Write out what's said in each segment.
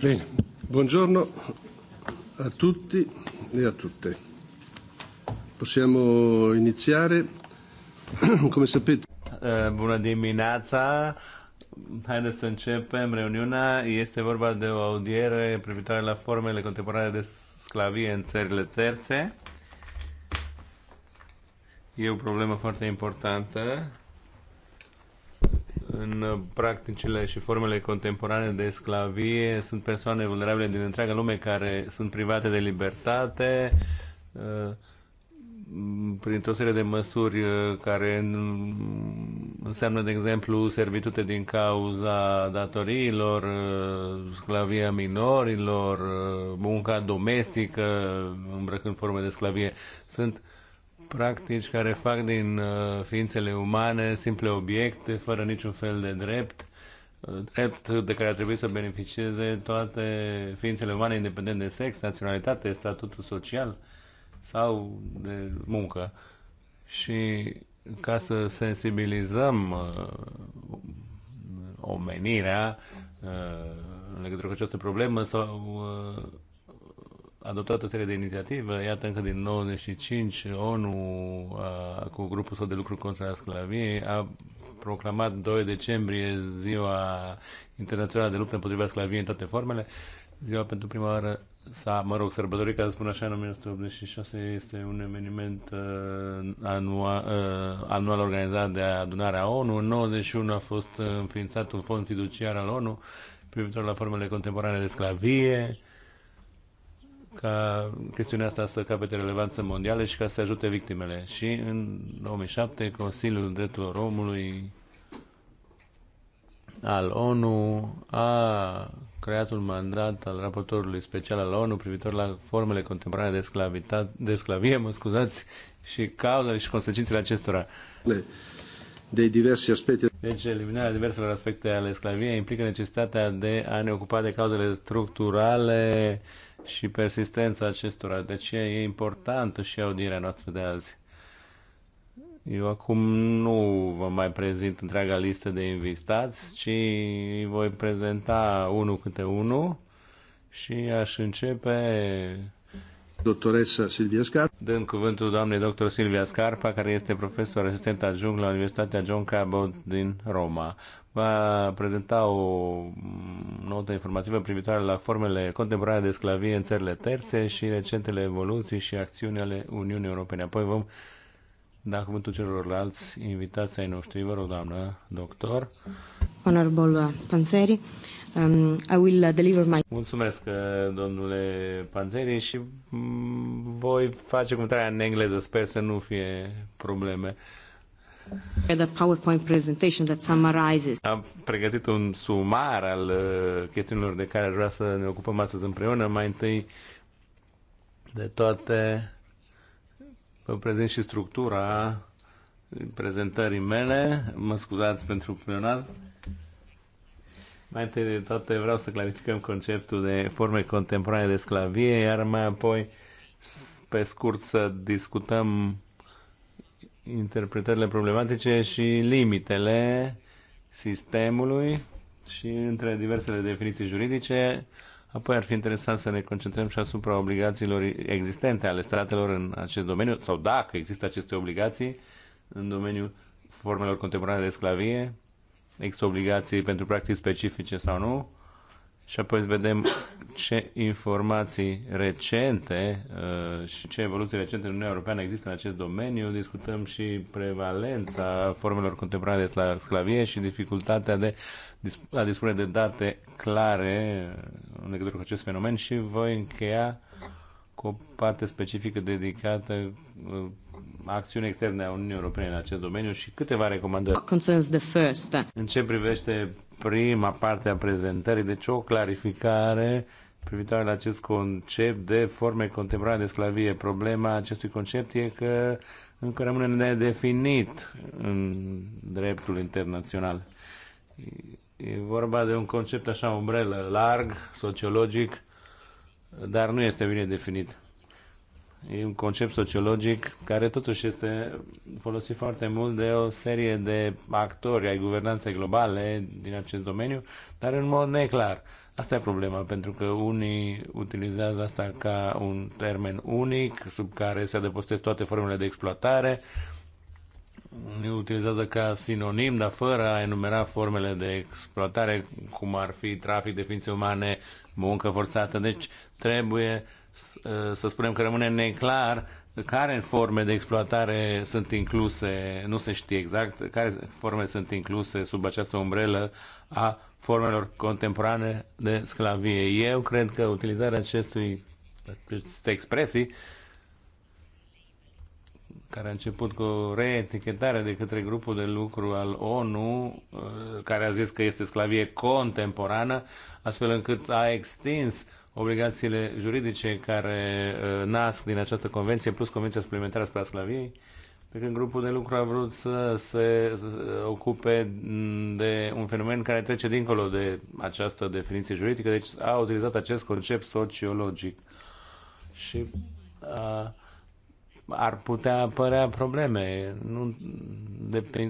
Bine. Buongiorno a tutti e a tutte. Possiamo iniziare. Come sapete. Eh, bună dimineața. Haideți să începem reuniunea. Este vorba de o audiere privitoare la formele contemporane de sclavie în țările terțe. E o problemă foarte importantă în practicile și formele contemporane de sclavie sunt persoane vulnerabile din întreaga lume care sunt private de libertate uh, printr-o serie de măsuri uh, care înseamnă, de exemplu, servitute din cauza datoriilor, uh, sclavia minorilor, munca domestică, îmbrăcând forme de sclavie. Sunt uh, practici care fac din uh, ființele umane simple obiecte, fără niciun fel de drept, uh, drept de care ar trebui să beneficieze toate ființele umane, independent de sex, naționalitate, statutul social sau de muncă. Și ca să sensibilizăm uh, omenirea în legătură cu această problemă, sau adoptat o serie de inițiative. Iată, încă din 95, ONU, a, cu grupul său de lucru contra sclaviei, a proclamat 2 decembrie Ziua Internațională de Luptă împotriva Sclaviei în toate formele. Ziua pentru prima oară s-a, mă rog, sărbătorit, ca să spun așa, în 1986 este un eveniment uh, anual, uh, anual organizat de adunarea ONU. În 91 a fost înființat un fond fiduciar al ONU privitor la formele contemporane de sclavie ca chestiunea asta să capete relevanță mondială și ca să ajute victimele. Și în 2007 Consiliul Drepturilor Omului al ONU a creat un mandat al raportorului special al ONU privitor la formele contemporane de, de sclavie, mă scuzați, și cauzele și consecințele acestora. De diverse aspecte. Deci, eliminarea diverselor aspecte ale sclaviei implică necesitatea de a ne ocupa de cauzele structurale, și persistența acestora. De ce e importantă și audirea noastră de azi. Eu acum nu vă mai prezint întreaga listă de invitați, ci voi prezenta unul câte unul și aș începe Doctoresa Silvia Scarpa. Dând cuvântul doamnei doctor Silvia Scarpa, care este profesor asistent adjunct la Universitatea John Cabot din Roma. Va prezenta o notă informativă privitoare la formele contemporane de sclavie în țările terțe și recentele evoluții și acțiuni ale Uniunii Europene. Apoi vom da cuvântul celorlalți invitați ai noștri. Vă rog, doamnă doctor. Honorable Panseri. Uh, Um, I will uh, deliver my... Mulțumesc, uh, domnule Panzeri, și mm, voi face trebuie în engleză, sper să nu fie probleme. The PowerPoint presentation that summarizes. Am pregătit un sumar al uh, chestiunilor de care vreau să ne ocupăm astăzi împreună. Mai întâi de toate vă prezint și structura prezentării mele. Mă scuzați pentru pleonazm. Mai întâi de toate vreau să clarificăm conceptul de forme contemporane de sclavie, iar mai apoi, pe scurt, să discutăm interpretările problematice și limitele sistemului și între diversele definiții juridice. Apoi ar fi interesant să ne concentrăm și asupra obligațiilor existente ale statelor în acest domeniu, sau dacă există aceste obligații în domeniul formelor contemporane de sclavie există obligații pentru practici specifice sau nu. Și apoi vedem ce informații recente uh, și ce evoluții recente în Uniunea Europeană există în acest domeniu. Discutăm și prevalența formelor contemporane de sclavie și dificultatea de a dispune de date clare uh, în legătură cu acest fenomen și voi încheia cu o parte specifică dedicată uh, acțiuni externe a Uniunii Europene în acest domeniu și câteva recomandări. Concerns the first. Uh, în ce privește prima parte a prezentării, deci o clarificare privitoare la acest concept de forme contemporane de sclavie. Problema acestui concept e că încă rămâne nedefinit în dreptul internațional. E vorba de un concept așa umbrelă, larg, sociologic, dar nu este bine definit. E un concept sociologic care totuși este folosit foarte mult de o serie de actori ai guvernanței globale din acest domeniu, dar în mod neclar. Asta e problema, pentru că unii utilizează asta ca un termen unic sub care se adăpostesc toate formele de exploatare, unii utilizează ca sinonim, dar fără a enumera formele de exploatare, cum ar fi trafic de ființe umane, muncă forțată. Deci trebuie să spunem că rămâne neclar care forme de exploatare sunt incluse, nu se știe exact, care forme sunt incluse sub această umbrelă a formelor contemporane de sclavie. Eu cred că utilizarea acestui, aceste expresii care a început cu reetichetarea de către grupul de lucru al ONU, care a zis că este sclavie contemporană, astfel încât a extins obligațiile juridice care uh, nasc din această convenție, plus Convenția Suplimentară asupra Sclaviei, pe când grupul de lucru a vrut să se ocupe de un fenomen care trece dincolo de această definiție juridică, deci a utilizat acest concept sociologic. Și uh, ar putea apărea probleme, nu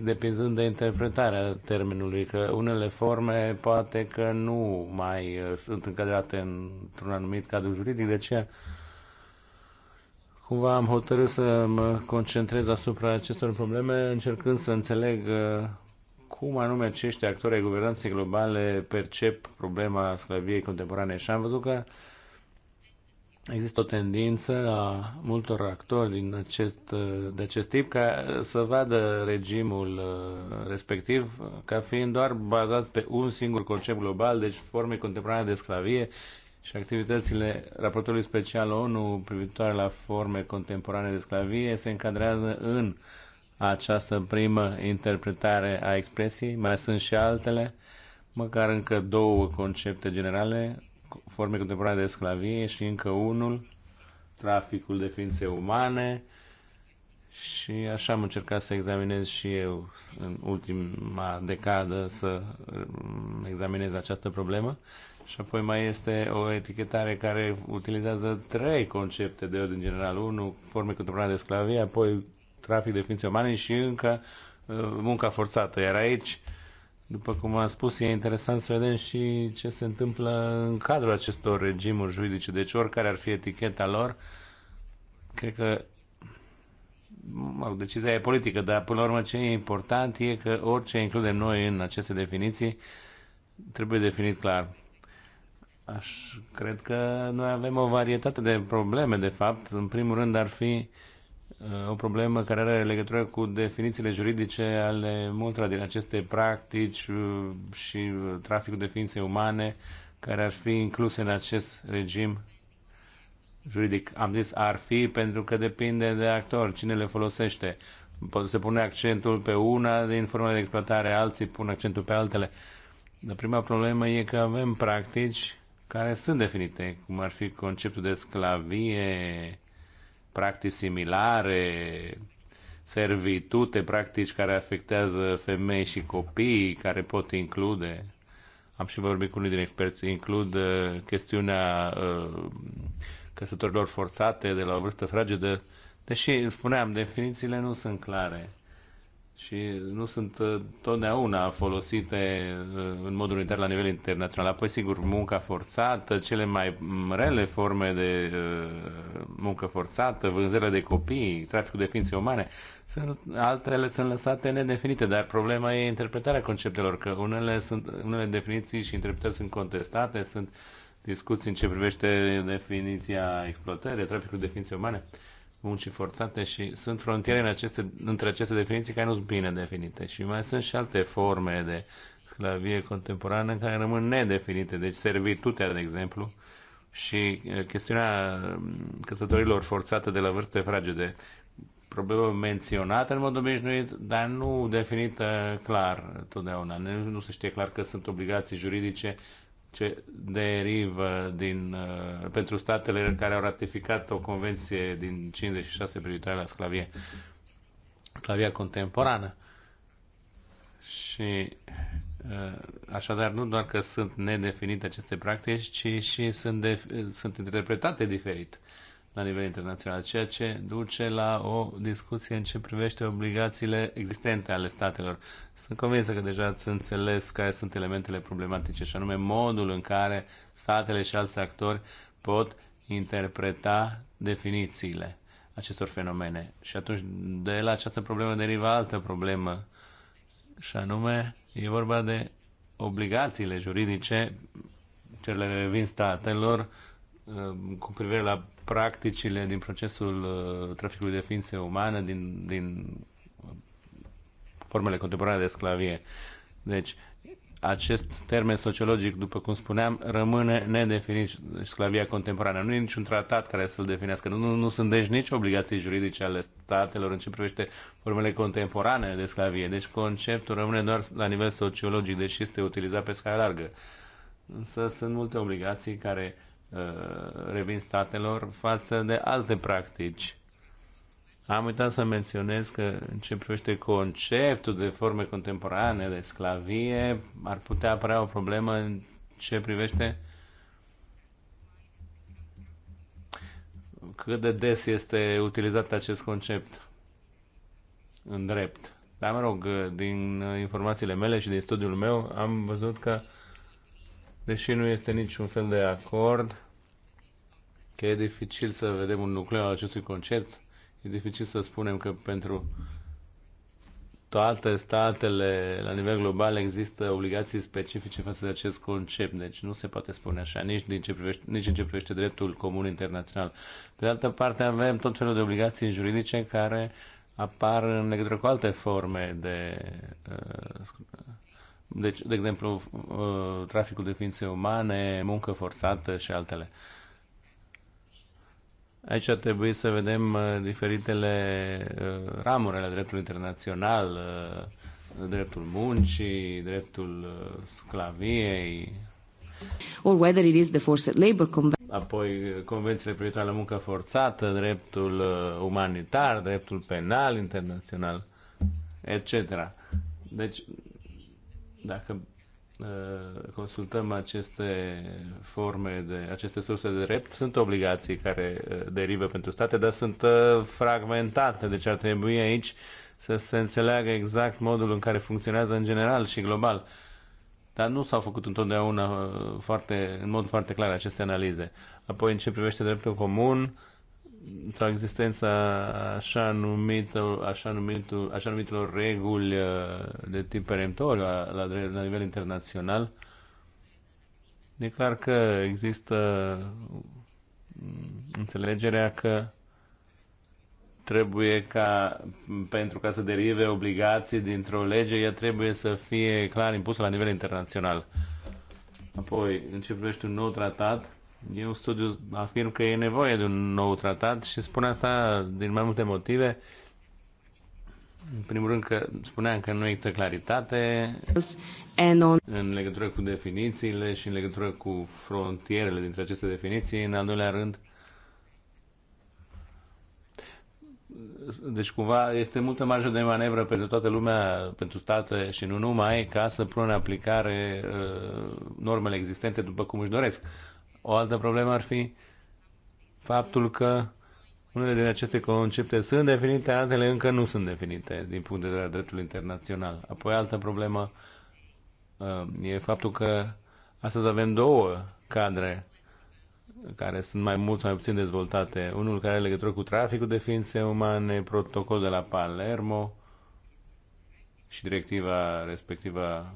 depinzând de interpretarea termenului, că unele forme poate că nu mai uh, sunt încadrate într-un anumit cadru juridic, de aceea cumva am hotărât să mă concentrez asupra acestor probleme, încercând să înțeleg uh, cum anume acești actori ai guvernanței globale percep problema sclaviei contemporane. Și am văzut că Există o tendință a multor actori din acest, de acest tip ca să vadă regimul uh, respectiv ca fiind doar bazat pe un singur concept global, deci forme contemporane de sclavie și activitățile raportului special ONU privitoare la forme contemporane de sclavie se încadrează în această primă interpretare a expresiei. Mai sunt și altele, măcar încă două concepte generale, forme contemporane de sclavie și încă unul, traficul de ființe umane. Și așa am încercat să examinez și eu în ultima decadă să examinez această problemă. Și apoi mai este o etichetare care utilizează trei concepte de ordin general. Unul, forme contemporane de sclavie, apoi trafic de ființe umane și încă uh, munca forțată. Iar aici după cum am spus, e interesant să vedem și ce se întâmplă în cadrul acestor regimuri juridice. Deci, oricare ar fi eticheta lor, cred că decizia e politică, dar până la urmă ce e important e că orice includem noi în aceste definiții trebuie definit clar. Aș, cred că noi avem o varietate de probleme, de fapt. În primul rând ar fi uh, o problemă care are legătură cu definițiile juridice ale multora din aceste practici uh, și uh, traficul de ființe umane care ar fi incluse în acest regim juridic. Am zis ar fi pentru că depinde de actor, cine le folosește. Se pune accentul pe una din formele de exploatare, alții pun accentul pe altele. Dar prima problemă e că avem practici care sunt definite, cum ar fi conceptul de sclavie, practici similare, servitute, practici care afectează femei și copii, care pot include, am și vorbit cu unii din experți, includ uh, chestiunea uh, căsătorilor forțate de la o vârstă fragedă, deși, spuneam, definițiile nu sunt clare și nu sunt uh, totdeauna folosite uh, în mod unitar la nivel internațional. Apoi, sigur, munca forțată, cele mai rele forme de uh, muncă forțată, vânzările de copii, traficul de ființe umane, sunt, altele sunt lăsate nedefinite, dar problema e interpretarea conceptelor, că unele, sunt, unele definiții și interpretări sunt contestate, sunt discuții în ce privește definiția exploatării, traficul de ființe umane. Uh, muncii forțate și sunt frontiere în aceste, între aceste definiții care nu sunt bine definite și mai sunt și alte forme de sclavie contemporană care rămân nedefinite, deci servitutea, de exemplu, și chestiunea căsătorilor forțate de la vârste fragede, problemă menționată în mod obișnuit, dar nu definită clar totdeauna. Nu se știe clar că sunt obligații juridice ce derivă din, uh, pentru statele care au ratificat o convenție din 56 privitoare la sclavie, sclavia contemporană. Și uh, așadar nu doar că sunt nedefinite aceste practici, ci și sunt, de, sunt interpretate diferit la nivel internațional, ceea ce duce la o discuție în ce privește obligațiile existente ale statelor. Sunt convinsă că deja ați înțeles care sunt elementele problematice, și anume modul în care statele și alți actori pot interpreta definițiile acestor fenomene. Și atunci de la această problemă derivă altă problemă, și anume e vorba de obligațiile juridice cele revin statelor uh, cu privire la practicile din procesul uh, traficului de ființe umane, din, din formele contemporane de sclavie. Deci, acest termen sociologic, după cum spuneam, rămâne nedefinit sclavia contemporană. Nu e niciun tratat care să-l definească. Nu, nu, nu sunt deci nici obligații juridice ale statelor în ce privește formele contemporane de sclavie. Deci conceptul rămâne doar la nivel sociologic, deși este utilizat pe scară largă. Însă sunt multe obligații care uh, Uh, revin statelor față de alte practici. Am uitat să menționez că în ce privește conceptul de forme contemporane de sclavie, ar putea apărea o problemă în ce privește cât de des este utilizat acest concept în drept. Dar mă rog, din informațiile mele și din studiul meu am văzut că deși nu este niciun fel de acord, că e dificil să vedem un nucleu al acestui concept, e dificil să spunem că pentru toate statele la nivel global există obligații specifice față de acest concept, deci nu se poate spune așa, nici, din ce privește, nici în ce privește dreptul comun internațional. Pe de altă parte avem tot felul de obligații juridice care apar în legătură cu alte forme de uh, deci, de exemplu, uh, traficul de ființe umane, muncă forțată și altele. Aici ar trebui să vedem uh, diferitele uh, ramuri ale dreptului internațional, dreptul muncii, dreptul sclaviei. Or whether it is the forced labor Apoi convențiile privitoare la muncă forțată, dreptul umanitar, dreptul penal internațional, etc. Deci dacă ă, consultăm aceste forme de aceste surse de drept, sunt obligații care ă, derivă pentru state, dar sunt ă, fragmentate, deci ar trebui aici să se înțeleagă exact modul în care funcționează în general și global. Dar nu s-au făcut întotdeauna foarte, în mod foarte clar aceste analize. Apoi, în ce privește dreptul comun, sau existența așa, numită, așa, numitul, așa numitelor reguli uh, de tip peremptor la, la, la nivel internațional, e clar că există înțelegerea că trebuie ca, pentru ca să derive obligații dintr-o lege, ea trebuie să fie clar impusă la nivel internațional. Apoi, în ce privește un nou tratat, un studiu afirm că e nevoie de un nou tratat și spun asta din mai multe motive. În primul rând că spuneam că nu există claritate în legătură cu definițiile și în legătură cu frontierele dintre aceste definiții. În al doilea rând, deci cumva este multă marjă de manevră pentru toată lumea, pentru state și nu numai, ca să pună în aplicare uh, normele existente după cum își doresc. O altă problemă ar fi faptul că unele din aceste concepte sunt definite, altele încă nu sunt definite din punct de vedere al dreptului internațional. Apoi, altă problemă uh, e faptul că astăzi avem două cadre care sunt mai mult sau mai puțin dezvoltate. Unul care are legătură cu traficul de ființe umane, protocol de la Palermo și directiva respectivă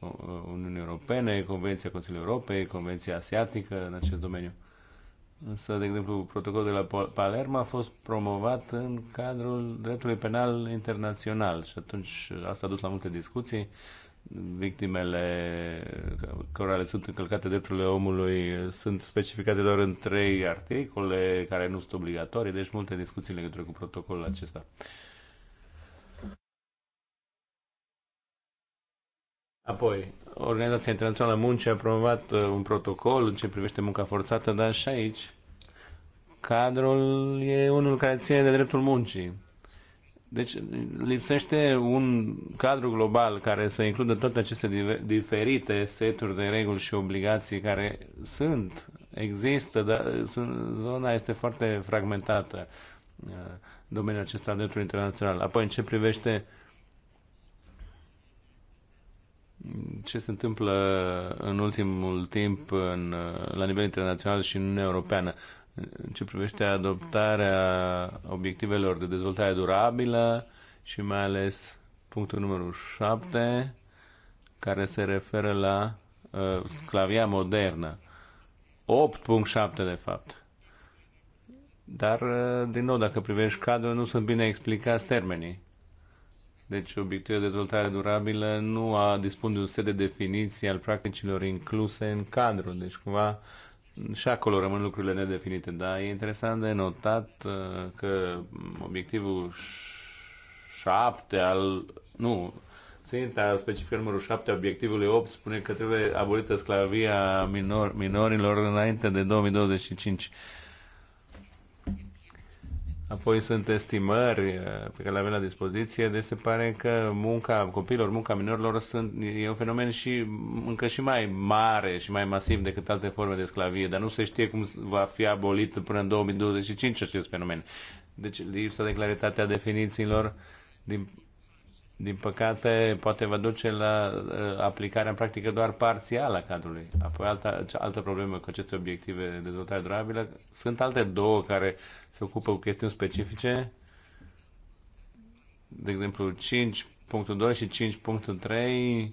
Uh, Uniunii Europene, Convenția Consiliului Europei, Convenția Asiatică în acest domeniu. Însă, de exemplu, protocolul de la Palermo a fost promovat în cadrul dreptului penal internațional și atunci asta a dus la multe discuții. Victimele care le sunt încălcate drepturile omului sunt specificate doar în trei articole care nu sunt obligatorii, deci multe discuții legătură cu protocolul acesta. Apoi, Organizația Internațională a Muncii a promovat uh, un protocol în ce privește munca forțată, dar și aici cadrul e unul care ține de dreptul muncii. Deci lipsește un cadru global care să includă toate aceste diferite seturi de reguli și obligații care sunt, există, dar uh, sunt, zona este foarte fragmentată, uh, domeniul acesta al dreptului internațional. Apoi, în ce privește uh, ce se întâmplă în ultimul timp în, la nivel internațional și în Europeană în ce privește adoptarea obiectivelor de dezvoltare durabilă și mai ales punctul numărul 7 care se referă la uh, clavia modernă. 8.7 de fapt. Dar, uh, din nou, dacă privești cadrul, nu sunt bine explicați termenii. Deci, obiectivul de dezvoltare durabilă nu a dispun de un set de definiții al practicilor incluse în cadru. Deci, cumva, și acolo rămân lucrurile nedefinite. Dar e interesant de notat uh, că obiectivul 7 al... Nu, ținta specifică numărul 7 obiectivului 8 spune că trebuie abolită sclavia minor, minorilor înainte de 2025. Apoi sunt estimări eh, pe care le avem la dispoziție, deci se pare că munca copilor, munca minorilor sunt, e un fenomen și încă și mai mare și mai masiv decât alte forme de sclavie, dar nu se știe cum va fi abolit până în 2025 acest fenomen. Deci lipsa de claritate a definițiilor din din păcate, poate vă duce la uh, aplicarea în practică doar parțială a cadrului. Apoi, alta, altă problemă cu aceste obiective de dezvoltare durabilă, sunt alte două care se ocupă cu chestiuni specifice, de exemplu 5.2 și 5.3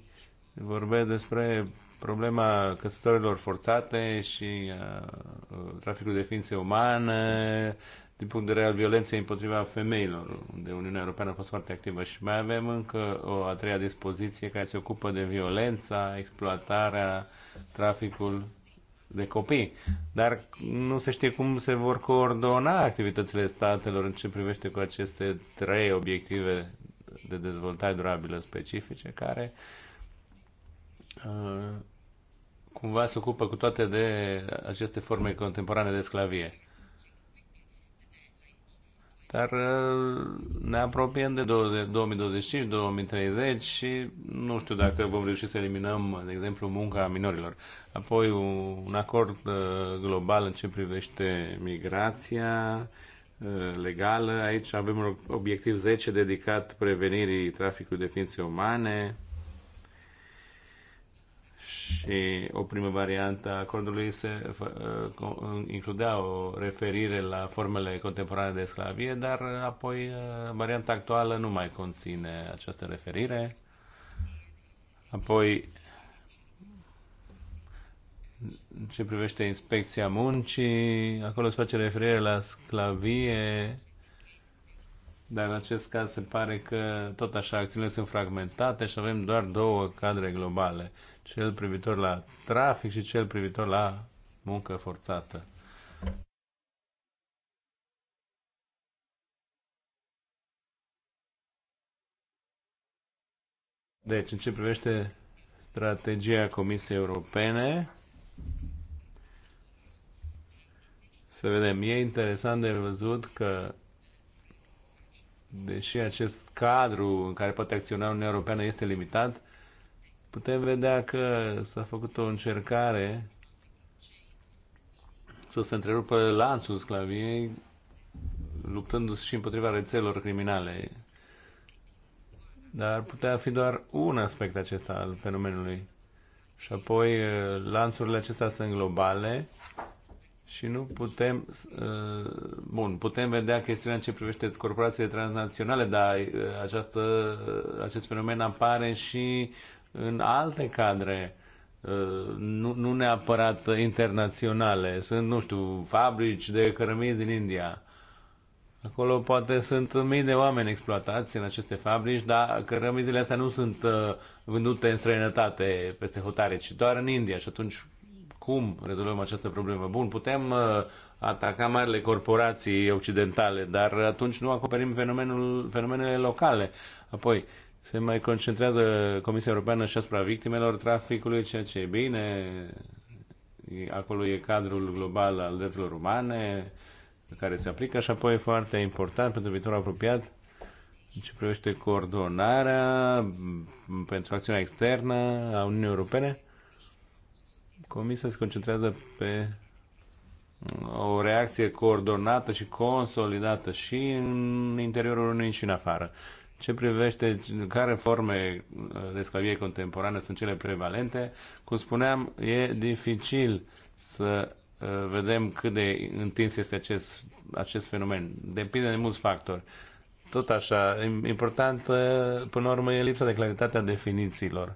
vorbesc despre problema căsătorilor forțate și uh, uh, traficul de ființe umane, din punct de vedere al violenței împotriva femeilor, unde Uniunea Europeană a fost foarte activă. Și mai avem încă o a treia dispoziție care se ocupă de violența, exploatarea, traficul de copii. Dar nu se știe cum se vor coordona activitățile statelor în ce privește cu aceste trei obiective de dezvoltare durabilă specifice, care uh, cumva se ocupă cu toate de aceste forme contemporane de sclavie. Dar uh, ne apropiem de 2025-2030 și nu știu dacă vom reuși să eliminăm, de exemplu, munca minorilor. Apoi un acord uh, global în ce privește migrația uh, legală. Aici avem un obiectiv 10 dedicat prevenirii traficului de ființe umane și o primă variantă a acordului se ă, ă, includea o referire la formele contemporane de sclavie, dar apoi ă, varianta actuală nu mai conține această referire. Apoi, în ce privește inspecția muncii, acolo se face referire la sclavie, dar în acest caz se pare că tot așa acțiunile sunt fragmentate și avem doar două cadre globale cel privitor la trafic și cel privitor la muncă forțată. Deci, în ce privește strategia Comisiei Europene, să vedem, e interesant de văzut că deși acest cadru în care poate acționa Uniunea Europeană este limitat, putem vedea că s-a făcut o încercare să se întrerupă lanțul sclaviei, luptându-se și împotriva rețelor criminale. Dar putea fi doar un aspect acesta al fenomenului. Și apoi eh, lanțurile acestea sunt globale și nu putem, eh, bun, putem vedea chestiunea în ce privește corporațiile transnaționale, dar eh, această, acest fenomen apare și în alte cadre, uh, nu, nu neapărat internaționale. Sunt, nu știu, fabrici de cărămizi din India. Acolo poate sunt mii de oameni exploatați în aceste fabrici, dar cărămizile astea nu sunt uh, vândute în străinătate peste hotare, ci doar în India. Și atunci cum rezolvăm această problemă? Bun, putem uh, ataca marile corporații occidentale, dar atunci nu acoperim fenomenul, fenomenele locale. Apoi, se mai concentrează Comisia Europeană și asupra victimelor traficului, ceea ce e bine. Acolo e cadrul global al drepturilor umane care se aplică și apoi e foarte important pentru viitorul apropiat în ce privește coordonarea pentru acțiunea externă a Uniunii Europene. Comisia se concentrează pe o reacție coordonată și consolidată și în interiorul Uniunii și în afară ce privește care forme uh, de sclavie contemporană sunt cele prevalente, cum spuneam, e dificil să uh, vedem cât de întins este acest, acest fenomen. Depinde de mulți factori. Tot așa, important până la urmă e lipsa de claritate a definițiilor.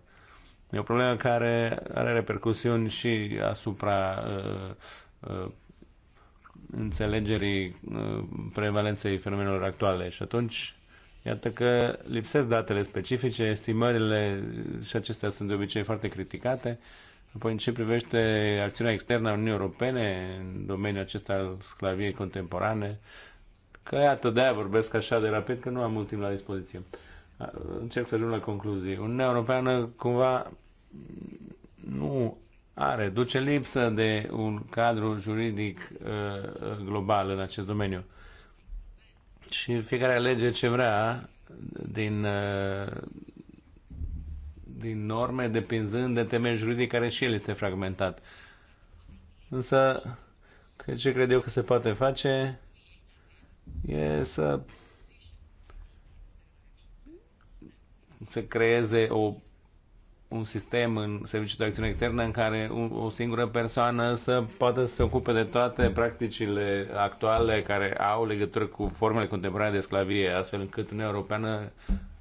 E o problemă care are repercusiuni și asupra uh, uh, înțelegerii uh, prevalenței fenomenelor actuale și atunci Iată că lipsesc datele specifice, estimările și acestea sunt de obicei foarte criticate. Apoi, în ce privește acțiunea externă a Uniunii Europene în domeniul acesta al sclaviei contemporane, că iată, de-aia vorbesc așa de rapid, că nu am mult timp la dispoziție. Încerc să ajung la concluzii. Uniunea Europeană cumva nu are, duce lipsă de un cadru juridic uh, global în acest domeniu și fiecare alege ce vrea din, uh, din norme, depinzând de temei juridic care și el este fragmentat. Însă, ce cred eu că se poate face e să se creeze o un sistem în serviciul de acțiune externă în care o singură persoană să poată să se ocupe de toate practicile actuale care au legătură cu formele contemporane de sclavie, astfel încât Uniunea Europeană,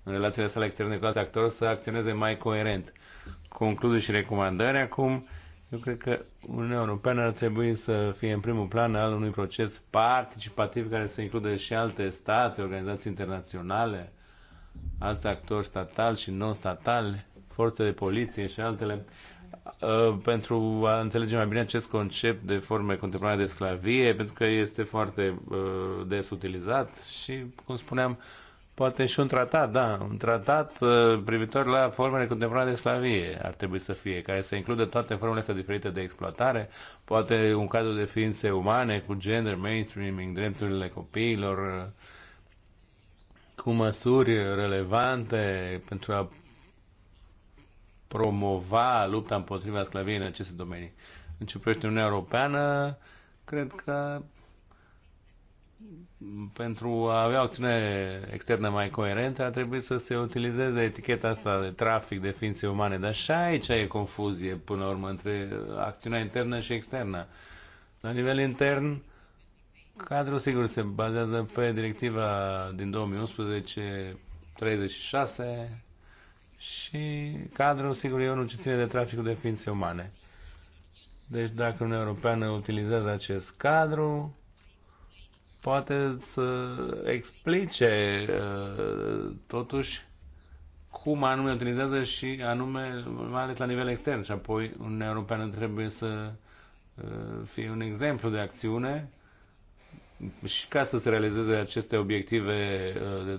în relațiile sale externe cu alți actori, să acționeze mai coerent. Concluzii și recomandări acum. Eu cred că Uniunea Europeană ar trebui să fie în primul plan al unui proces participativ care să includă și alte state, organizații internaționale, alți actori statali și non-statali forțe de poliție și altele, uh, pentru a înțelege mai bine acest concept de forme contemporane de sclavie, pentru că este foarte uh, des utilizat și, cum spuneam, poate și un tratat, da, un tratat uh, privitor la formele contemporane de sclavie ar trebui să fie, care să includă toate formele astea diferite de exploatare, poate un cadru de ființe umane cu gender mainstreaming, drepturile copiilor, cu măsuri relevante pentru a promova lupta împotriva sclaviei în aceste domenii. În ce privește Uniunea Europeană, cred că pentru a avea o acțiune externă mai coerentă, a trebuit să se utilizeze eticheta asta de trafic de ființe umane. Dar și aici e confuzie, până la urmă, între acțiunea internă și externă. La nivel intern, cadrul, sigur, se bazează pe directiva din 2011 36 și cadrul, sigur, e unul ce ține de traficul de ființe umane. Deci dacă Uniunea Europeană utilizează acest cadru, poate să explice uh, totuși cum anume utilizează și anume, mai ales la nivel extern. Și apoi Uniunea Europeană trebuie să uh, fie un exemplu de acțiune și ca să se realizeze aceste obiective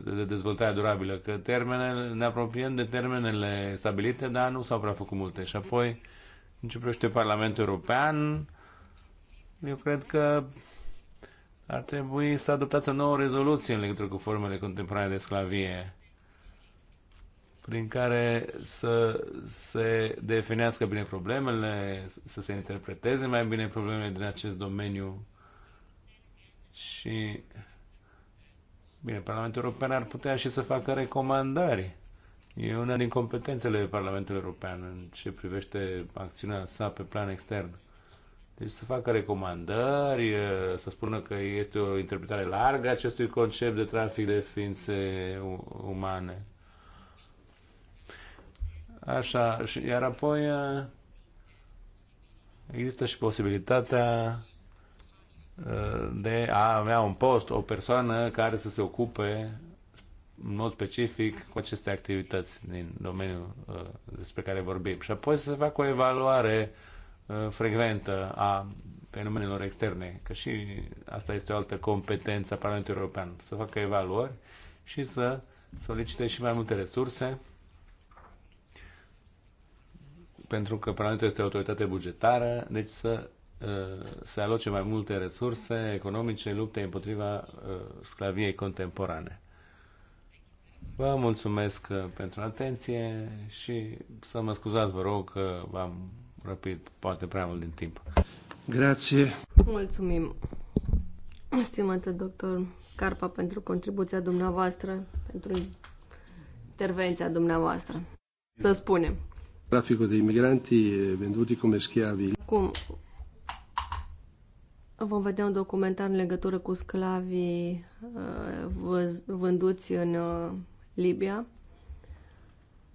uh, de dezvoltare durabilă, că termenele, ne apropiem de termenele stabilite, dar nu s-au prea făcut multe. Și apoi începește Parlamentul European. Eu cred că ar trebui să adoptați o nouă rezoluție în legătură cu formele contemporane de sclavie prin care să se definească bine problemele, să se interpreteze mai bine problemele din acest domeniu și, bine, Parlamentul European ar putea și să facă recomandări. E una din competențele Parlamentului European în ce privește acțiunea sa pe plan extern. Deci să facă recomandări, să spună că este o interpretare largă acestui concept de trafic de ființe umane. Așa, iar apoi există și posibilitatea de a avea un post, o persoană care să se ocupe în mod specific cu aceste activități din domeniul uh, despre care vorbim. Și apoi să se facă o evaluare uh, frecventă a fenomenelor externe, că și asta este o altă competență a Parlamentului European, să facă evaluări și să solicite și mai multe resurse, pentru că Parlamentul este o autoritate bugetară, deci să Uh, se aloce mai multe resurse economice luptei împotriva uh, sclaviei contemporane. Vă mulțumesc uh, pentru atenție și să mă scuzați, vă rog, că v-am răpit poate prea mult din timp. Grație. Mulțumim, stimate doctor Carpa, pentru contribuția dumneavoastră, pentru intervenția dumneavoastră. Să spunem. Traficul de imigranti venduti come schiavi. Cum Vom vedea un documentar în legătură cu sclavii uh, vânduți în uh, Libia,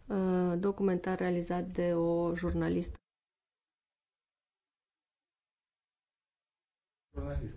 uh, documentar realizat de o jurnalistă. Jurnalist.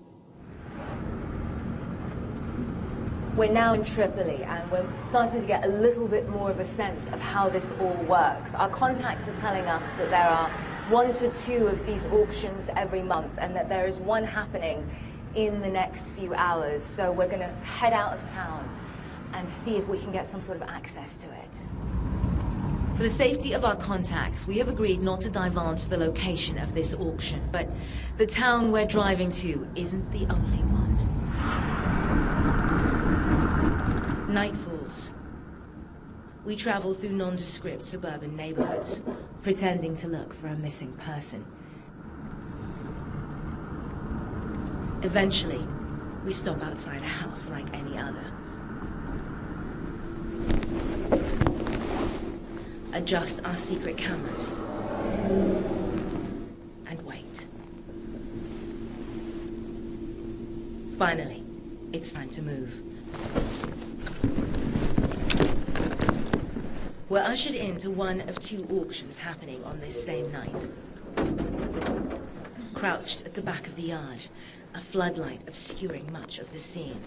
We're now in Tripoli and we're starting to get a little bit more of a sense of how this all works. Our contacts are telling us that there are one to two of these auctions every month and that there is one happening in the next few hours. So we're going to head out of town and see if we can get some sort of access to it. For the safety of our contacts, we have agreed not to divulge the location of this auction, but the town we're driving to isn't the only one. Night falls. We travel through nondescript suburban neighborhoods, pretending to look for a missing person. Eventually, we stop outside a house like any other adjust our secret cameras, and wait. Finally, it's time to move. We're ushered into one of two auctions happening on this same night. Crouched at the back of the yard, a floodlight obscuring much of the scene.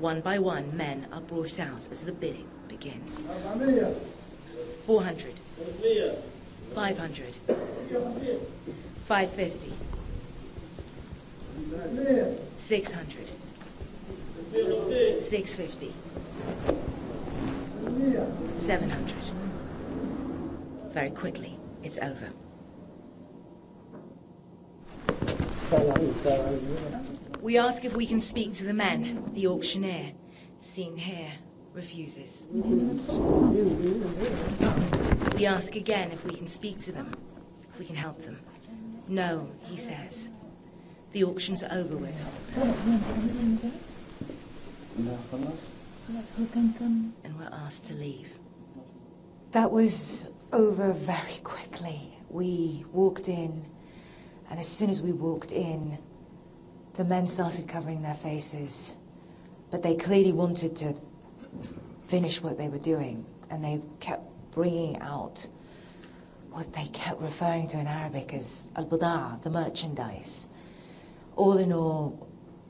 One by one, men are brought out as the bidding begins. 400. 500. 550. 600. 650. 700. Very quickly, it's over. We ask if we can speak to the man, the auctioneer, seen here refuses. We ask again if we can speak to them, if we can help them. No, he says. The auction's are over, we're told. And we're asked to leave. That was over very quickly. We walked in, and as soon as we walked in, the men started covering their faces. But they clearly wanted to finish what they were doing, and they kept bringing out what they kept referring to in Arabic as al-bada, the merchandise. All in all,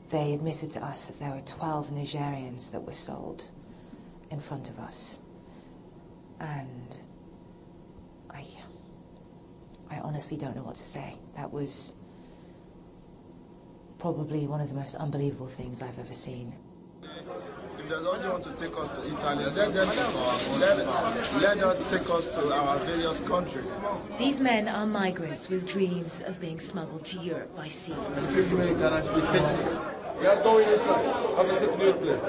they admitted to us that there were 12 Nigerians that were sold in front of us. And I, I honestly don't know what to say. That was probably one of the most unbelievable things I've ever seen. If the Lord wants to take us to Italy, let them take us, let, let us take us to our various countries. These men are migrants with dreams of being smuggled to Europe by sea. Excuse me, can I speak We are going inside. Have a seat in place.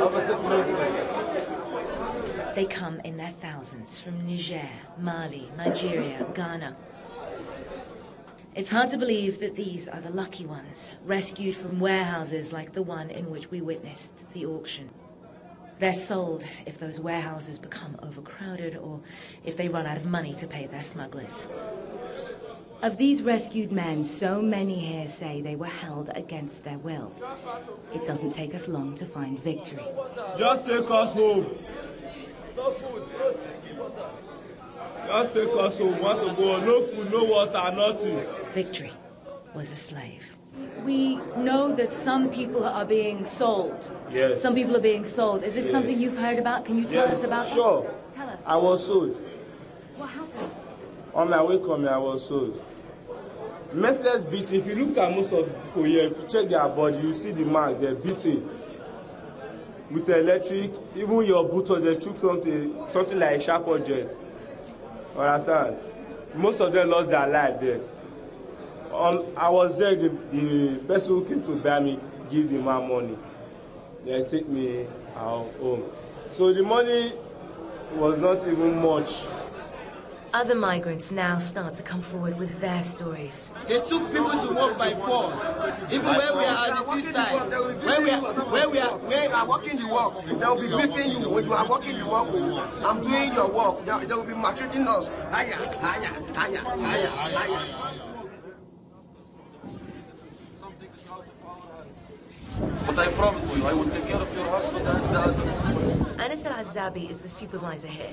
Have a seat in place. They come in their thousands from Niger, Mali, Nigeria, Ghana, It's hard to believe that these are the lucky ones, rescued from warehouses like the one in which we witnessed the auction. They're sold if those warehouses become overcrowded or if they run out of money to pay their smugglers. Of these rescued men, so many here say they were held against their will. It doesn't take us long to find victory. Just take us home. No food. God's take us we want to go. No food, no water, nothing. Victory was a slave. We know that some people are being sold. Yes. Some people are being sold. Is this yes. something you've heard about? Can you tell yes. us about Sure. That? Tell us. I was sold. What happened? On my way coming, I was sold. Merciless beating. If you look at most of people here, if you check their body, you see the mark, they're beating. With electric, even your boot or they took something, something like a sharp object. Understand? Most of them lost their life there. Um, I was there, the, the person who came to buy me give the man money. They take me out home. So the money was not even much. Other migrants now start to come forward with their stories. They took people to work by force. Even when we are at the seaside, when we are, when we are, when you are working the work, they will be beating you. When you are working the work, I'm doing your work. They, will be maltreating us. Higher, higher, higher, higher, higher. But I promise you, I will take care of your husband and dad. others. Anas al-Azabi is the supervisor here.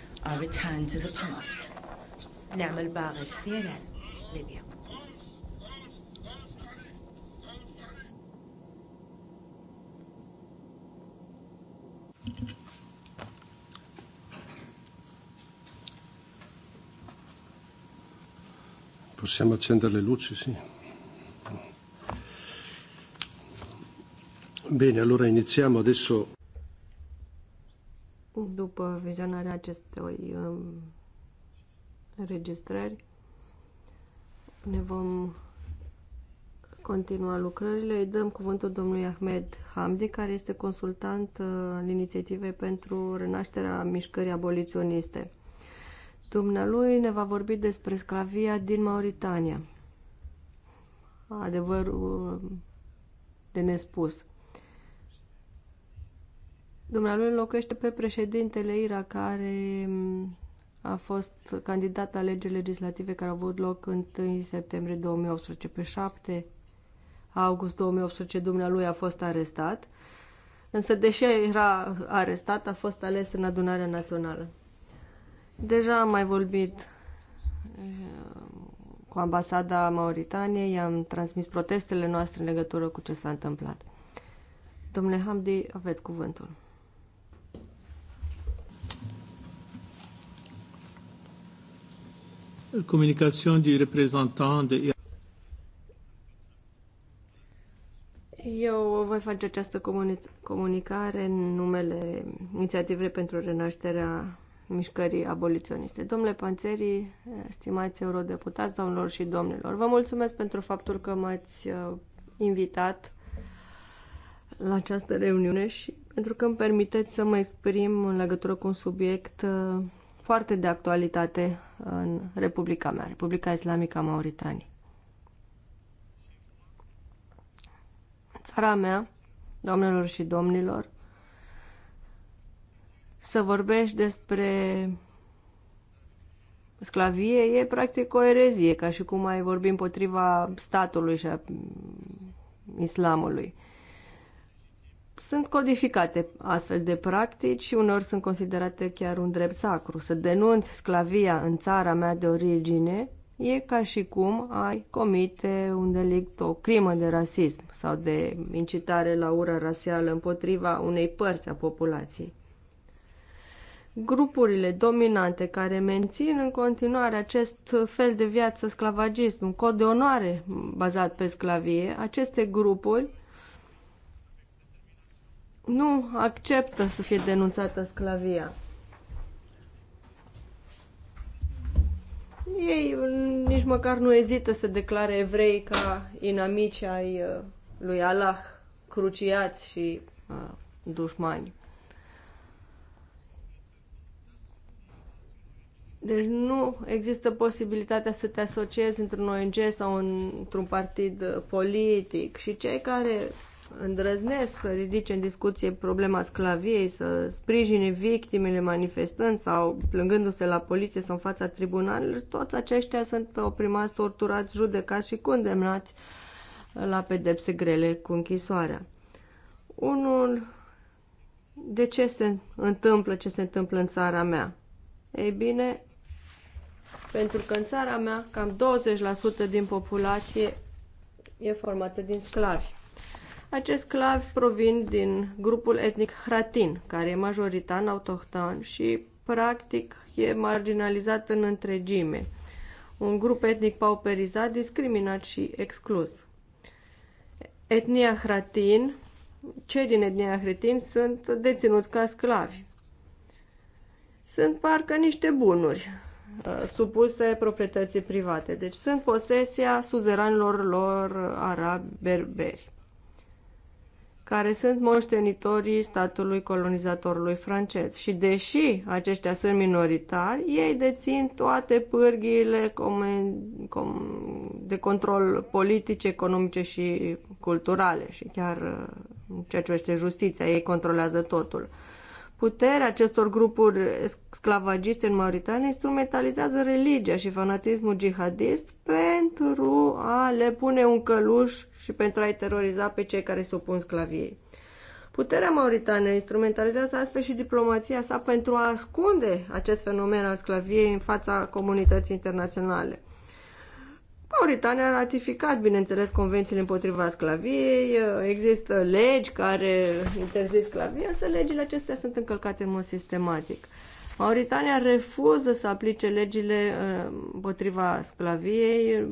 I return to the past. نعمل باغر سي ان ليبيا Possiamo accendere le luci, sì. Bene, allora iniziamo adesso după vizionarea acestei um, înregistrări, ne vom continua lucrările. Îi dăm cuvântul domnului Ahmed Hamdi, care este consultant în uh, inițiative pentru renașterea mișcării aboliționiste. Dumnealui ne va vorbi despre sclavia din Mauritania. Adevărul uh, de nespus. Dumnealui locuiește pe președintele Ira, care mm, a fost candidat la legile legislative care au avut loc în 1 septembrie 2018. Pe 7 august 2018 dumnealui a fost arestat, însă deși era arestat, a fost ales în adunarea națională. Deja am mai vorbit eh, cu ambasada Mauritaniei, i-am transmis protestele noastre în legătură cu ce s-a întâmplat. Domnule Hamdi, aveți cuvântul. communication du représentant de Eu voi face această comuni- comunicare în numele Inițiativei pentru Renașterea Mișcării Aboliționiste. Domnule Panțeri, stimați eurodeputați, domnilor și domnilor, vă mulțumesc pentru faptul că m-ați uh, invitat la această reuniune și pentru că îmi permiteți să mă exprim în legătură cu un subiect uh, foarte de actualitate în Republica mea, Republica Islamică a Mauritanii. Țara mea, doamnelor și domnilor, să vorbești despre sclavie e practic o erezie, ca și cum ai vorbi împotriva statului și a islamului sunt codificate astfel de practici și uneori sunt considerate chiar un drept sacru. Să denunți sclavia în țara mea de origine e ca și cum ai comite un delict, o crimă de rasism sau de incitare la ură rasială împotriva unei părți a populației. Grupurile dominante care mențin în continuare acest fel de viață sclavagist, un cod de onoare bazat pe sclavie, aceste grupuri nu acceptă să fie denunțată sclavia. Ei nici măcar nu ezită să declare evrei ca inamici ai uh, lui Allah, cruciați și a, uh, dușmani. Deci nu există posibilitatea să te asociezi într-un ONG sau într-un partid uh, politic și cei care îndrăznesc să ridice în discuție problema sclaviei, să sprijine victimele manifestând sau plângându-se la poliție sau în fața tribunalelor, toți aceștia sunt oprimați, torturați, judecați și condemnați la pedepse grele cu închisoarea. Unul, de ce se întâmplă ce se întâmplă în țara mea? Ei bine, pentru că în țara mea cam 20% din populație e formată din sclavi. Acești sclavi provin din grupul etnic Hratin, care e majoritan autohton și practic e marginalizat în întregime. Un grup etnic pauperizat, discriminat și exclus. Etnia Hratin, cei din etnia Hratin sunt deținuți ca sclavi. Sunt parcă niște bunuri uh, supuse proprietății private. Deci sunt posesia suzeranilor lor arabi berberi care sunt moștenitorii statului colonizatorului francez. Și deși aceștia sunt minoritari, ei dețin toate pârghiile de control politice, economice și culturale și chiar uh, ceea ce este justiția, ei controlează totul puterea acestor grupuri sclavagiste în Mauritania instrumentalizează religia și fanatismul jihadist pentru a le pune un căluș și pentru a-i teroriza pe cei care se opun sclaviei. Puterea Mauritania instrumentalizează astfel și diplomația sa pentru a ascunde acest fenomen al sclaviei în fața comunității internaționale. Mauritania a ratificat, bineînțeles, convențiile împotriva sclaviei, există legi care interzic sclavia, însă legile acestea sunt încălcate în mod sistematic. Mauritania refuză să aplice legile uh, împotriva sclaviei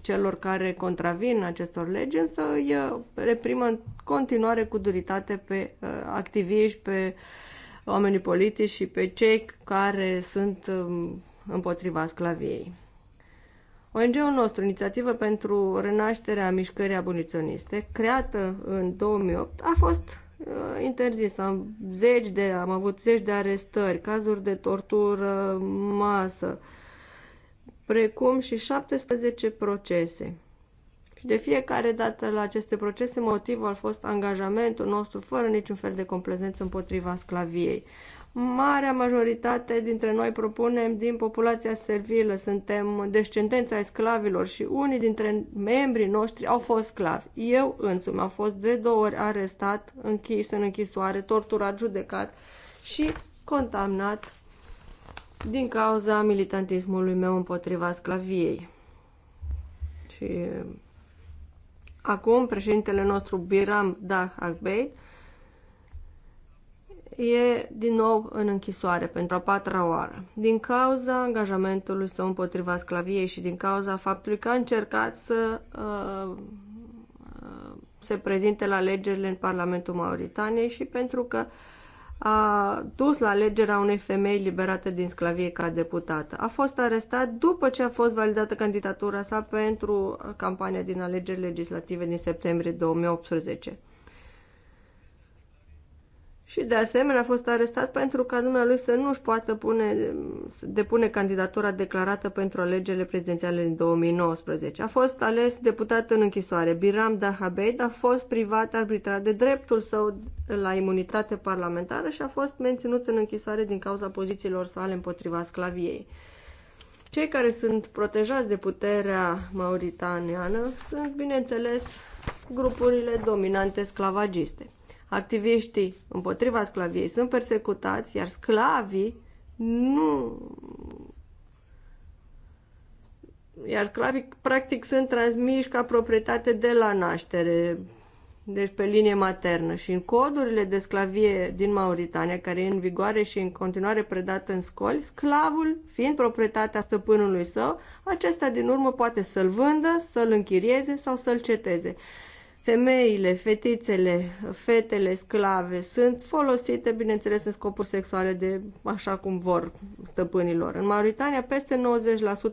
celor care contravin acestor legi, însă îi reprimă în continuare cu duritate pe uh, activiști, pe oamenii politici și pe cei care sunt um, împotriva sclaviei. ONG-ul nostru, Inițiativă pentru Renașterea Mișcării Aboliționiste, creată în 2008, a fost uh, interzis. Am, zeci de, am avut zeci de arestări, cazuri de tortură, masă, precum și 17 procese. Și de fiecare dată la aceste procese, motivul a fost angajamentul nostru fără niciun fel de complezență împotriva sclaviei. Marea majoritate dintre noi propunem din populația servilă, suntem descendenți ai sclavilor și unii dintre membrii noștri au fost sclavi. Eu însumi am fost de două ori arestat, închis în închisoare, torturat, judecat și condamnat din cauza militantismului meu împotriva sclaviei. Și acum președintele nostru Biram Dah Akbeit e din nou în închisoare pentru a patra oară, din cauza angajamentului său împotriva sclaviei și din cauza faptului că a încercat să uh, se prezinte la alegerile în Parlamentul Mauritaniei și pentru că a dus la alegerea unei femei liberate din sclavie ca deputată. A fost arestat după ce a fost validată candidatura sa pentru campania din alegeri legislative din septembrie 2018. Și de asemenea a fost arestat pentru ca dumnealui să nu își poată pune, depune candidatura declarată pentru alegerile prezidențiale din 2019. A fost ales deputat în închisoare. Biram Dahabeid a fost privat arbitrar de dreptul său la imunitate parlamentară și a fost menținut în închisoare din cauza pozițiilor sale împotriva sclaviei. Cei care sunt protejați de puterea mauritaniană sunt, bineînțeles, grupurile dominante sclavagiste activiștii împotriva sclaviei sunt persecutați, iar sclavii nu... Iar sclavii, practic, sunt transmiși ca proprietate de la naștere, deci pe linie maternă. Și în codurile de sclavie din Mauritania, care e în vigoare și în continuare predată în scoli, sclavul, fiind proprietatea stăpânului său, acesta din urmă poate să-l vândă, să-l închirieze sau să-l ceteze. Femeile, fetițele, fetele sclave sunt folosite, bineînțeles, în scopuri sexuale de așa cum vor stăpânilor. În Mauritania, peste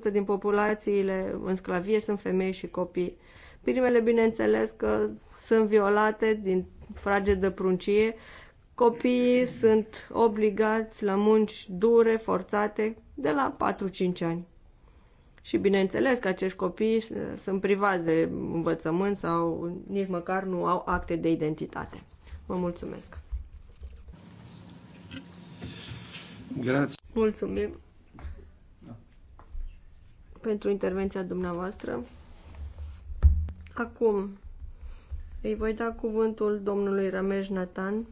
90% din populațiile în sclavie sunt femei și copii. Primele, bineînțeles, că sunt violate din frage de pruncie. Copiii sunt obligați la munci dure, forțate, de la 4-5 ani. Și bineînțeles că acești copii sunt privați de învățământ sau nici măcar nu au acte de identitate. Vă mulțumesc! Grazie. Mulțumim da. pentru intervenția dumneavoastră. Acum îi voi da cuvântul domnului Ramesh Nathan,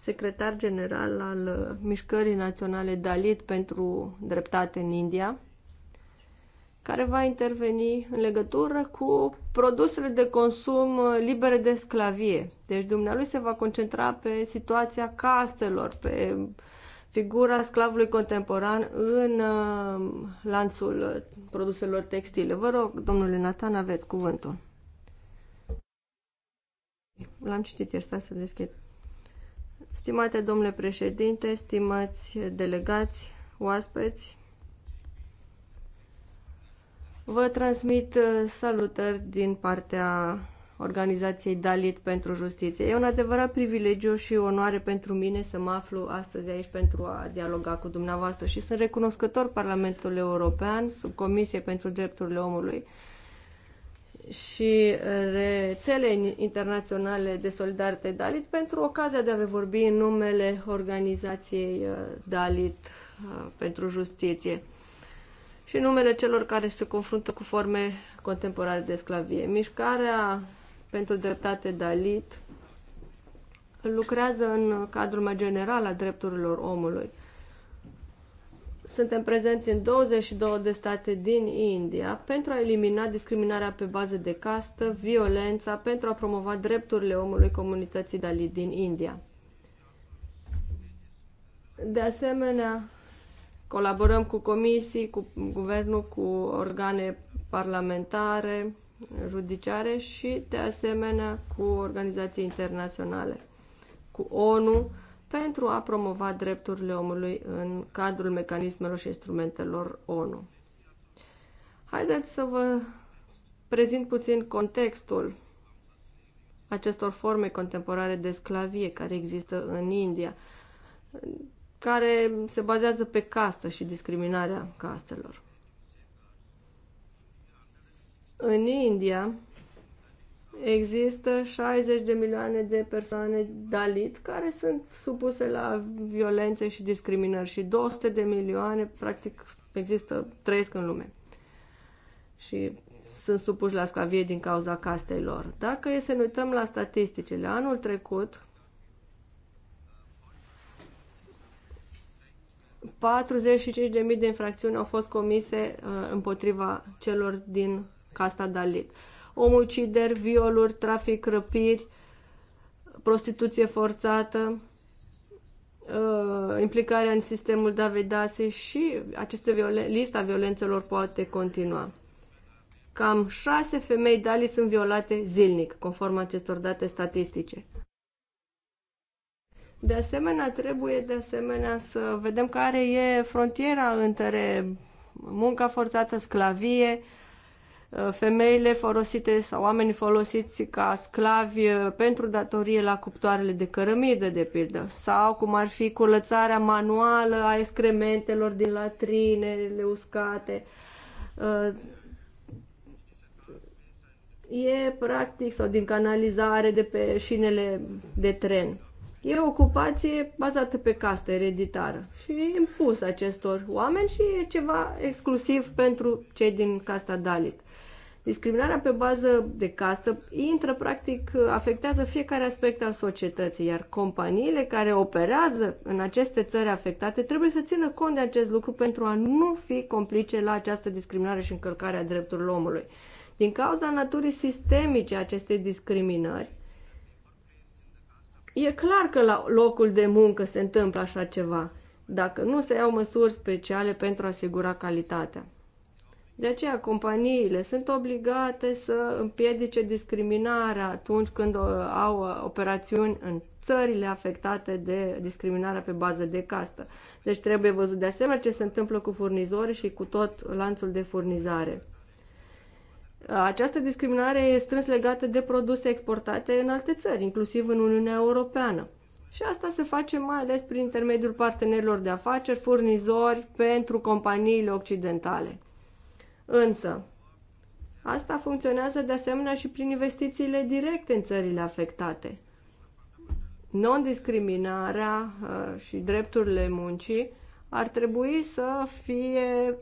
secretar general al uh, Mișcării Naționale Dalit pentru Dreptate în India care va interveni în legătură cu produsele de consum libere de sclavie. Deci dumnealui se va concentra pe situația castelor, pe figura sclavului contemporan în uh, lanțul produselor textile. Vă rog, domnule Nathan, aveți cuvântul. L-am citit, iar să deschid. Stimate domnule președinte, stimați delegați, oaspeți, Vă transmit uh, salutări din partea organizației Dalit pentru Justiție. E un adevărat privilegiu și onoare pentru mine să mă aflu astăzi aici pentru a dialoga cu dumneavoastră și sunt recunoscător Parlamentul European, sub Comisie pentru Drepturile Omului și uh, rețele internaționale de solidaritate Dalit pentru ocazia de a vă vorbi în numele organizației uh, Dalit pentru Justiție și numele celor care se confruntă cu forme contemporane de sclavie. Mișcarea pentru dreptate Dalit lucrează în cadrul mai general al drepturilor omului. Suntem prezenți în 22 de state din India pentru a elimina discriminarea pe bază de castă, violența, pentru a promova drepturile omului comunității Dalit din India. De asemenea, Colaborăm cu comisii, cu guvernul, cu organe parlamentare, judiciare și, de asemenea, cu organizații internaționale, cu ONU, pentru a promova drepturile omului în cadrul mecanismelor și instrumentelor ONU. Haideți să vă prezint puțin contextul acestor forme contemporare de sclavie care există în India care se bazează pe castă și discriminarea castelor. În India există 60 de milioane de persoane dalit care sunt supuse la violențe și discriminări și 200 de milioane, practic, există, trăiesc în lume. Și sunt supuși la sclavie din cauza castei lor. Dacă e să ne uităm la statisticile, anul trecut, 45.000 de infracțiuni au fost comise uh, împotriva celor din casta Dalit. Omucideri, violuri, trafic, răpiri, prostituție forțată, uh, implicarea în sistemul Davedase și aceste violen- lista violențelor poate continua. Cam șase femei Dalit sunt violate zilnic, conform acestor date statistice. De asemenea, trebuie de asemenea să vedem care e frontiera între munca forțată, sclavie, uh, femeile folosite sau oamenii folosiți ca sclavi uh, pentru datorie la cuptoarele de cărămidă, de pildă, sau cum ar fi curățarea manuală a excrementelor din latrinele uscate. Uh, e practic, sau din canalizare de pe șinele de tren. E o ocupație bazată pe castă ereditară și impus acestor oameni și e ceva exclusiv pentru cei din casta Dalit. Discriminarea pe bază de castă intră, practic, afectează fiecare aspect al societății, iar companiile care operează în aceste țări afectate trebuie să țină cont de acest lucru pentru a nu fi complice la această discriminare și încălcarea drepturilor omului. Din cauza naturii sistemice acestei discriminări, E clar că la locul de muncă se întâmplă așa ceva, dacă nu se iau măsuri speciale pentru a asigura calitatea. De aceea, companiile sunt obligate să împiedice discriminarea atunci când uh, au uh, operațiuni în țările afectate de discriminarea pe bază de castă. Deci trebuie văzut de asemenea ce se întâmplă cu furnizorii și cu tot lanțul de furnizare. Această discriminare e strâns legată de produse exportate în alte țări, inclusiv în Uniunea Europeană. Și asta se face mai ales prin intermediul partenerilor de afaceri, furnizori pentru companiile occidentale. Însă, asta funcționează de asemenea și prin investițiile directe în țările afectate. Non-discriminarea uh, și drepturile muncii ar trebui să fie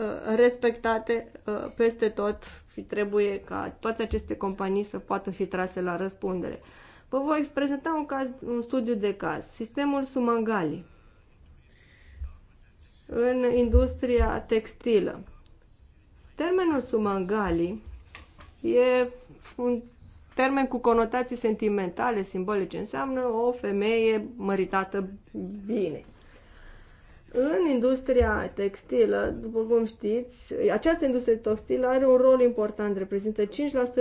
Uh, respectate uh, peste tot și trebuie ca toate aceste companii să poată fi trase la răspundere. Vă voi prezenta un, caz, un studiu de caz, sistemul Sumangali în industria textilă. Termenul Sumangali e un termen cu conotații sentimentale, simbolice, înseamnă o femeie măritată bine. În industria textilă, după cum știți, această industrie textilă are un rol important, reprezintă 5%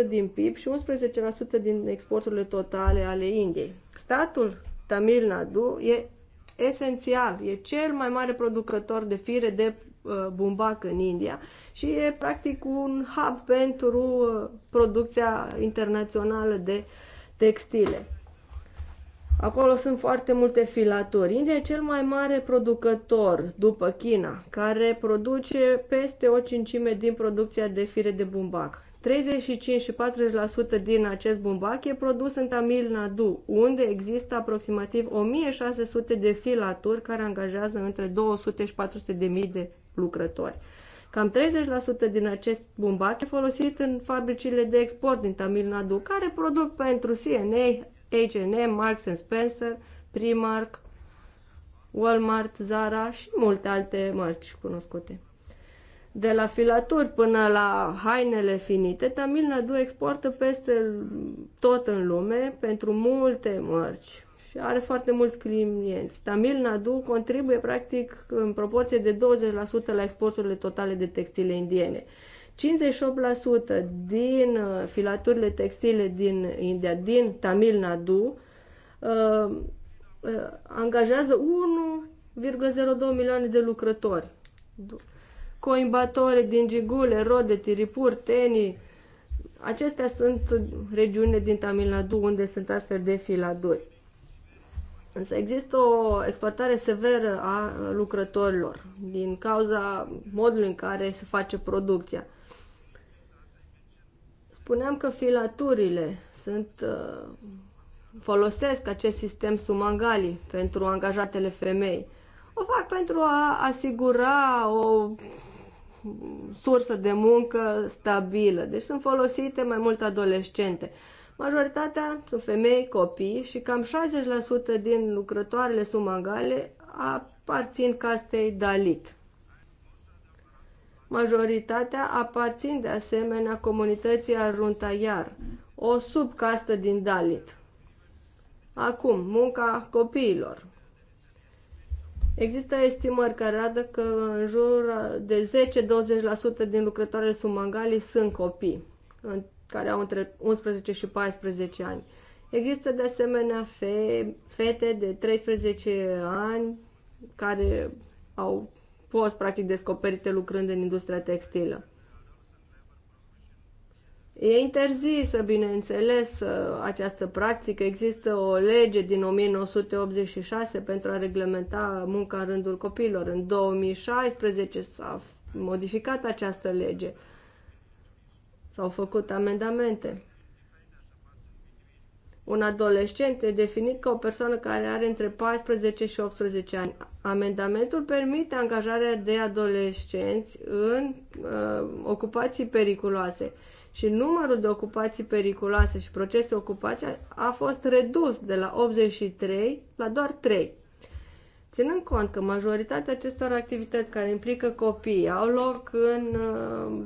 din PIB și 11% din exporturile totale ale Indiei. Statul Tamil Nadu e esențial, e cel mai mare producător de fire de uh, bumbac în India și e practic un hub pentru uh, producția internațională de textile. Acolo sunt foarte multe filaturi. India e cel mai mare producător după China, care produce peste o cincime din producția de fire de bumbac. 35 și 40% din acest bumbac e produs în Tamil Nadu, unde există aproximativ 1600 de filaturi care angajează între 200 și 400 de mii de lucrători. Cam 30% din acest bumbac e folosit în fabricile de export din Tamil Nadu, care produc pentru CNA, H&M, Marks Spencer, Primark, Walmart, Zara și multe alte mărci cunoscute. De la filaturi până la hainele finite, Tamil Nadu exportă peste tot în lume pentru multe mărci și are foarte mulți clienți. Tamil Nadu contribuie practic în proporție de 20% la exporturile totale de textile indiene. 58% din uh, filaturile textile din India, din Tamil Nadu, uh, uh, angajează 1,02 milioane de lucrători. Coimbatore, din Gigule, Rode, Tiripur, Teni, acestea sunt regiunile din Tamil Nadu unde sunt astfel de filaduri. Însă există o exploatare severă a lucrătorilor din cauza modului în care se face producția. Spuneam că filaturile sunt uh, folosesc acest sistem sumangali pentru angajatele femei. O fac pentru a asigura o sursă de muncă stabilă. Deci sunt folosite mai mult adolescente. Majoritatea sunt femei, copii și cam 60% din lucrătoarele sumangale aparțin castei Dalit majoritatea aparțin de asemenea comunității Aruntaiar, o subcastă din Dalit. Acum, munca copiilor. Există estimări care arată că în jur de 10-20% din lucrătoarele sumangali sunt copii, care au între 11 și 14 ani. Există de asemenea fe, fete de 13 ani care au fost practic descoperite lucrând în industria textilă. E interzisă, bineînțeles, această practică. Există o lege din 1986 pentru a reglementa munca în rândul copiilor. În 2016 s-a modificat această lege. S-au făcut amendamente. Un adolescent e definit ca o persoană care are între 14 și 18 ani. Amendamentul permite angajarea de adolescenți în uh, ocupații periculoase și numărul de ocupații periculoase și procese ocupația a fost redus de la 83 la doar 3. Ținând cont că majoritatea acestor activități care implică copii au loc în uh,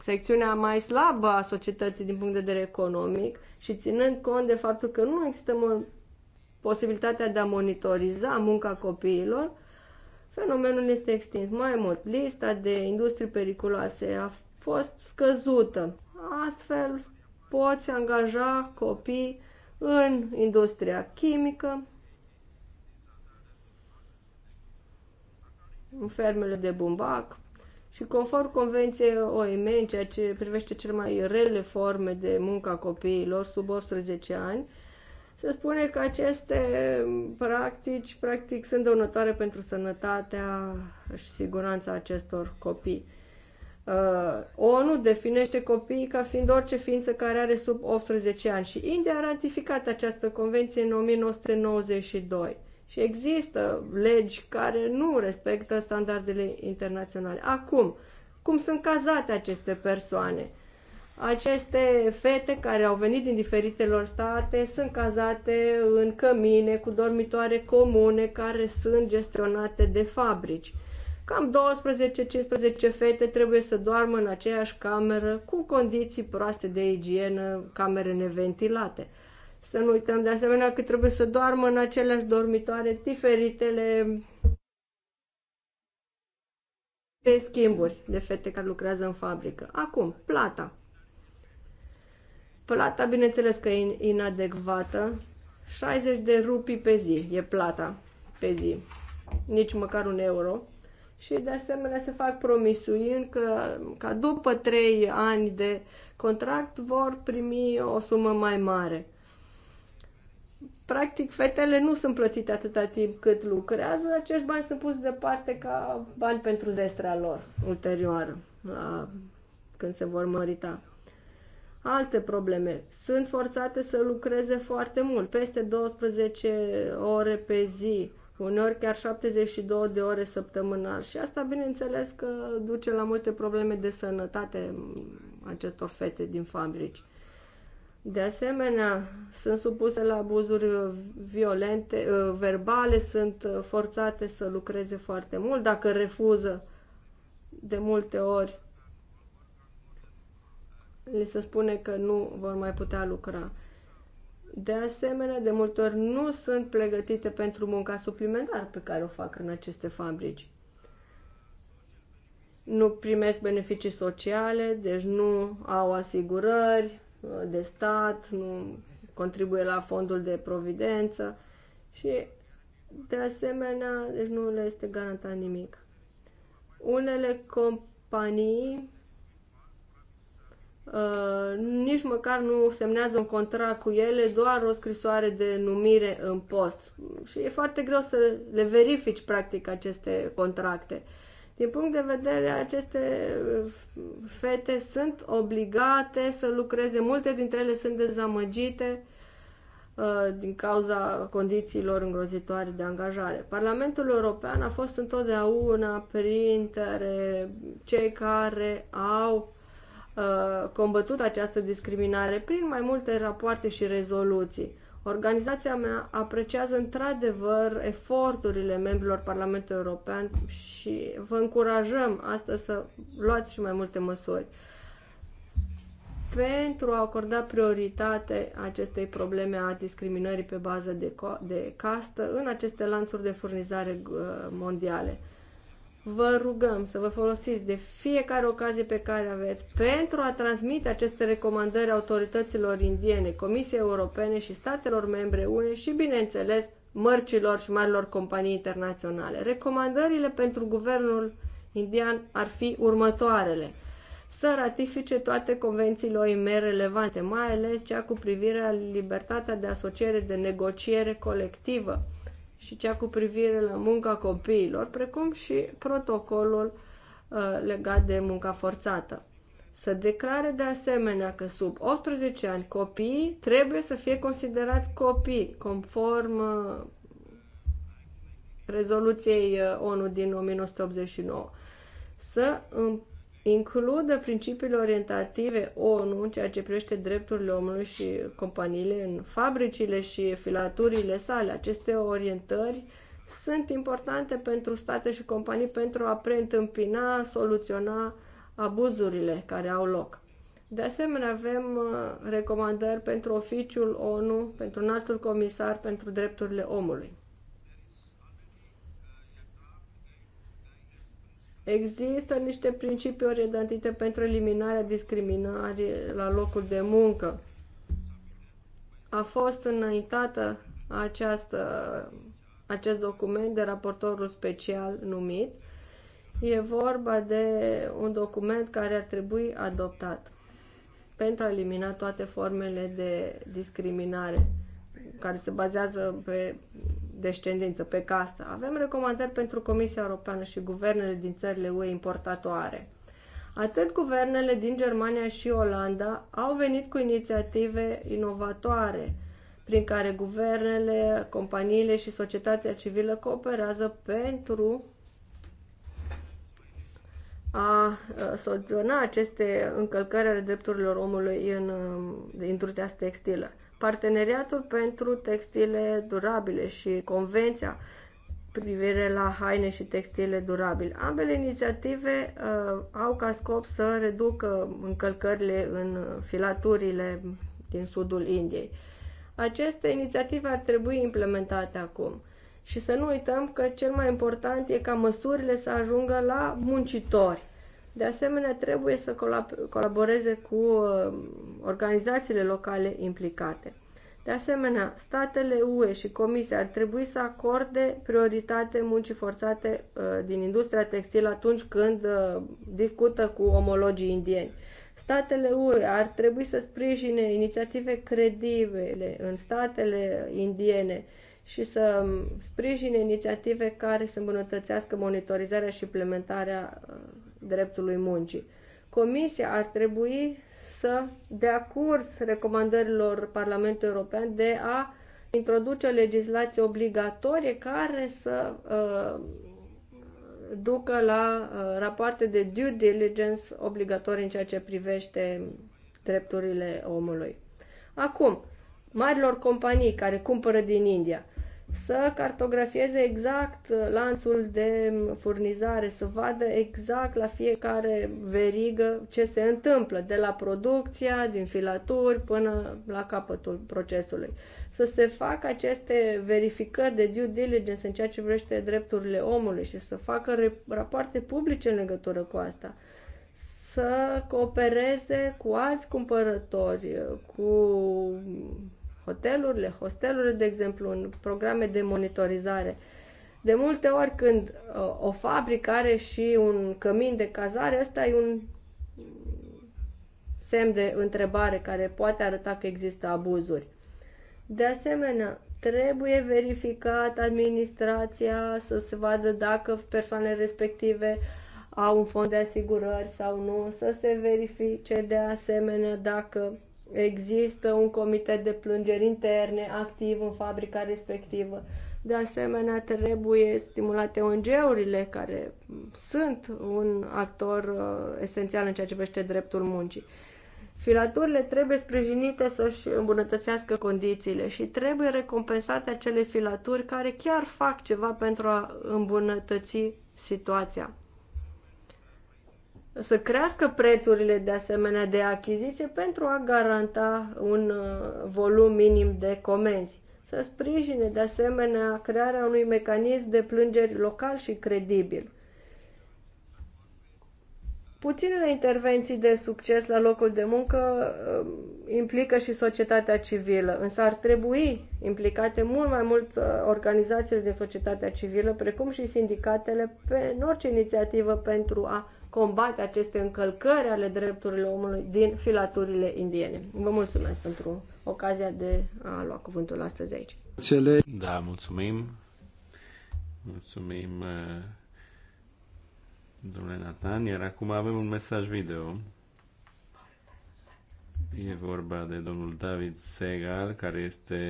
secțiunea mai slabă a societății din punct de vedere economic și ținând cont de faptul că nu există posibilitatea de a monitoriza munca copiilor, fenomenul este extins. Mai mult, lista de industrii periculoase a fost scăzută. Astfel, poți angaja copii în industria chimică, în fermele de bumbac, și conform Convenției OIM, în ceea ce privește cele mai rele forme de muncă a copiilor sub 18 ani, se spune că aceste mm, practici practic sunt dăunătoare pentru sănătatea și siguranța acestor copii. Uh, ONU definește copiii ca fiind orice ființă care are sub 18 ani și India a ratificat această convenție în 1992. Și există legi care nu respectă standardele internaționale. Acum, cum sunt cazate aceste persoane? Aceste fete care au venit din diferitelor state sunt cazate în cămine cu dormitoare comune care sunt gestionate de fabrici. Cam 12-15 fete trebuie să doarmă în aceeași cameră cu condiții proaste de igienă, camere neventilate. Să nu uităm de asemenea că trebuie să doarmă în aceleași dormitoare diferitele de schimburi de fete care lucrează în fabrică. Acum, plata. Plata, bineînțeles că e inadecvată. 60 de rupii pe zi e plata pe zi. Nici măcar un euro. Și de asemenea se fac promisiuni că, că după 3 ani de contract vor primi o sumă mai mare practic, fetele nu sunt plătite atâta timp cât lucrează, acești bani sunt puși deoparte ca bani pentru zestrea lor ulterior, la, când se vor mărita. Alte probleme. Sunt forțate să lucreze foarte mult, peste 12 ore pe zi, uneori chiar 72 de ore săptămânal. Și asta, bineînțeles, că duce la multe probleme de sănătate acestor fete din fabrici. De asemenea, sunt supuse la abuzuri uh, violente, uh, verbale, sunt uh, forțate să lucreze foarte mult. Dacă refuză de multe ori, li se spune că nu vor mai putea lucra. De asemenea, de multe ori nu sunt pregătite pentru munca suplimentară pe care o fac în aceste fabrici. Nu primesc beneficii sociale, deci nu au asigurări, de stat, nu contribuie la fondul de providență și de asemenea, deci nu le este garantat nimic. Unele companii uh, nici măcar nu semnează un contract cu ele, doar o scrisoare de numire în post. Și e foarte greu să le verifici, practic, aceste contracte. Uh, din punct de vedere, aceste uh, fete sunt obligate să lucreze, multe dintre ele sunt dezamăgite uh, din cauza condițiilor îngrozitoare de angajare. Parlamentul European a fost întotdeauna printre cei care au uh, combătut această discriminare prin mai multe rapoarte și rezoluții. Organizația mea apreciază într-adevăr eforturile membrilor Parlamentului European și vă încurajăm astăzi să luați și mai multe măsuri pentru a acorda prioritate acestei probleme a discriminării pe bază de, de castă în aceste lanțuri de furnizare uh, mondiale vă rugăm să vă folosiți de fiecare ocazie pe care aveți pentru a transmite aceste recomandări autorităților indiene, Comisiei Europene și statelor membre une și, bineînțeles, mărcilor și marilor companii internaționale. Recomandările pentru guvernul indian ar fi următoarele să ratifice toate convențiile OIM relevante, mai ales cea cu privire la libertatea de asociere de negociere colectivă, și cea cu privire la munca copiilor, precum și protocolul uh, legat de munca forțată. Să declare de asemenea că sub 18 ani copiii trebuie să fie considerați copii, conform uh, rezoluției uh, ONU din 1989. Să includă principiile orientative ONU în ceea ce privește drepturile omului și companiile în fabricile și filaturile sale. Aceste orientări sunt importante pentru state și companii pentru a preîntâmpina, soluționa abuzurile care au loc. De asemenea, avem uh, recomandări pentru oficiul ONU, pentru înaltul comisar pentru drepturile omului. Există niște principii orientate pentru eliminarea discriminării la locul de muncă. A fost înaintată această, acest document de raportorul special numit. E vorba de un document care ar trebui adoptat pentru a elimina toate formele de discriminare care se bazează pe descendență, pe casă. Avem recomandări pentru Comisia Europeană și guvernele din țările UE importatoare. Atât guvernele din Germania și Olanda au venit cu inițiative inovatoare, prin care guvernele, companiile și societatea civilă cooperează pentru a soluționa aceste încălcări ale drepturilor omului în industria textilă. Parteneriatul pentru textile durabile și Convenția privire la haine și textile durabile. Ambele inițiative uh, au ca scop să reducă încălcările în filaturile din sudul Indiei. Aceste inițiative ar trebui implementate acum. Și să nu uităm că cel mai important e ca măsurile să ajungă la muncitori de asemenea, trebuie să colaboreze cu uh, organizațiile locale implicate. De asemenea, statele UE și Comisia ar trebui să acorde prioritate muncii forțate uh, din industria textilă atunci când uh, discută cu omologii indieni. Statele UE ar trebui să sprijine inițiative credibile în statele indiene și să um, sprijine inițiative care să îmbunătățească monitorizarea și implementarea dreptului muncii. Comisia ar trebui să dea curs recomandărilor Parlamentului European de a introduce o legislație obligatorie care să uh, ducă la uh, rapoarte de due diligence obligatorii în ceea ce privește drepturile omului. Acum, marilor companii care cumpără din India, să cartografieze exact uh, lanțul de furnizare, să vadă exact la fiecare verigă ce se întâmplă, de la producția, din filaturi până la capătul procesului. Să se facă aceste verificări de due diligence în ceea ce vrește drepturile omului și să facă rapoarte publice în legătură cu asta să coopereze cu alți cumpărători, uh, cu hotelurile, hostelurile, de exemplu, în programe de monitorizare. De multe ori când uh, o fabrică are și un cămin de cazare, ăsta e un semn de întrebare care poate arăta că există abuzuri. De asemenea, trebuie verificat administrația să se vadă dacă persoanele respective au un fond de asigurări sau nu, să se verifice de asemenea dacă Există un comitet de plângeri interne activ în fabrica respectivă. De asemenea, trebuie stimulate ONG-urile, care sunt un actor uh, esențial în ceea ce privește dreptul muncii. Filaturile trebuie sprijinite să-și îmbunătățească condițiile și trebuie recompensate acele filaturi care chiar fac ceva pentru a îmbunătăți situația să crească prețurile de asemenea de achiziție pentru a garanta un uh, volum minim de comenzi. Să sprijine de asemenea crearea unui mecanism de plângeri local și credibil. Puținele intervenții de succes la locul de muncă um, implică și societatea civilă, însă ar trebui implicate mult mai mult uh, organizațiile de societatea civilă, precum și sindicatele, pe în orice inițiativă pentru a combate aceste încălcări ale drepturilor omului din filaturile indiene. Vă mulțumesc pentru ocazia de a lua cuvântul astăzi aici. Da, mulțumim. Mulțumim, uh, domnule Nathan. Iar acum avem un mesaj video. E vorba de domnul David Segal, care este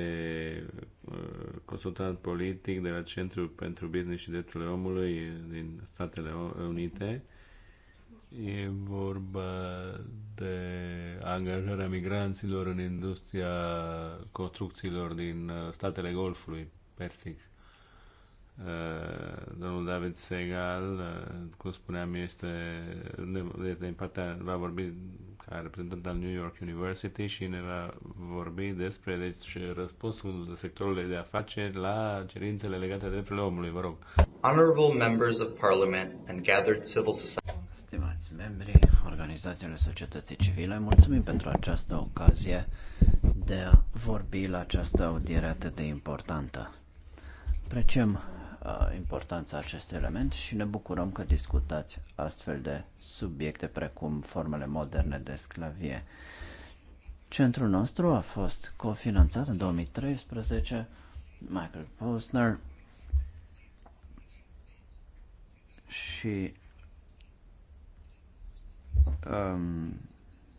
uh, consultant politic de la Centrul pentru Business și Drepturile Omului din Statele Unite. E vorba de angajarea migranților în industria construcțiilor din uh, statele Golfului Persic. Uh, domnul David Segal, uh, cum spuneam, este, este din partea, va vorbi reprezentant al New York University și ne va vorbi despre deci, răspunsul sectorului de afaceri la cerințele legate de drepturile omului. Vă rog. Honorable members of Parliament and gathered civil society. Stimați membri organizațiilor societății civile, mulțumim pentru această ocazie de a vorbi la această audiere atât de importantă. Precem Uh, importanța acestui element și ne bucurăm că discutați astfel de subiecte precum formele moderne de sclavie. Centrul nostru a fost cofinanțat în 2013 Michael Posner și um,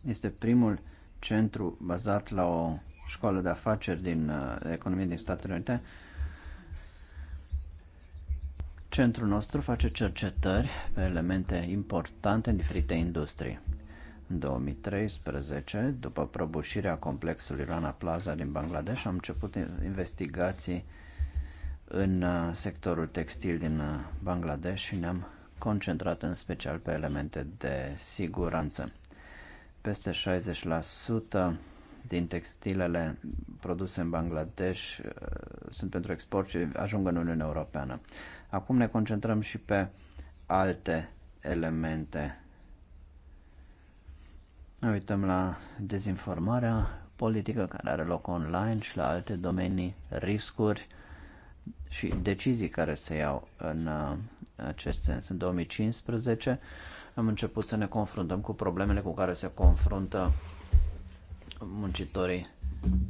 este primul centru bazat la o școală de afaceri din uh, economie din Statele Unite uh, Centrul nostru face cercetări pe elemente importante în diferite industrii. În 2013, după prăbușirea complexului Rana Plaza din Bangladesh, am început investigații în uh, sectorul textil din uh, Bangladesh și ne-am concentrat în special pe elemente de siguranță. Peste 60% din textilele produse în Bangladesh uh, sunt pentru export și ajung în Uniunea Europeană. Acum ne concentrăm și pe alte elemente. Ne uităm la dezinformarea politică care are loc online și la alte domenii, riscuri și decizii care se iau în uh, acest sens. În 2015 am început să ne confruntăm cu problemele cu care se confruntă muncitorii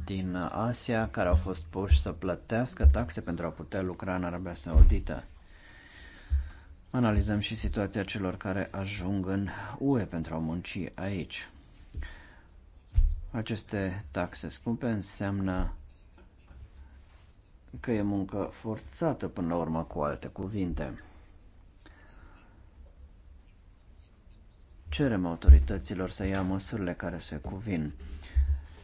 din Asia care au fost puși să plătească taxe pentru a putea lucra în Arabia Saudită. Analizăm și situația celor care ajung în UE pentru a munci aici. Aceste taxe scumpe înseamnă că e muncă forțată până la urmă cu alte cuvinte. Cerem autorităților să ia măsurile care se cuvin.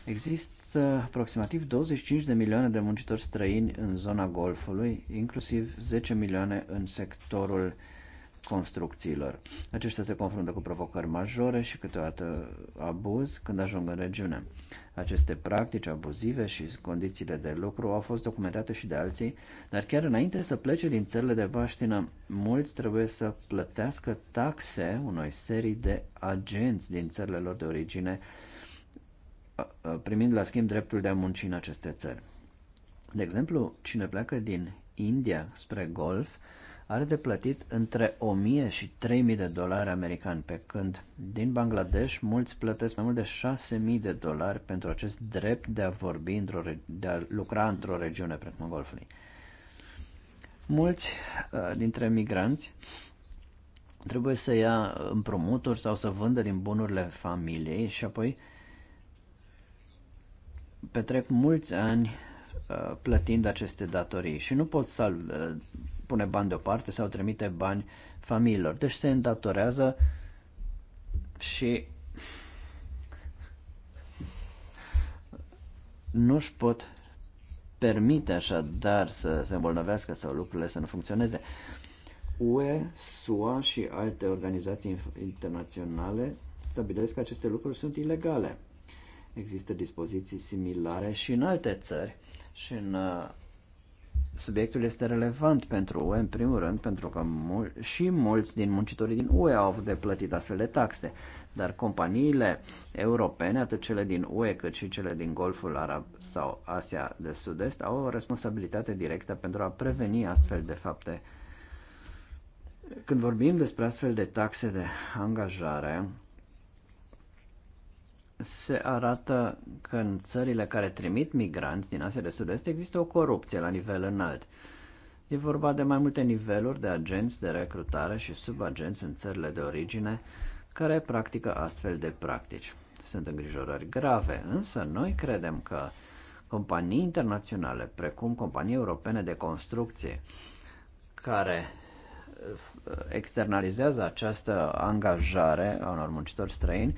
Există aproximativ 25 de milioane de muncitori străini în zona Golfului, inclusiv 10 milioane în sectorul construcțiilor. Aceștia se confruntă cu provocări majore și câteodată abuz când ajung în regiune. Aceste practici abuzive și condițiile de lucru au fost documentate și de alții, dar chiar înainte să plece din țările de baștină, mulți trebuie să plătească taxe unei serii de agenți din țările lor de origine Uh, uh, primind la schimb dreptul de a munci în aceste țări. De exemplu, cine pleacă din India spre Golf are de plătit între 1000 și 3000 de dolari americani, pe când din Bangladesh mulți plătesc mai mult de 6000 de dolari pentru acest drept de a vorbi într-o de a lucra într-o regiune precum Golfului. Mulți uh, dintre migranți trebuie să ia împrumuturi sau să vândă din bunurile familiei și apoi uh, petrec mulți ani uh, plătind aceste datorii și nu pot să uh, pune bani deoparte sau trimite bani familiilor. Deci se îndatorează și nu își pot permite așadar să se îmbolnăvească sau lucrurile să nu funcționeze. UE, SUA și alte organizații internaționale stabilesc că aceste lucruri sunt ilegale. Există dispoziții similare și în alte țări și în uh, subiectul este relevant pentru UE, în primul rând, pentru că mul- și mulți din muncitorii din UE au avut de plătit astfel de taxe, dar companiile europene, atât cele din UE cât și cele din Golful Arab sau Asia de Sud-Est, au o responsabilitate directă pentru a preveni astfel de fapte. Când vorbim despre astfel de taxe de angajare, se arată că în țările care trimit migranți din Asia de Sud-Est există o corupție la nivel înalt. E vorba de mai multe niveluri de agenți de recrutare și subagenți în țările de origine care practică astfel de practici. Sunt îngrijorări grave, însă noi credem că companii internaționale, precum companii europene de construcție, care eh, externalizează această angajare a unor muncitori străini,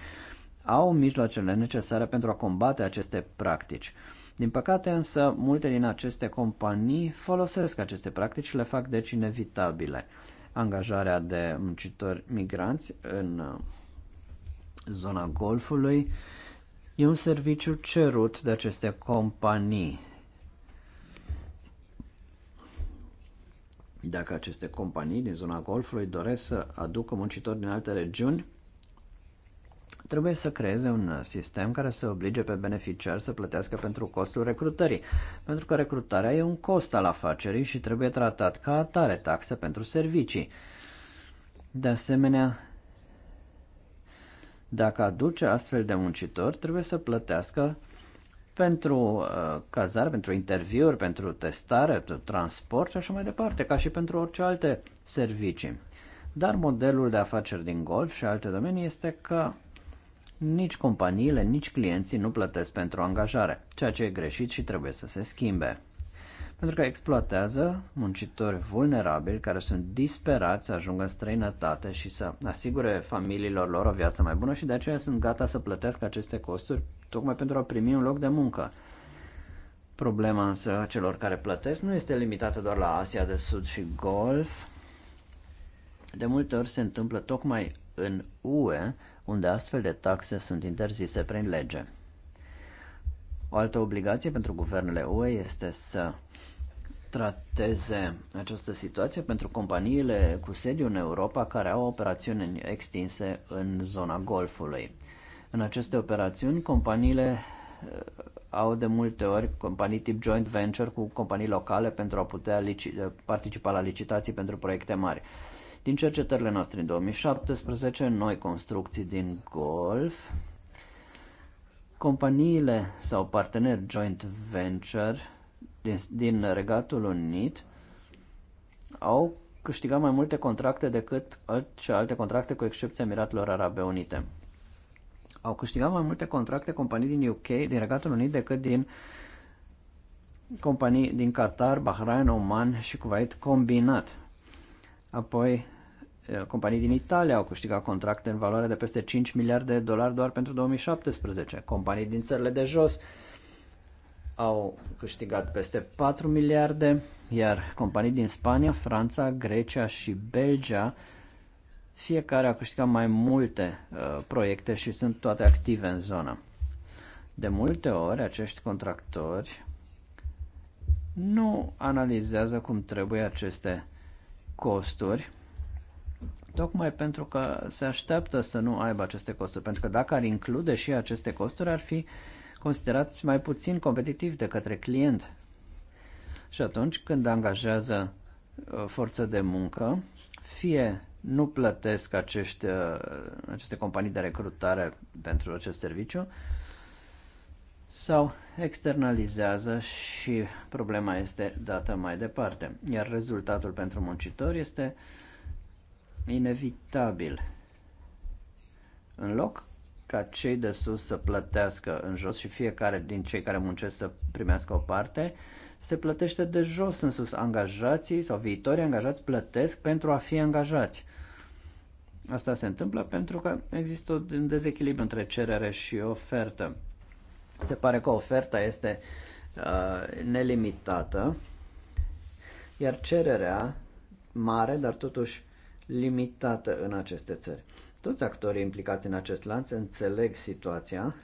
au mijloacele necesare pentru a combate aceste practici. Din păcate însă, multe din aceste companii folosesc aceste practici și le fac deci inevitabile. Angajarea de muncitori migranți în uh, zona Golfului e un serviciu cerut de aceste companii. Dacă aceste companii din zona Golfului doresc să aducă muncitori din alte regiuni, Trebuie să creeze un sistem care să oblige pe beneficiari să plătească pentru costul recrutării, pentru că recrutarea e un cost al afacerii și trebuie tratat ca atare taxă pentru servicii. De asemenea, dacă aduce astfel de muncitori, trebuie să plătească pentru uh, cazare, pentru interviuri, pentru testare, pentru transport și așa mai departe, ca și pentru orice alte servicii. Dar modelul de afaceri din golf și alte domenii este că nici companiile, nici clienții nu plătesc pentru angajare, ceea ce e greșit și trebuie să se schimbe. Pentru că exploatează muncitori vulnerabili care sunt disperați să ajungă în străinătate și să asigure familiilor lor o viață mai bună și de aceea sunt gata să plătească aceste costuri tocmai pentru a primi un loc de muncă. Problema însă a celor care plătesc nu este limitată doar la Asia de Sud și Golf. De multe ori se întâmplă tocmai în UE, unde astfel de taxe sunt interzise prin lege. O altă obligație pentru guvernele UE este să trateze această situație pentru companiile cu sediu în Europa care au operațiuni extinse în zona Golfului. În aceste operațiuni, companiile uh, au de multe ori companii tip joint venture cu companii locale pentru a putea uh, participa la licitații pentru proiecte mari. Din cercetările noastre în 2017, noi construcții din golf, companiile sau parteneri joint venture din, din Regatul Unit au câștigat mai multe contracte decât alte, alte contracte, cu excepția Emiratelor Arabe Unite. Au câștigat mai multe contracte companii din UK, din Regatul Unit, decât din companii din Qatar, Bahrain, Oman și Kuwait combinat. Apoi, companii din Italia au câștigat contracte în valoare de peste 5 miliarde de dolari doar pentru 2017. Companii din țările de jos au câștigat peste 4 miliarde, iar companii din Spania, Franța, Grecia și Belgia fiecare a câștigat mai multe uh, proiecte și sunt toate active în zonă. De multe ori, acești contractori nu analizează cum trebuie aceste uh, costuri, tocmai pentru că se așteaptă să nu aibă aceste costuri, pentru că dacă ar include și aceste costuri, ar fi considerați mai puțin competitiv de către client. Și atunci când angajează uh, forță de muncă, fie nu plătesc acești, uh, aceste companii de recrutare pentru acest serviciu, sau externalizează și problema este dată mai departe. Iar rezultatul pentru muncitor este inevitabil. În loc ca cei de sus să plătească în jos și fiecare din cei care muncesc să primească o parte, se plătește de jos în sus. Angajații sau viitorii angajați plătesc pentru a fi angajați. Asta se întâmplă pentru că există un dezechilibru între cerere și ofertă. Se pare că oferta este uh, nelimitată, iar cererea mare, dar totuși limitată în aceste țări. Toți actorii implicați în acest lanț înțeleg situația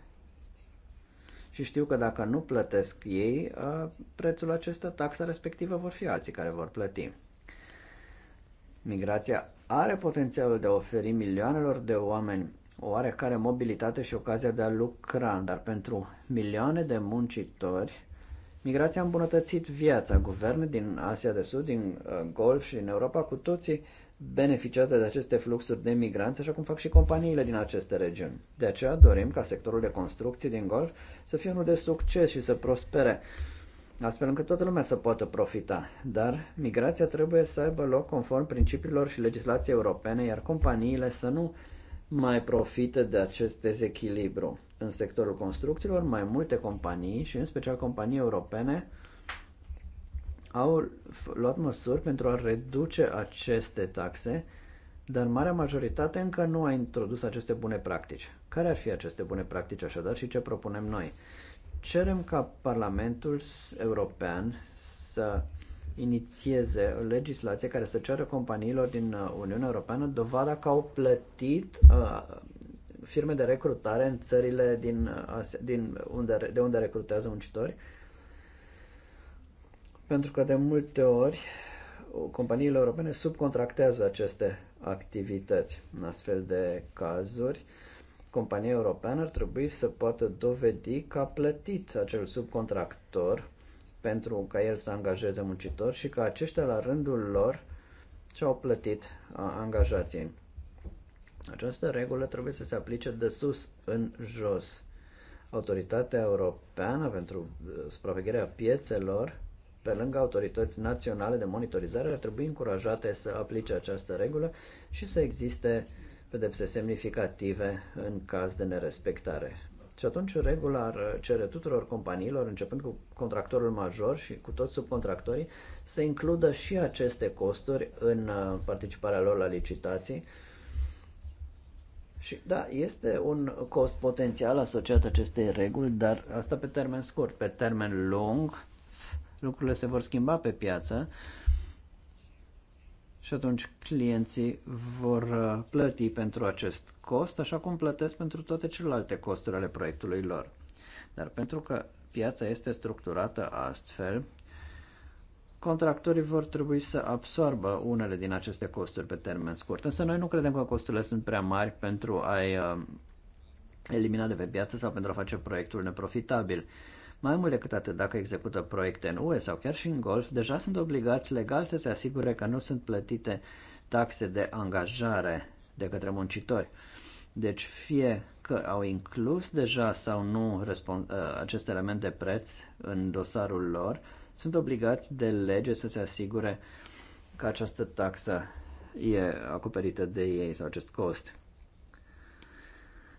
și știu că dacă nu plătesc ei uh, prețul acesta, taxa respectivă vor fi alții care vor plăti. Migrația are potențialul de a oferi milioanelor de oameni oarecare mobilitate și ocazia de a lucra, dar pentru milioane de muncitori, migrația a îmbunătățit viața. Guverne din Asia de Sud, din uh, Golf și în Europa, cu toții beneficiază de aceste fluxuri de migranți, așa cum fac și companiile din aceste regiuni. De aceea dorim ca sectorul de construcții din Golf să fie unul de succes și să prospere, astfel încât toată lumea să poată profita. Dar migrația trebuie să aibă loc conform principiilor și legislației europene, iar companiile să nu mai profită de acest dezechilibru. În sectorul construcțiilor, mai multe companii și în special companii europene au luat măsuri pentru a reduce aceste taxe, dar marea majoritate încă nu a introdus aceste bune practici. Care ar fi aceste bune practici așadar și ce propunem noi? Cerem ca Parlamentul European să inițieze o legislație care să ceară companiilor din uh, Uniunea Europeană dovada că au plătit uh, firme de recrutare în țările din, uh, din unde, de unde recrutează muncitori. Pentru că de multe ori companiile europene subcontractează aceste activități. În astfel de cazuri, compania europeană ar trebui să poată dovedi că a plătit acel subcontractor pentru ca el să angajeze muncitori și că aceștia la rândul lor și-au plătit angajații. Această regulă trebuie să se aplice de sus în jos. Autoritatea Europeană pentru uh, supravegherea piețelor, pe lângă autorități naționale de monitorizare, ar trebui încurajate să aplice această regulă și să existe pedepse semnificative în caz de nerespectare. Și atunci regula ar uh, cere tuturor companiilor, începând cu contractorul major și cu toți subcontractorii, să includă și aceste costuri în uh, participarea lor la licitații. Și da, este un cost potențial asociat acestei reguli, dar asta pe termen scurt. Pe termen lung, lucrurile se vor schimba pe piață și atunci clienții vor uh, plăti pentru acest cost, așa cum plătesc pentru toate celelalte costuri ale proiectului lor. Dar pentru că piața este structurată astfel, contractorii vor trebui să absorbă unele din aceste costuri pe termen scurt. Însă noi nu credem că costurile sunt prea mari pentru a-i uh, elimina de pe piață sau pentru a face proiectul neprofitabil. Mai mult decât atât, dacă execută proiecte în UE sau chiar și în Golf, deja sunt obligați legal să se asigure că nu sunt plătite taxe de angajare de către muncitori. Deci fie că au inclus deja sau nu uh, acest element de preț în dosarul lor, sunt obligați de lege să se asigure că această taxă e acoperită de ei sau acest cost.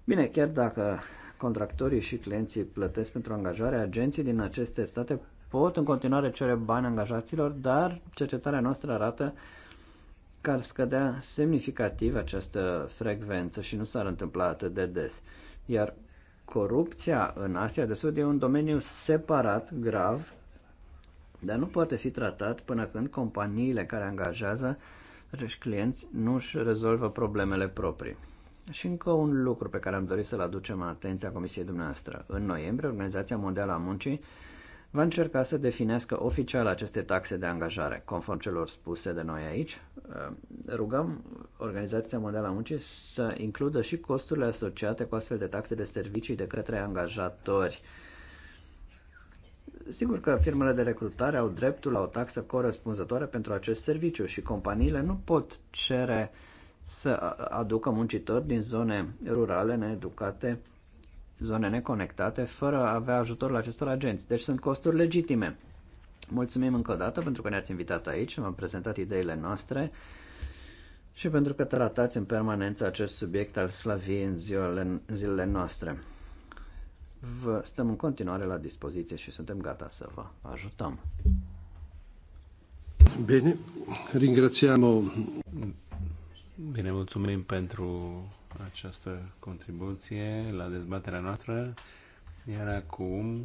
Bine, chiar dacă contractorii și clienții plătesc pentru angajare, agenții din aceste state pot în continuare cere bani angajaților, dar cercetarea noastră arată că ar scădea semnificativ această frecvență și nu s-ar întâmpla atât de des. Iar corupția în Asia de Sud e un domeniu separat, grav, dar nu poate fi tratat până când companiile care angajează acești clienți nu își rezolvă problemele proprii. Și încă un lucru pe care am dorit să-l aducem în atenția Comisiei dumneavoastră. În noiembrie, Organizația Mondială a Muncii va încerca să definească oficial aceste taxe de angajare. Conform celor spuse de noi aici, eh, rugăm Organizația Mondială a Muncii să includă și costurile asociate cu astfel de taxe de servicii de către angajatori. Sigur că firmele de recrutare au dreptul la o taxă corespunzătoare pentru acest serviciu și companiile nu pot cere uh, să aducă muncitori din zone rurale needucate, zone neconectate, fără a avea ajutorul acestor agenți. Deci sunt costuri legitime. Mulțumim încă o dată pentru că ne-ați invitat aici, v-am prezentat ideile noastre și pentru că tratați în permanență acest subiect al slavii în zilele, în zilele noastre. Vă stăm în continuare la dispoziție și suntem gata să vă ajutăm. Bine, ringrațiamo Bine, mulțumim pentru această contribuție la dezbaterea noastră. Iar acum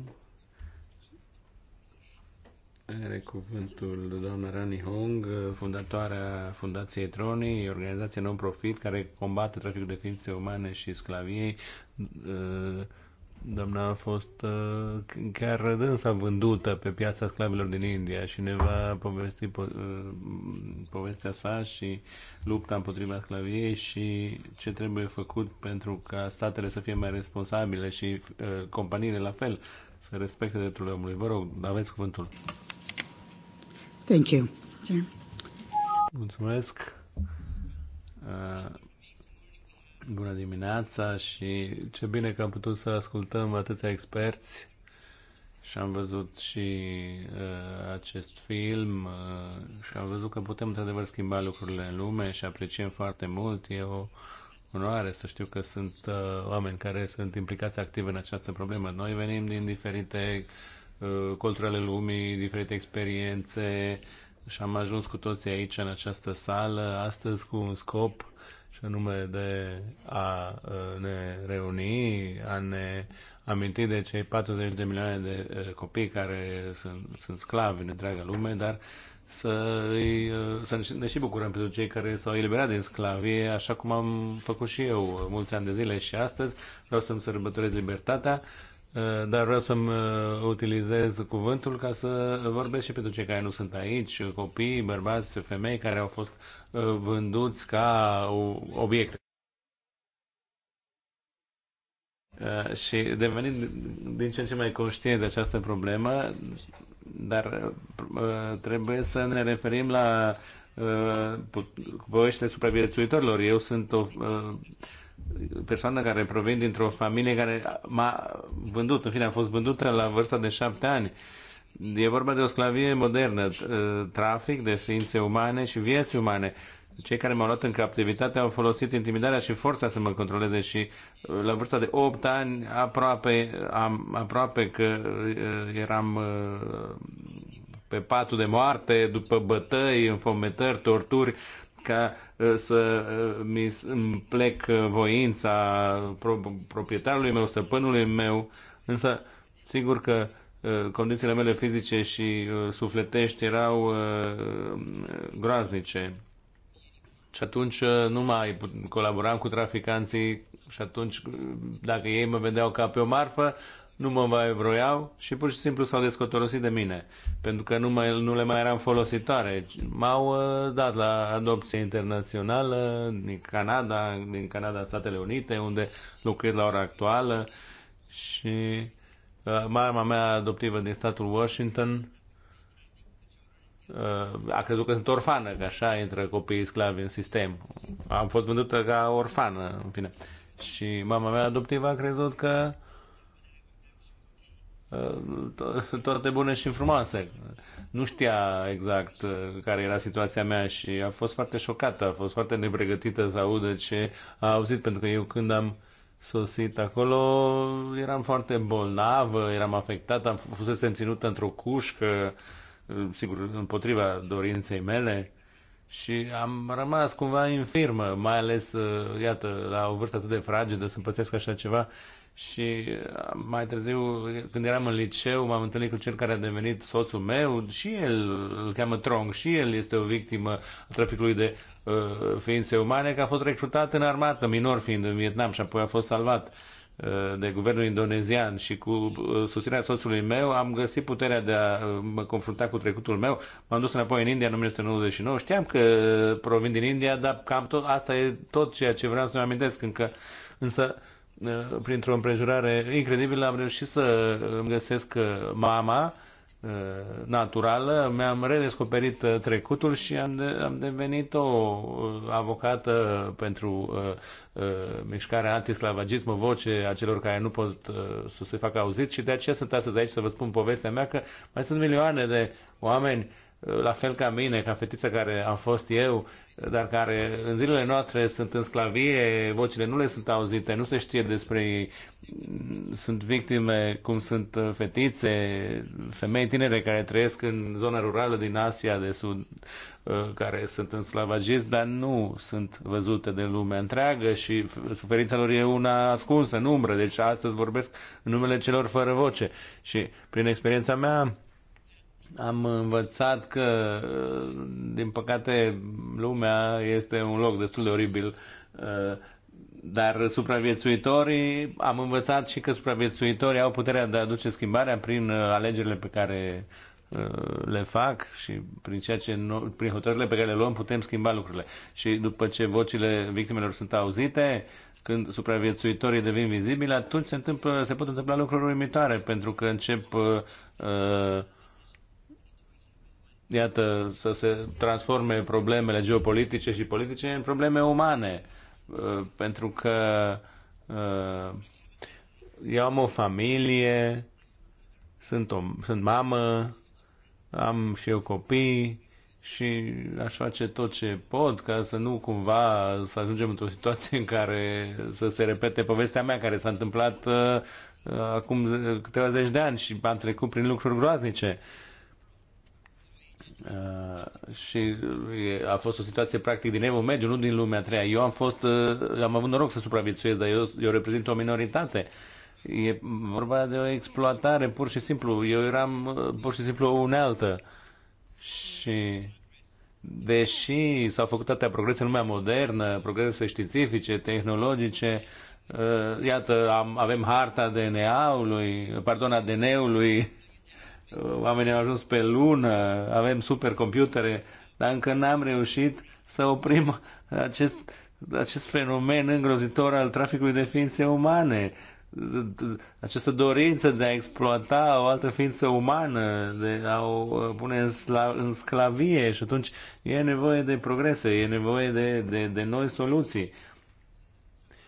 are cuvântul doamna Rani Hong, fondatoarea Fundației Troni, organizație non-profit care combate traficul de ființe umane și sclaviei. Doamna a fost uh, chiar dânsa vândută pe piața sclavilor din India și ne va povesti po- uh, povestea sa și lupta împotriva sclaviei și ce trebuie făcut pentru ca statele să fie mai responsabile și uh, companiile la fel să respecte drepturile omului. Vă rog, aveți cuvântul. Thank you. Mulțumesc. Bună dimineața și ce bine că am putut să ascultăm atâția experți și am văzut și uh, acest film uh, și am văzut că putem într-adevăr schimba lucrurile în lume și apreciem foarte mult. E o onoare să știu că sunt uh, oameni care sunt implicați activ în această problemă. Noi venim din diferite uh, culturi ale lumii, diferite experiențe și am ajuns cu toții aici în această sală astăzi cu un scop uh, și anume de a ă, ne reuni, a ne aminti de cei 40 de milioane de ă, copii care sunt, sunt sclavi în întreaga lume, dar să, îi, ă, să ne și bucurăm pentru cei care s-au eliberat din sclavie, așa cum am făcut și eu mulți ani de zile și astăzi. Vreau să-mi sărbătorez libertatea Eh, dar vreau să-mi eh, utilizez cuvântul ca să vorbesc și pentru cei care nu sunt aici, copii, bărbați, femei care au fost eh, vânduți ca obiecte. Și devenind din ce în ce mai conștient de această problemă, dar trebuie să ne referim la poveștile supraviețuitorilor. Eu sunt o persoană care provine dintr-o familie care m-a vândut, în fine, a fost vândută la vârsta de șapte ani. E vorba de o sclavie modernă, trafic de ființe umane și vieți umane. Cei care m-au luat în captivitate au folosit intimidarea și forța să mă controleze și uh, la vârsta de 8 ani aproape, am, aproape că uh, eram uh, pe patul de moarte, după bătăi, înfometări, torturi, ca să mi plec voința proprietarului meu, stăpânului meu, însă sigur că condițiile mele fizice și sufletești erau groaznice. Și atunci nu mai colaboram cu traficanții și atunci dacă ei mă vedeau ca pe o marfă, nu mă mai vroiau și pur și simplu s-au descotorosit de mine, pentru că nu, mai, nu le mai eram folositoare. M-au uh, dat la adopție internațională din Canada, din Canada, Statele Unite, unde locuiesc la ora actuală și uh, mama mea adoptivă din statul Washington uh, a crezut că sunt orfană, că așa intră copiii sclavi în sistem. Am fost vândută ca orfană, în fine. Și mama mea adoptivă a crezut că uh, Ă, toate bune și frumoase. Nu știa exact ă, care era situația mea și a fost foarte șocată, a fost foarte nepregătită să audă ce a auzit, pentru că eu când am sosit acolo eram foarte bolnavă, eram afectată, am fusesem ținută într-o cușcă, ă, sigur, împotriva dorinței mele și am rămas cumva infirmă, mai ales, iată, la o vârstă atât de fragedă să pățesc așa ceva și uh, mai târziu, când eram în liceu, m-am întâlnit cu cel care a devenit soțul meu și el îl cheamă Trong și el este o victimă a traficului de uh, ființe umane, că a fost recrutat în armată, minor fiind în Vietnam și apoi a fost salvat uh, de guvernul indonezian și cu uh, susținerea soțului meu am găsit puterea de a mă confrunta cu trecutul meu. M-am dus înapoi în India în 1999. Știam că provin din India, dar cam tot, asta e tot ceea ce vreau să-mi amintesc. Încă, însă Uh, printr-o împrejurare incredibilă, am reușit să uh, îmi găsesc uh, mama naturală, mi-am redescoperit trecutul și am, de, am devenit o avocată pentru uh, uh, mișcarea antisclavagism, voce a celor care nu pot uh, să se facă auziți și de aceea sunt astăzi aici să vă spun povestea mea că mai sunt milioane de oameni la fel ca mine, ca fetița care am fost eu, dar care în zilele noastre sunt în sclavie, vocile nu le sunt auzite, nu se știe despre ei. Sunt victime cum sunt uh, fetițe, femei tinere care trăiesc în zona rurală din Asia de Sud, uh, care sunt în sclavagism, dar nu sunt văzute de lumea întreagă și suferința lor e una ascunsă, în umbră. Deci astăzi vorbesc în numele celor fără voce. Și prin experiența mea am învățat că, din păcate, lumea este un loc destul de oribil, uh, dar supraviețuitorii, am învățat și că supraviețuitorii au puterea de a aduce schimbarea prin uh, alegerile pe care uh, le fac și prin, ceea ce nu, prin hotărârile pe care le luăm putem schimba lucrurile. Și după ce vocile victimelor sunt auzite, când supraviețuitorii devin vizibili, atunci se, întâmplă, se pot întâmpla lucruri uimitoare, pentru că încep uh, uh, iată, să se transforme problemele geopolitice și politice în probleme umane. Uh, pentru că uh, eu am o familie, sunt, o, sunt mamă, am și eu copii și aș face tot ce pot ca să nu cumva să ajungem într-o situație în care să se repete povestea mea care s-a întâmplat uh, acum câteva zeci de ani și am trecut prin lucruri groaznice. Uh, Uh, și a fost o situație practic din Evul Mediu, nu din lumea treia. Eu am fost, uh, am avut noroc să supraviețuiesc, dar eu, eu reprezint o minoritate. E vorba de o exploatare, pur și simplu. Eu eram uh, pur și simplu o unealtă. Și deși s-au făcut toate progrese în lumea modernă, progrese științifice, tehnologice, uh, iată, am, avem harta DNA-ului, pardon, ADN-ului, oamenii au ajuns pe lună, avem supercomputere, dar încă n-am reușit să oprim acest, acest fenomen îngrozitor al traficului de ființe umane, această dorință de a exploata o altă ființă umană, de a o uh, pune în, sla, în sclavie și atunci e nevoie de progrese, e nevoie de, de, de noi soluții.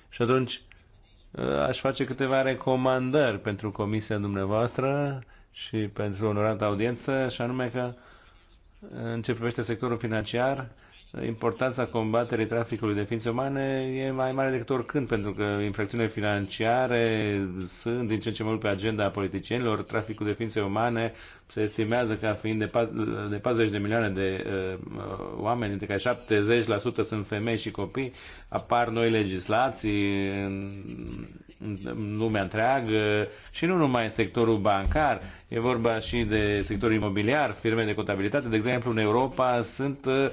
Și atunci uh, aș face câteva recomandări pentru comisia dumneavoastră și pentru onorată audiență, și anume că în ce privește sectorul financiar, importanța combaterii traficului de ființe umane e mai mare decât oricând, pentru că infracțiunile financiare sunt din ce în ce mai mult pe agenda politicienilor. Traficul de ființe umane se estimează ca fiind de, de 40 de milioane de uh, oameni, dintre care 70% sunt femei și copii. Apar noi legislații în în lumea întreagă și nu numai în sectorul bancar, e vorba și de sectorul imobiliar, firme de contabilitate, de exemplu în Europa sunt uh,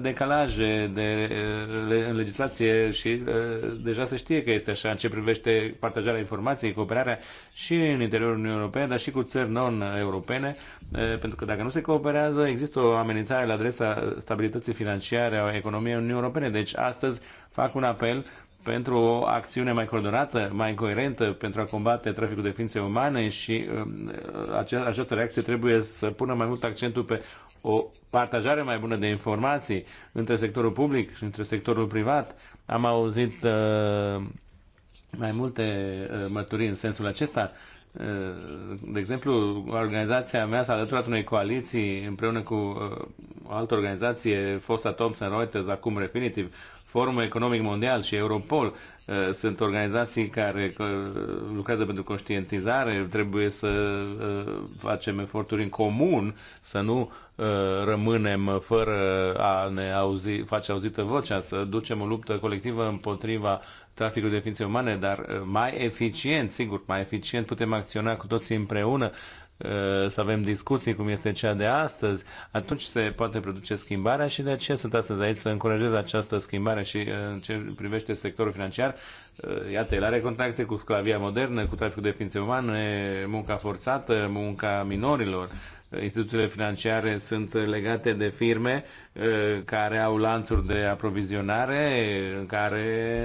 decalaje de, uh, în legislație și uh, deja se știe că este așa în ce privește partajarea informației, cooperarea și în interiorul Uniunii Europene, dar și cu țări non-europene, pentru că dacă nu se cooperează, există o amenințare la adresa stabilității financiare a economiei Uniunii Europene. Deci astăzi fac un apel pentru o acțiune mai coordonată, mai coerentă pentru a combate traficul de ființe umane și um, această reacție trebuie să pună mai mult accentul pe o partajare mai bună de informații între sectorul public și între sectorul privat. Am auzit uh, mai multe uh, mărturii în sensul acesta. Uh, de exemplu, organizația mea s-a alăturat unei coaliții împreună cu o altă organizație, fosta Thomson Reuters, acum Refinitiv, Forumul Economic Mondial și Europol uh, sunt organizații care uh, lucrează pentru conștientizare, trebuie să uh, facem eforturi în comun, să nu rămânem fără a ne auzi, face auzită vocea, să ducem o luptă colectivă împotriva traficului de ființe umane, dar mai eficient, sigur, mai eficient putem acționa cu toții împreună Eh, să avem discuții cum este cea de astăzi, atunci se poate produce schimbarea și de aceea sunt astăzi aici să încurajez această schimbare și eh, în ce privește sectorul financiar, eh, iată, el are contacte cu sclavia modernă, cu traficul de ființe umane, munca forțată, munca minorilor, instituțiile financiare sunt legate de firme care au lanțuri de aprovizionare în care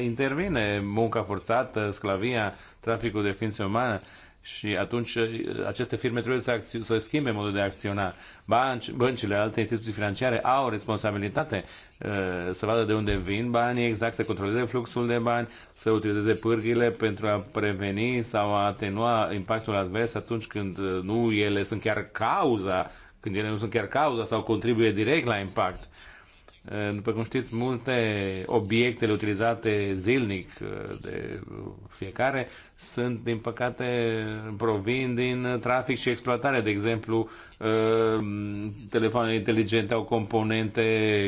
intervine munca forțată, sclavia, traficul de ființe umane. Și atunci eh, aceste firme trebuie să, acți- să schimbe modul de a acționa. Banci, băncile, alte instituții financiare au responsabilitate eh, să vadă de unde vin banii, exact să controleze fluxul de bani, să utilizeze pârghile pentru a preveni sau a atenua impactul advers atunci când eh, nu ele sunt chiar cauza, când ele nu sunt chiar cauza sau contribuie direct la impact. Eh, după cum știți, multe obiectele utilizate zilnic eh, de fiecare sunt, din păcate, provin din trafic și exploatare. De exemplu, eh, telefoanele inteligente au componente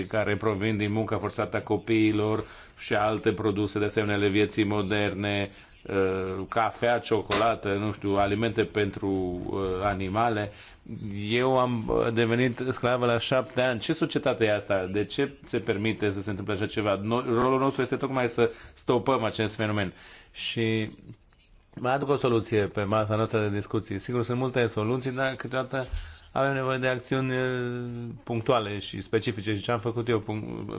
care provin din munca forțată a copiilor și alte produse de asemenea ale vieții moderne, Uh, cafea, ciocolată, nu știu, alimente pentru uh, animale. Eu am uh, devenit sclavă la șapte ani. Ce societate e asta? De ce se permite să se întâmple așa ceva? No, rolul nostru este tocmai să stopăm acest fenomen. Și mai aduc o soluție pe masa noastră de discuții. Sigur, sunt multe soluții, dar câteodată avem nevoie de acțiuni punctuale și specifice. Și ce am făcut eu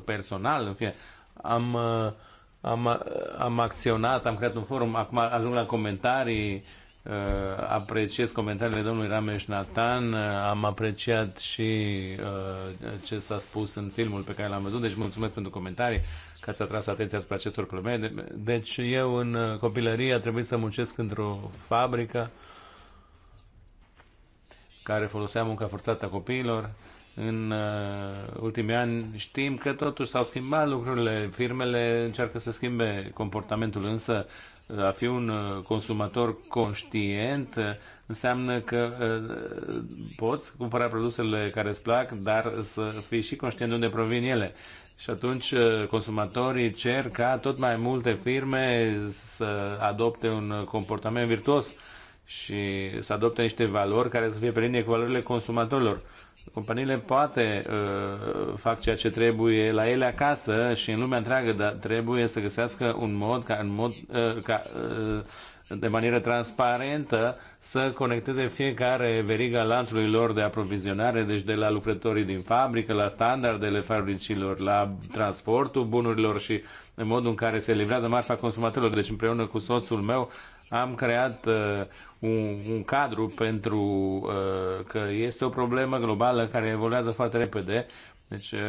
personal, în fine, am uh, am, am acționat, am creat un forum, acum ajung la comentarii, uh, apreciez comentariile domnului Ramesh Nathan, uh, am apreciat și uh, ce s-a spus în filmul pe care l-am văzut, deci mulțumesc pentru comentarii că ați atras atenția asupra acestor probleme. Deci eu în copilărie a trebuit să muncesc într-o fabrică care folosea munca forțată a copiilor în uh, ultimii ani știm că totuși s-au schimbat lucrurile, firmele încearcă să schimbe comportamentul, însă uh, a fi un uh, consumator conștient uh, înseamnă că poți cumpăra produsele care îți plac, dar să fii și conștient de unde provin ele. Și atunci consumatorii cer ca tot mai multe firme să adopte un comportament virtuos și să adopte niște valori care să fie pe linie cu valorile consumatorilor. Companiile poate uh, fac ceea ce trebuie la ele acasă și în lumea întreagă, dar trebuie să găsească un mod ca, în mod, uh, ca uh, de manieră transparentă să conecteze fiecare veriga lanțului lor de aprovizionare, deci de la lucrătorii din fabrică, la standardele fabricilor, la transportul bunurilor și în modul în care se livrează marfa consumatorilor. Deci împreună cu soțul meu am creat uh, un, un cadru pentru uh, că este o problemă globală care evoluează foarte repede. Deci uh,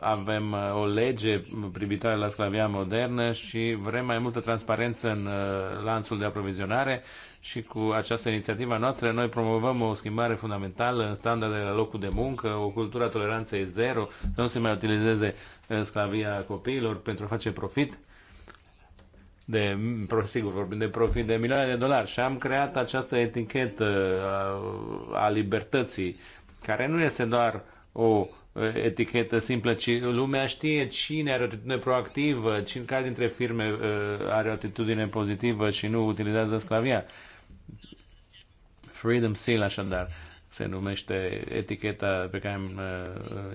avem uh, o lege privitoare la sclavia modernă și vrem mai multă transparență în uh, lanțul de aprovizionare și cu această inițiativă noastră noi promovăm o schimbare fundamentală în standardele la locul de muncă, o cultură a toleranței zero, să nu se mai utilizeze uh, sclavia copiilor pentru a face profit de, sigur, vorbim de profit de milioane de dolari și am creat această etichetă a, a libertății, care nu este doar o etichetă simplă, ci lumea știe cine are o atitudine proactivă, cine care dintre firme are o atitudine pozitivă și nu utilizează sclavia. Freedom Seal, așadar, se numește eticheta pe care am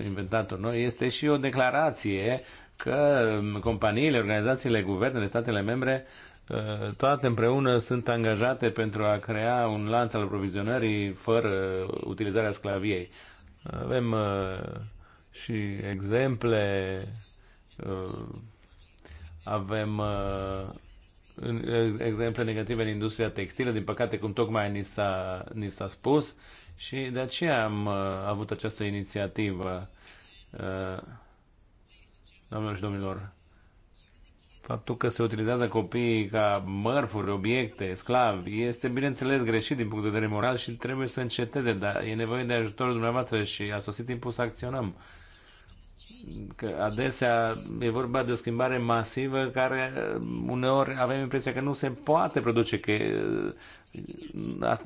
inventat-o noi, este și o declarație că companiile, organizațiile, guvernele, statele membre, uh, toate împreună sunt angajate pentru a crea un lanț al provizionării fără utilizarea sclaviei. Avem uh, și exemple, uh, avem exemple negative în industria textilă, din păcate, cum tocmai ni s-a, ni s-a spus, și de aceea am avut această inițiativă doamnelor și domnilor, faptul că se utilizează copiii ca mărfuri, obiecte, sclavi, este bineînțeles greșit din punct de vedere moral și trebuie să înceteze, dar e nevoie de ajutorul dumneavoastră și a sosit timpul să acționăm. Că adesea e vorba de o schimbare masivă care uneori avem impresia că nu se poate produce, că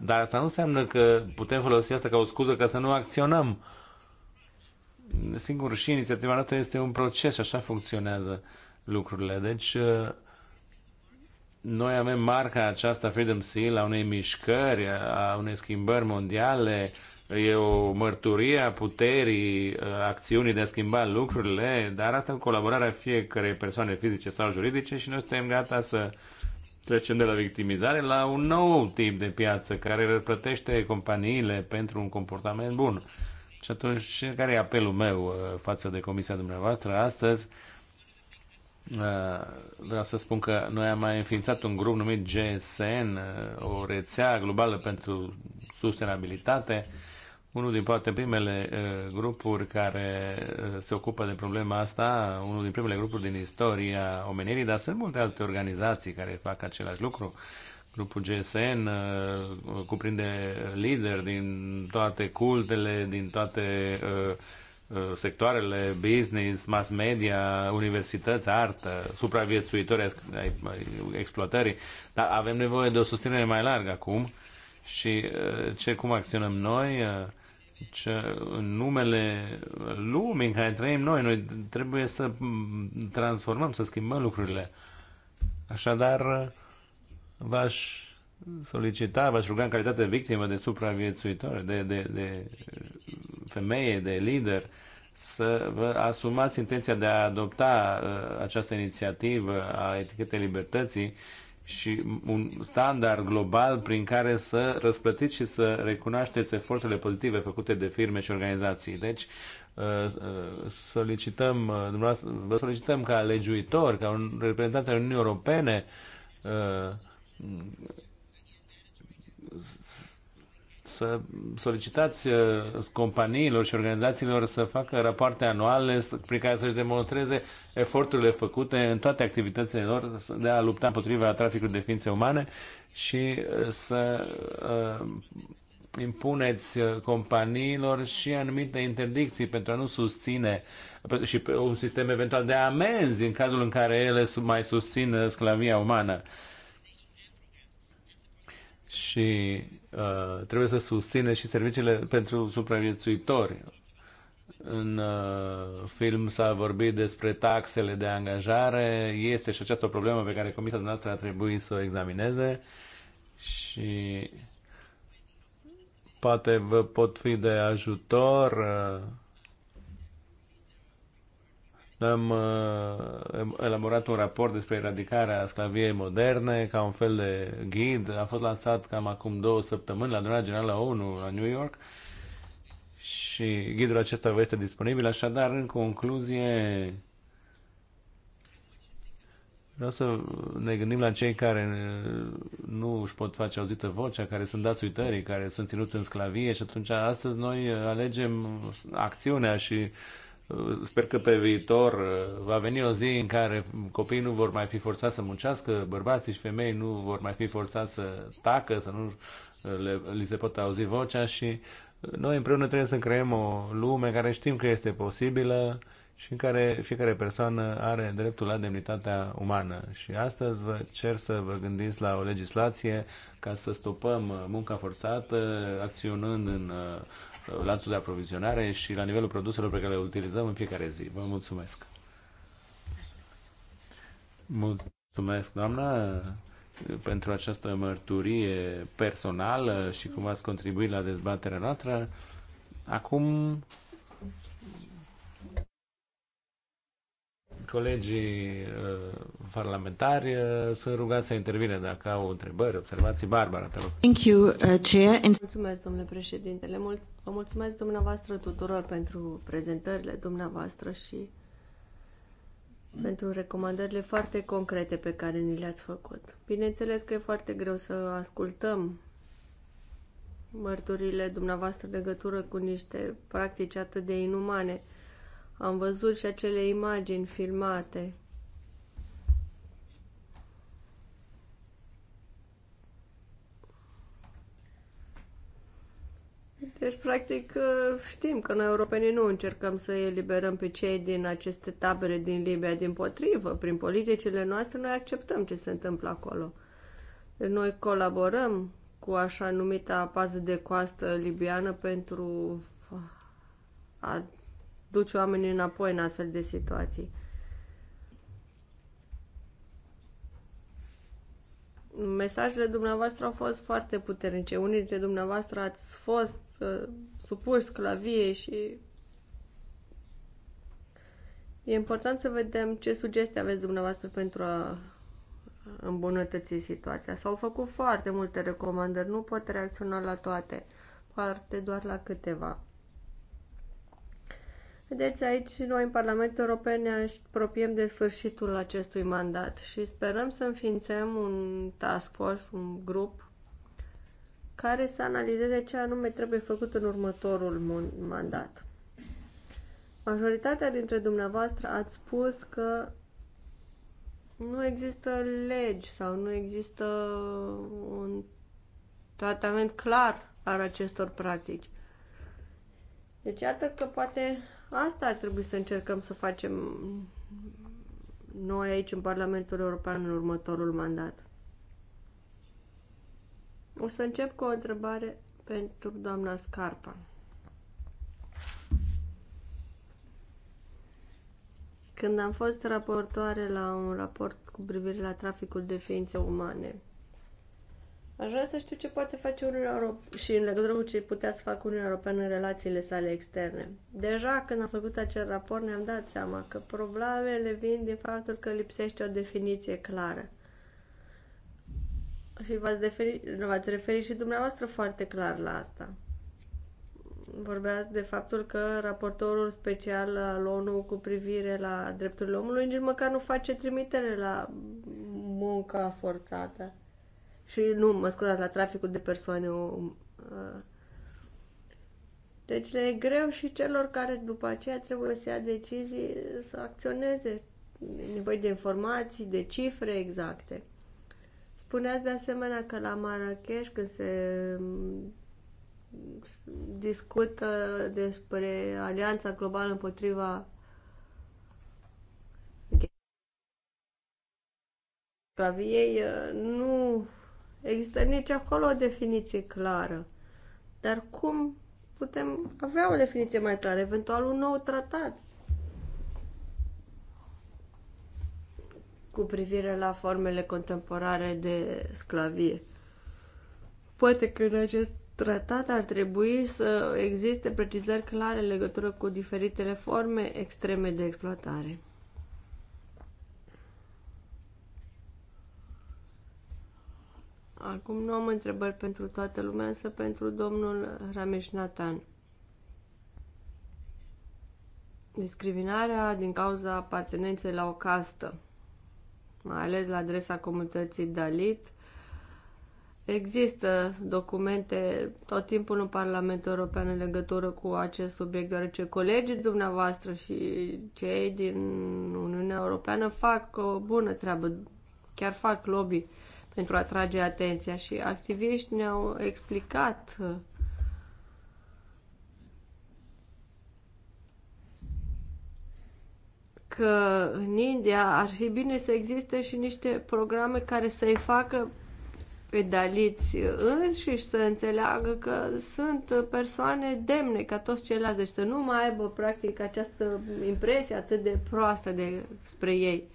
dar asta nu înseamnă că putem folosi asta ca o scuză ca să nu acționăm. Uh, Singur, și inițiativa noastră este un proces și așa funcționează lucrurile. Deci, uh, noi avem marca aceasta Freedom Seal a unei mișcări, a unei schimbări mondiale, e o mărturie a puterii, a uh, acțiunii de a schimba lucrurile, dar asta în colaborarea fiecarei persoane fizice sau juridice și noi suntem gata să trecem de la victimizare la un nou tip de piață care răplătește companiile pentru un comportament bun. Și atunci, care e apelul meu uh, față de comisia dumneavoastră astăzi? Uh, vreau să spun că noi am mai înființat un grup numit GSN, uh, o rețea globală pentru sustenabilitate, unul din poate primele grupuri care se ocupă de problema asta, unul din primele grupuri din istoria omenirii, dar sunt multe alte organizații care fac același lucru. Uh, Grupul GSN uh, cuprinde lideri din toate cultele, din toate uh, uh, sectoarele, business, mass media, universități, artă, supraviețuitori ai exploatării. Dar avem nevoie de o susținere mai largă acum și ce cum acționăm noi ce, în numele lumii în care trăim noi, noi trebuie să transformăm, să schimbăm lucrurile. Așadar, v-aș solicita, v-aș ruga în calitate de victimă, de supraviețuitoare, de, de, de femeie, de lider, să vă asumați intenția de a adopta uh, această inițiativă a etichetei libertății și un standard global prin care să răsplătiți și să recunoașteți eforturile pozitive făcute de firme și organizații. Deci, uh, uh, solicităm, uh, vă solicităm ca legiuitor, ca un reprezentant al Uniunii Europene, să solicitați uh, companiilor și organizațiilor să facă rapoarte anuale prin care să-și demonstreze eforturile făcute în toate activitățile lor de a lupta împotriva traficului de ființe umane și uh, să uh, impuneți companiilor și anumite interdicții pentru a nu susține și un sistem eventual de amenzi în cazul în care ele mai susțin sclavia umană și uh, trebuie să susține și serviciile pentru supraviețuitori. În uh, film s-a vorbit despre taxele de angajare, este și această problemă pe care Comisia dumneavoastră a trebuit să o examineze și poate vă pot fi de ajutor. Uh, am uh, elaborat un raport despre eradicarea sclaviei moderne ca un fel de ghid. A fost lansat cam acum două săptămâni la adunarea generală ONU la New York și ghidul acesta vă este disponibil. Așadar, în concluzie, vreau să ne gândim la cei care uh, nu își pot face auzită vocea, care sunt dați uitării, care sunt ținuți în sclavie și atunci astăzi noi uh, alegem acțiunea și Sper că pe viitor uh, va veni o zi în care copiii nu vor mai fi forțați să muncească, bărbații și femei nu vor mai fi forțați să tacă, să nu uh, le, li se pot auzi vocea și uh, noi împreună trebuie să creăm o lume care știm că este posibilă și în care fiecare persoană are dreptul la demnitatea umană. Și astăzi vă cer să vă gândiți la o legislație ca să stopăm munca forțată, acționând în lanțul de aprovizionare și la nivelul produselor pe care le utilizăm în fiecare zi. Vă mulțumesc! Mulțumesc, doamnă, pentru această mărturie personală și cum ați contribuit la dezbaterea noastră. Acum colegii uh, parlamentari uh, sunt rugați să intervine dacă au întrebări, observații. Barbara, te rog. Thank you, uh, Chair. Mulțumesc, domnule președinte. Le, Vă mulțumesc dumneavoastră tuturor pentru prezentările dumneavoastră și pentru recomandările foarte concrete pe care ni le-ați făcut. Bineînțeles că e foarte greu să ascultăm mărturile dumneavoastră în legătură cu niște practici atât de inumane. Am văzut și acele imagini filmate Deci, practic, ă, știm că noi europenii nu încercăm să eliberăm pe cei din aceste tabere din Libia, din potrivă. Prin politicile noastre noi acceptăm ce se întâmplă acolo. Deci noi colaborăm cu așa numita pază de coastă libiană pentru a duce oamenii înapoi în astfel de situații. Mesajele dumneavoastră au fost foarte puternice. Unii dintre dumneavoastră ați fost supuși sclavie și e important să vedem ce sugestii aveți dumneavoastră pentru a îmbunătăți situația. S-au făcut foarte multe recomandări, nu pot reacționa la toate, poate doar la câteva. Vedeți, aici noi în Parlamentul European ne apropiem de sfârșitul acestui mandat și sperăm să înființăm un task force, un grup care să analizeze ce anume trebuie făcut în următorul mandat. Majoritatea dintre dumneavoastră ați spus că nu există legi sau nu există un tratament clar al acestor practici. Deci iată că poate asta ar trebui să încercăm să facem noi aici în Parlamentul European în următorul mandat. O să încep cu o întrebare pentru doamna Scarpa. Când am fost raportoare la un raport cu privire la traficul de ființe umane, aș vrea să știu ce poate face Uniunea Europeană și în legătură cu ce putea să facă Uniunea Europeană în relațiile sale externe. Deja când am făcut acel raport ne-am dat seama că problemele vin din faptul că lipsește o definiție clară și v-ați, referi, v-ați referit și dumneavoastră foarte clar la asta. Vorbeați de faptul că raportorul special al ONU cu privire la drepturile omului nici măcar nu face trimitere la munca forțată. Și nu, mă scuzați, la traficul de persoane. Uh. Deci le e greu și celor care după aceea trebuie să ia decizii să acționeze. E nevoie de informații, de cifre exacte. Spuneați de asemenea că la Marrakesh, când se mm, discută despre alianța globală împotriva Claviei, uh, nu există nici acolo o definiție clară. Dar cum putem avea o definiție mai clară? Eventual un nou tratat cu privire la formele contemporane de sclavie. Poate că în acest tratat ar trebui să existe precizări clare în legătură cu diferitele forme extreme de exploatare. Acum nu am întrebări pentru toată lumea, însă pentru domnul Ramesh Nathan. Discriminarea din cauza apartenenței la o castă mai ales la adresa comunității Dalit. Există documente tot timpul în Parlamentul European în legătură cu acest subiect, deoarece colegii dumneavoastră și cei din Uniunea Europeană fac o bună treabă, chiar fac lobby pentru a atrage atenția și activiști ne-au explicat că în India ar fi bine să existe și niște programe care să-i facă pedaliți înșiși să înțeleagă că sunt persoane demne ca toți ceilalți, deci să nu mai aibă practic această impresie atât de proastă spre ei.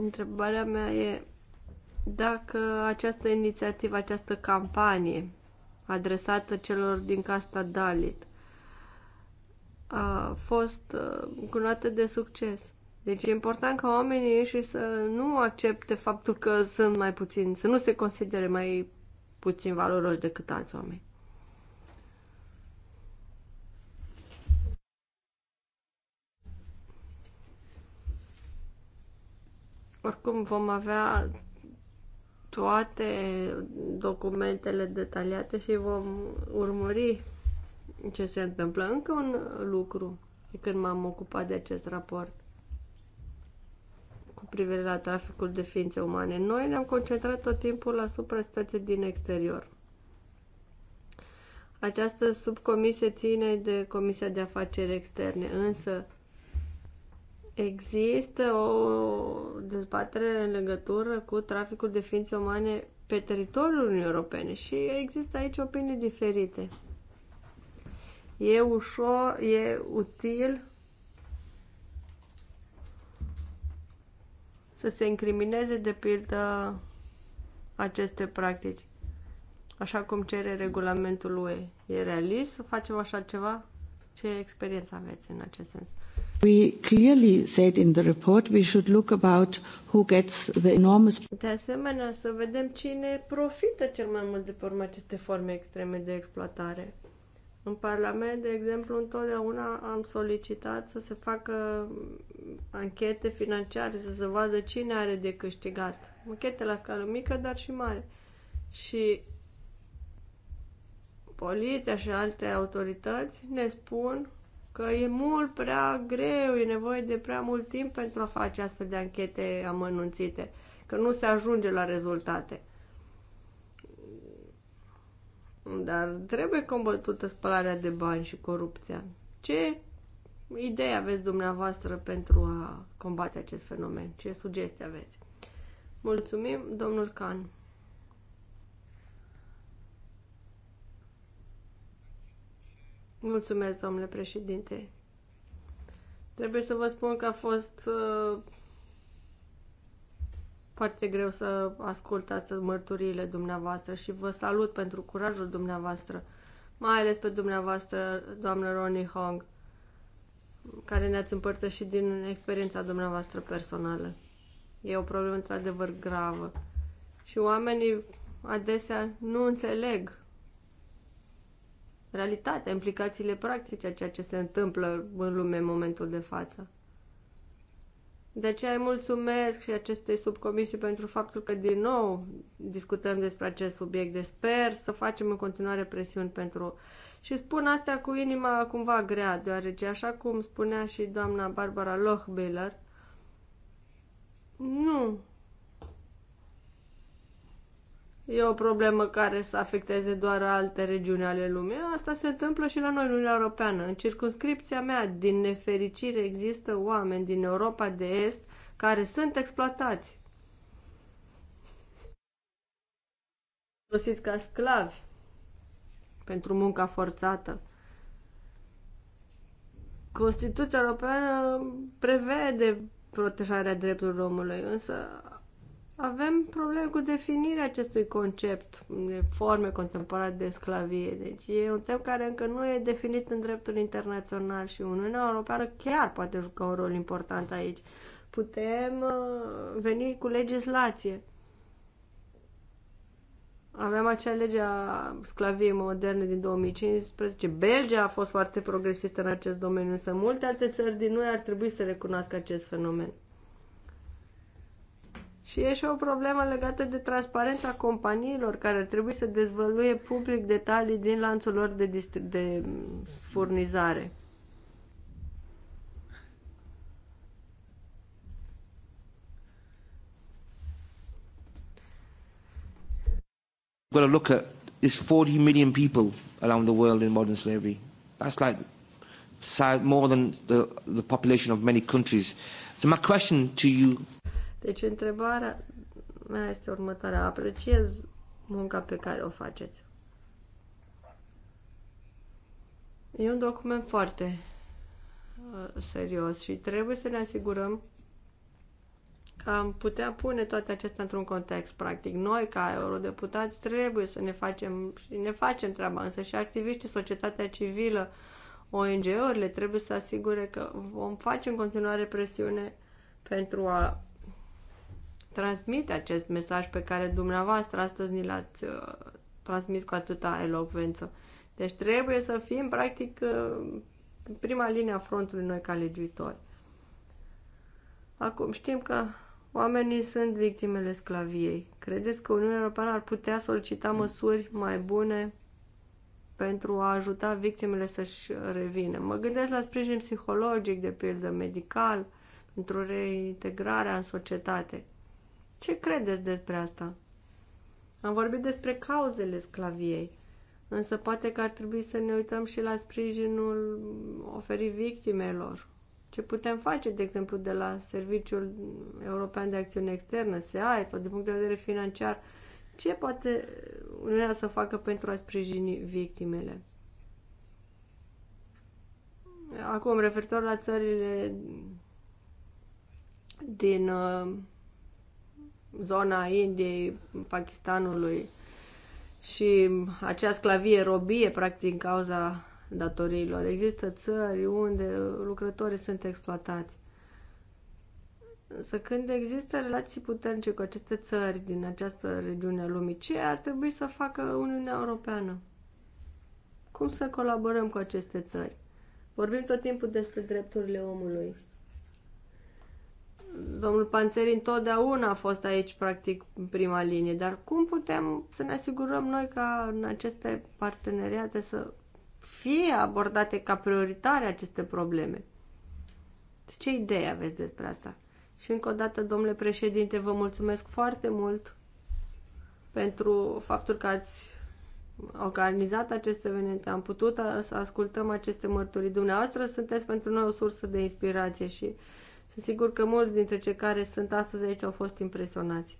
Întrebarea mea e dacă această inițiativă, această campanie adresată celor din casta Dalit a fost uh, cunoată de succes. Deci e important ca oamenii și să nu accepte faptul că sunt mai puțini, să nu se considere mai puțin valoroși decât alți oameni. Oricum vom avea toate documentele detaliate și vom urmări ce se întâmplă. Încă un lucru de când m-am ocupat de acest raport cu privire la traficul de ființe umane. Noi ne-am concentrat tot timpul asupra situației din exterior. Această subcomisie ține de Comisia de Afaceri Externe, însă Există o dezbatere în legătură cu traficul de ființe umane pe teritoriul Uniunii Europene și există aici opinii diferite. E ușor, e util să se incrimineze de pildă aceste practici, așa cum cere regulamentul UE. E realist să facem așa ceva? Ce experiență aveți în acest sens? We clearly said in the report we should look about who gets the enormous... De asemenea, să vedem cine profită cel mai mult de pe urma aceste forme extreme de exploatare. În Parlament, de exemplu, întotdeauna am solicitat să se facă anchete financiare, să se vadă cine are de câștigat. Anchete la scală mică, dar și mare. Și poliția și alte autorități ne spun că e mult prea greu, e nevoie de prea mult timp pentru a face astfel de anchete amănunțite, că nu se ajunge la rezultate. Dar trebuie combătută spălarea de bani și corupția. Ce idee aveți dumneavoastră pentru a combate acest fenomen? Ce sugestii aveți? Mulțumim, domnul Can. Mulțumesc, domnule președinte. Trebuie să vă spun că a fost uh, foarte greu să ascult astăzi mărturiile dumneavoastră și vă salut pentru curajul dumneavoastră, mai ales pe dumneavoastră, doamnă Ronnie Hong, care ne-ați împărtășit din experiența dumneavoastră personală. E o problemă într-adevăr gravă și oamenii adesea nu înțeleg realitatea, implicațiile practice a ceea ce se întâmplă în lume în momentul de față. De aceea îi mulțumesc și acestei subcomisii pentru faptul că din nou discutăm despre acest subiect. De sper să facem în continuare presiuni pentru... Și spun asta cu inima cumva grea, deoarece așa cum spunea și doamna Barbara Lochbiller, nu e o problemă care să afecteze doar alte regiuni ale lumii. Asta se întâmplă și la noi în Uniunea Europeană. În circunscripția mea, din nefericire, există oameni din Europa de Est care sunt exploatați. Folosiți ca sclavi pentru munca forțată. Constituția Europeană prevede protejarea drepturilor omului, însă avem probleme cu definirea acestui concept de forme contemporane de sclavie. Deci e un tem care încă nu e definit în dreptul internațional și Uniunea Europeană chiar poate juca un rol important aici. Putem uh, veni cu legislație. Avem acea lege a sclaviei moderne din 2015. Belgia a fost foarte progresistă în acest domeniu, însă multe alte țări din noi ar trebui să recunoască acest fenomen. Și e și o problemă legată de transparența companiilor care ar trebui să dezvăluie public detalii din lanțul lor de, de furnizare. We've look at there's 40 million people around the world in modern slavery. That's like more than the, the population of many countries. So my question to you deci întrebarea mea este următoarea. Apreciez munca pe care o faceți. E un document foarte uh, serios și trebuie să ne asigurăm că am putea pune toate acestea într-un context practic. Noi, ca eurodeputați, trebuie să ne facem și ne facem treaba, însă și activiștii, societatea civilă, ONG-urile trebuie să asigure că vom face în continuare presiune pentru a transmite acest mesaj pe care dumneavoastră astăzi ni l-ați uh, transmis cu atâta elocvență. Deci trebuie să fim, practic, uh, prima linie a frontului noi ca legiuitori. Acum știm că oamenii sunt victimele sclaviei. Credeți că Uniunea Europeană ar putea solicita măsuri mai bune pentru a ajuta victimele să-și revină? Mă gândesc la sprijin psihologic, de pildă medical, pentru reintegrarea în societate. Ce credeți despre asta? Am vorbit despre cauzele sclaviei, însă poate că ar trebui să ne uităm și la sprijinul oferit victimelor. Ce putem face, de exemplu, de la Serviciul European de Acțiune Externă, SEAE, sau din punct de vedere financiar, ce poate Uniunea să facă pentru a sprijini victimele? Acum, referitor la țările din uh, zona Indiei, Pakistanului și acea sclavie robie, practic, din cauza datoriilor. Există țări unde lucrătorii sunt exploatați. Însă când există relații puternice cu aceste țări din această regiune a lumii, ce ar trebui să facă Uniunea Europeană? Cum să colaborăm cu aceste țări? Vorbim tot timpul despre drepturile omului. Domnul Panțeri întotdeauna a fost aici, practic, în prima linie, dar cum putem să ne asigurăm noi ca în aceste parteneriate să fie abordate ca prioritare aceste probleme? Ce idee aveți despre asta? Și încă o dată, domnule președinte, vă mulțumesc foarte mult pentru faptul că ați organizat acest eveniment, am putut să ascultăm aceste mărturii dumneavoastră, sunteți pentru noi o sursă de inspirație și uh, Sigur că mulți dintre cei care sunt astăzi aici au fost impresionați.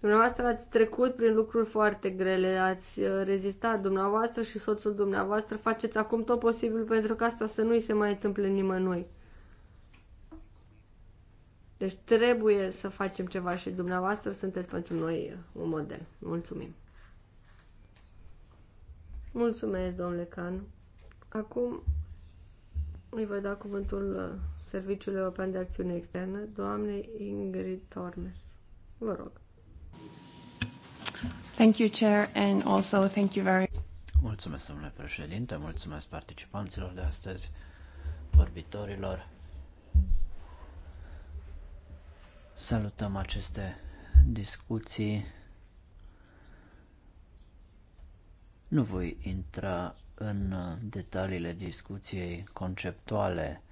Dumneavoastră ați trecut prin lucruri foarte grele, ați uh, rezistat dumneavoastră și soțul dumneavoastră. Faceți acum tot posibil pentru ca asta să nu-i se mai întâmple nimănui. Deci trebuie să facem ceva și dumneavoastră sunteți pentru noi uh, un model. Mulțumim! Mulțumesc, domnule Can. Acum îi voi da cuvântul uh, Serviciului European de Acțiune Externă, doamnei Ingrid Tormes. Vă rog. Thank you, Chair, and also thank you very Mulțumesc, domnule președinte, mulțumesc participanților de astăzi, vorbitorilor. Salutăm aceste discuții. Nu voi intra în uh, detaliile discuției conceptuale.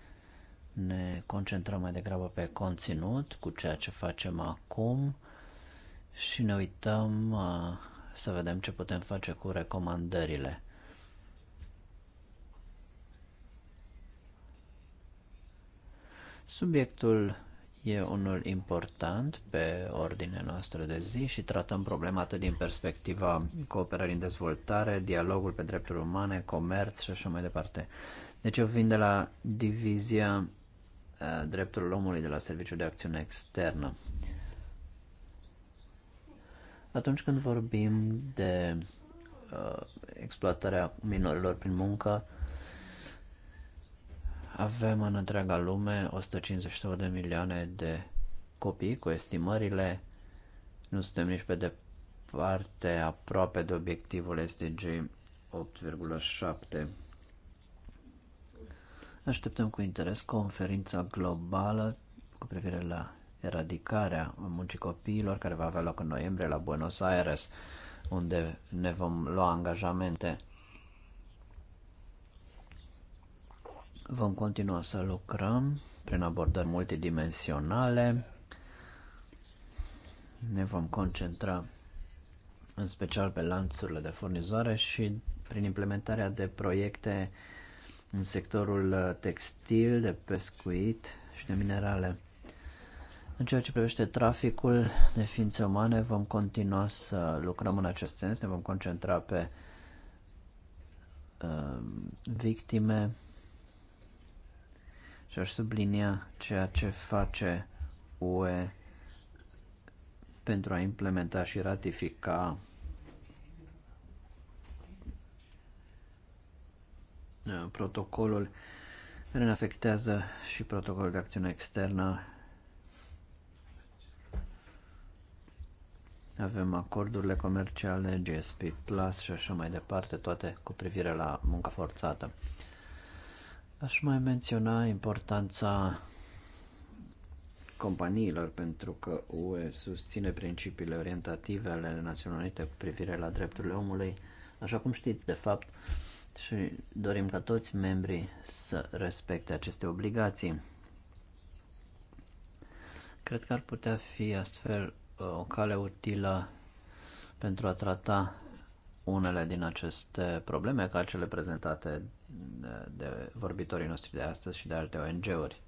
Ne concentrăm mai degrabă pe conținut, cu ceea ce facem acum și ne uităm uh, să vedem ce putem face cu recomandările. Subiectul e unul important pe ordinea noastră de zi și tratăm problema atât din perspectiva cooperării în dezvoltare, dialogul pe drepturi umane, comerț și așa mai departe. Deci eu vin de la divizia uh, drepturilor omului de la Serviciul de Acțiune Externă. Atunci când vorbim de uh, exploatarea minorilor prin muncă, avem în întreaga lume 152 de milioane de copii cu estimările. Nu suntem nici pe departe aproape de obiectivul SDG 8,7. Așteptăm cu interes conferința globală cu privire la eradicarea muncii copiilor care va avea loc în noiembrie la Buenos Aires, unde ne vom lua angajamente Vom continua să lucrăm prin abordări multidimensionale. Ne vom concentra în special pe lanțurile de furnizare și prin implementarea de proiecte în sectorul uh, textil, de pescuit și de minerale. În ceea ce privește traficul de ființe umane, vom continua să lucrăm în acest sens, ne vom concentra pe uh, victime, și aș sublinia ceea ce face UE pentru a implementa și ratifica protocolul care ne afectează și protocolul de acțiune externă. Avem acordurile comerciale, GSP Plus și așa mai departe, toate cu privire la munca forțată. Aș mai menționa importanța companiilor pentru că UE susține principiile orientative ale Națiunilor Unite cu privire la drepturile omului, așa cum știți de fapt, și dorim ca toți membrii să respecte aceste obligații. Cred că ar putea fi astfel uh, o cale utilă pentru a trata unele din aceste probleme, ca cele prezentate de, de vorbitorii noștri de astăzi și de alte ONG-uri.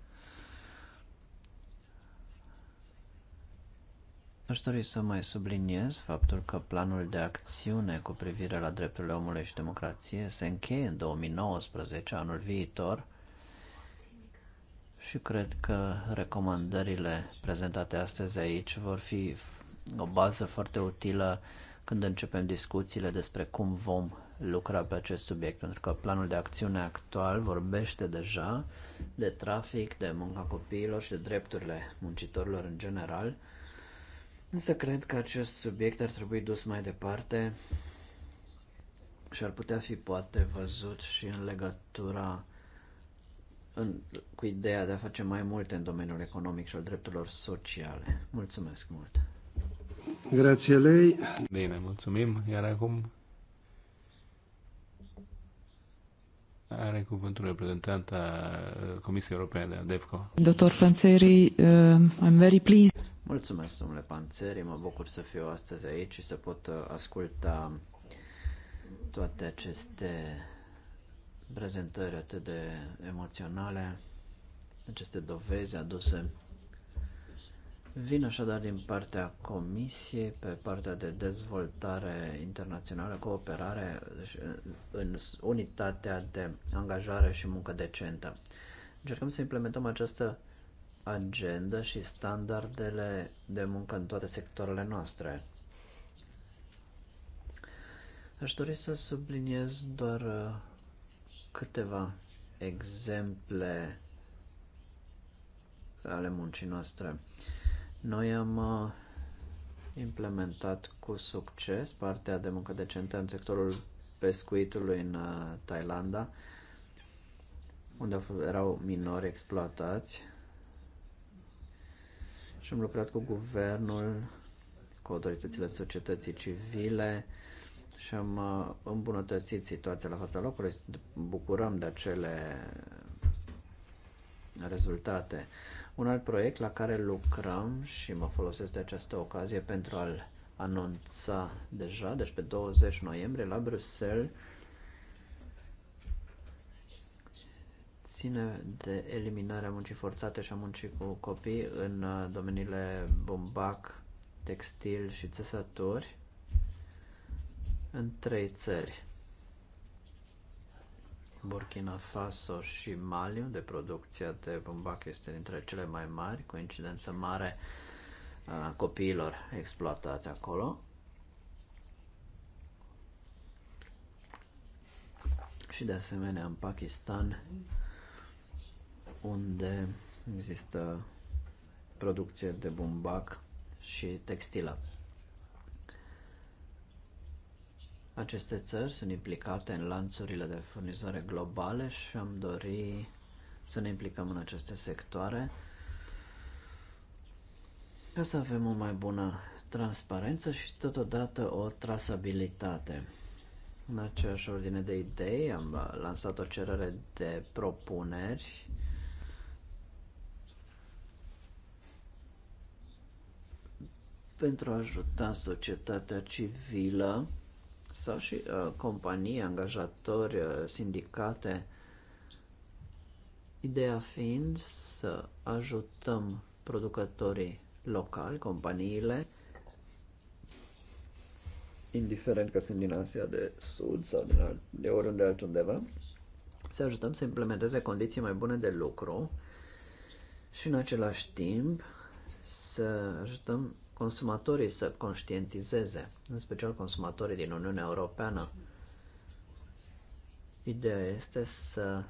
Aș dori să mai subliniez faptul că planul de acțiune cu privire la drepturile omului și democrație se încheie în 2019, anul viitor, și cred că recomandările prezentate astăzi aici vor fi o bază foarte utilă când începem discuțiile despre cum vom lucra pe acest subiect, pentru că planul de acțiune actual vorbește deja de trafic, de munca copiilor și de drepturile muncitorilor în general. Însă cred că acest subiect ar trebui dus mai departe și ar putea fi poate văzut și în legătura în, cu ideea de a face mai multe în domeniul economic și al drepturilor sociale. Mulțumesc mult! Grație lei! Bine, mulțumim! Iar acum Are cuvântul reprezentanta uh, Comisiei Europene DEFCO. Dr. Panzeri, uh, I'm very pleased. Mulțumesc, domnule Panzeri, mă bucur să fiu astăzi aici și să pot uh, asculta toate aceste prezentări atât de emoționale, aceste dovezi aduse Vin așadar din partea Comisiei pe partea de dezvoltare internațională, cooperare în unitatea de angajare și muncă decentă. Încercăm să implementăm această agenda și standardele de muncă în toate sectoarele noastre. Aș dori să subliniez doar uh, câteva exemple ale muncii noastre. Uh, noi am uh, implementat cu succes partea de muncă decentă în sectorul pescuitului în uh, Thailanda, unde erau minori exploatați. Și am lucrat cu guvernul, cu autoritățile societății civile și am uh, îmbunătățit situația la fața locului. Bucurăm de acele rezultate. Un alt proiect la care lucrăm și mă folosesc de această ocazie pentru a-l anunța deja, deci pe 20 noiembrie la Bruxelles, ține de eliminarea muncii forțate și a muncii cu copii în uh, domeniile bumbac, textil și țesături în trei țări. Burkina Faso și Mali, unde producția de bumbac este dintre cele mai mari, cu incidență mare a copiilor exploatați acolo. Și de asemenea în Pakistan, unde există producție de bumbac și textilă. Aceste țări sunt implicate în lanțurile de furnizare globale și am dori să ne implicăm în aceste sectoare ca să avem o mai bună transparență și totodată o trasabilitate. În aceeași ordine de idei am lansat o cerere de propuneri pentru a ajuta societatea civilă sau și uh, companii, angajatori, uh, sindicate. Ideea fiind să ajutăm producătorii locali, companiile, indiferent că sunt din Asia de Sud sau din alt, de oriunde altundeva, să ajutăm să implementeze condiții mai bune de lucru și în același timp să ajutăm consumatorii să conștientizeze, în special consumatorii din Uniunea Europeană. Ideea este să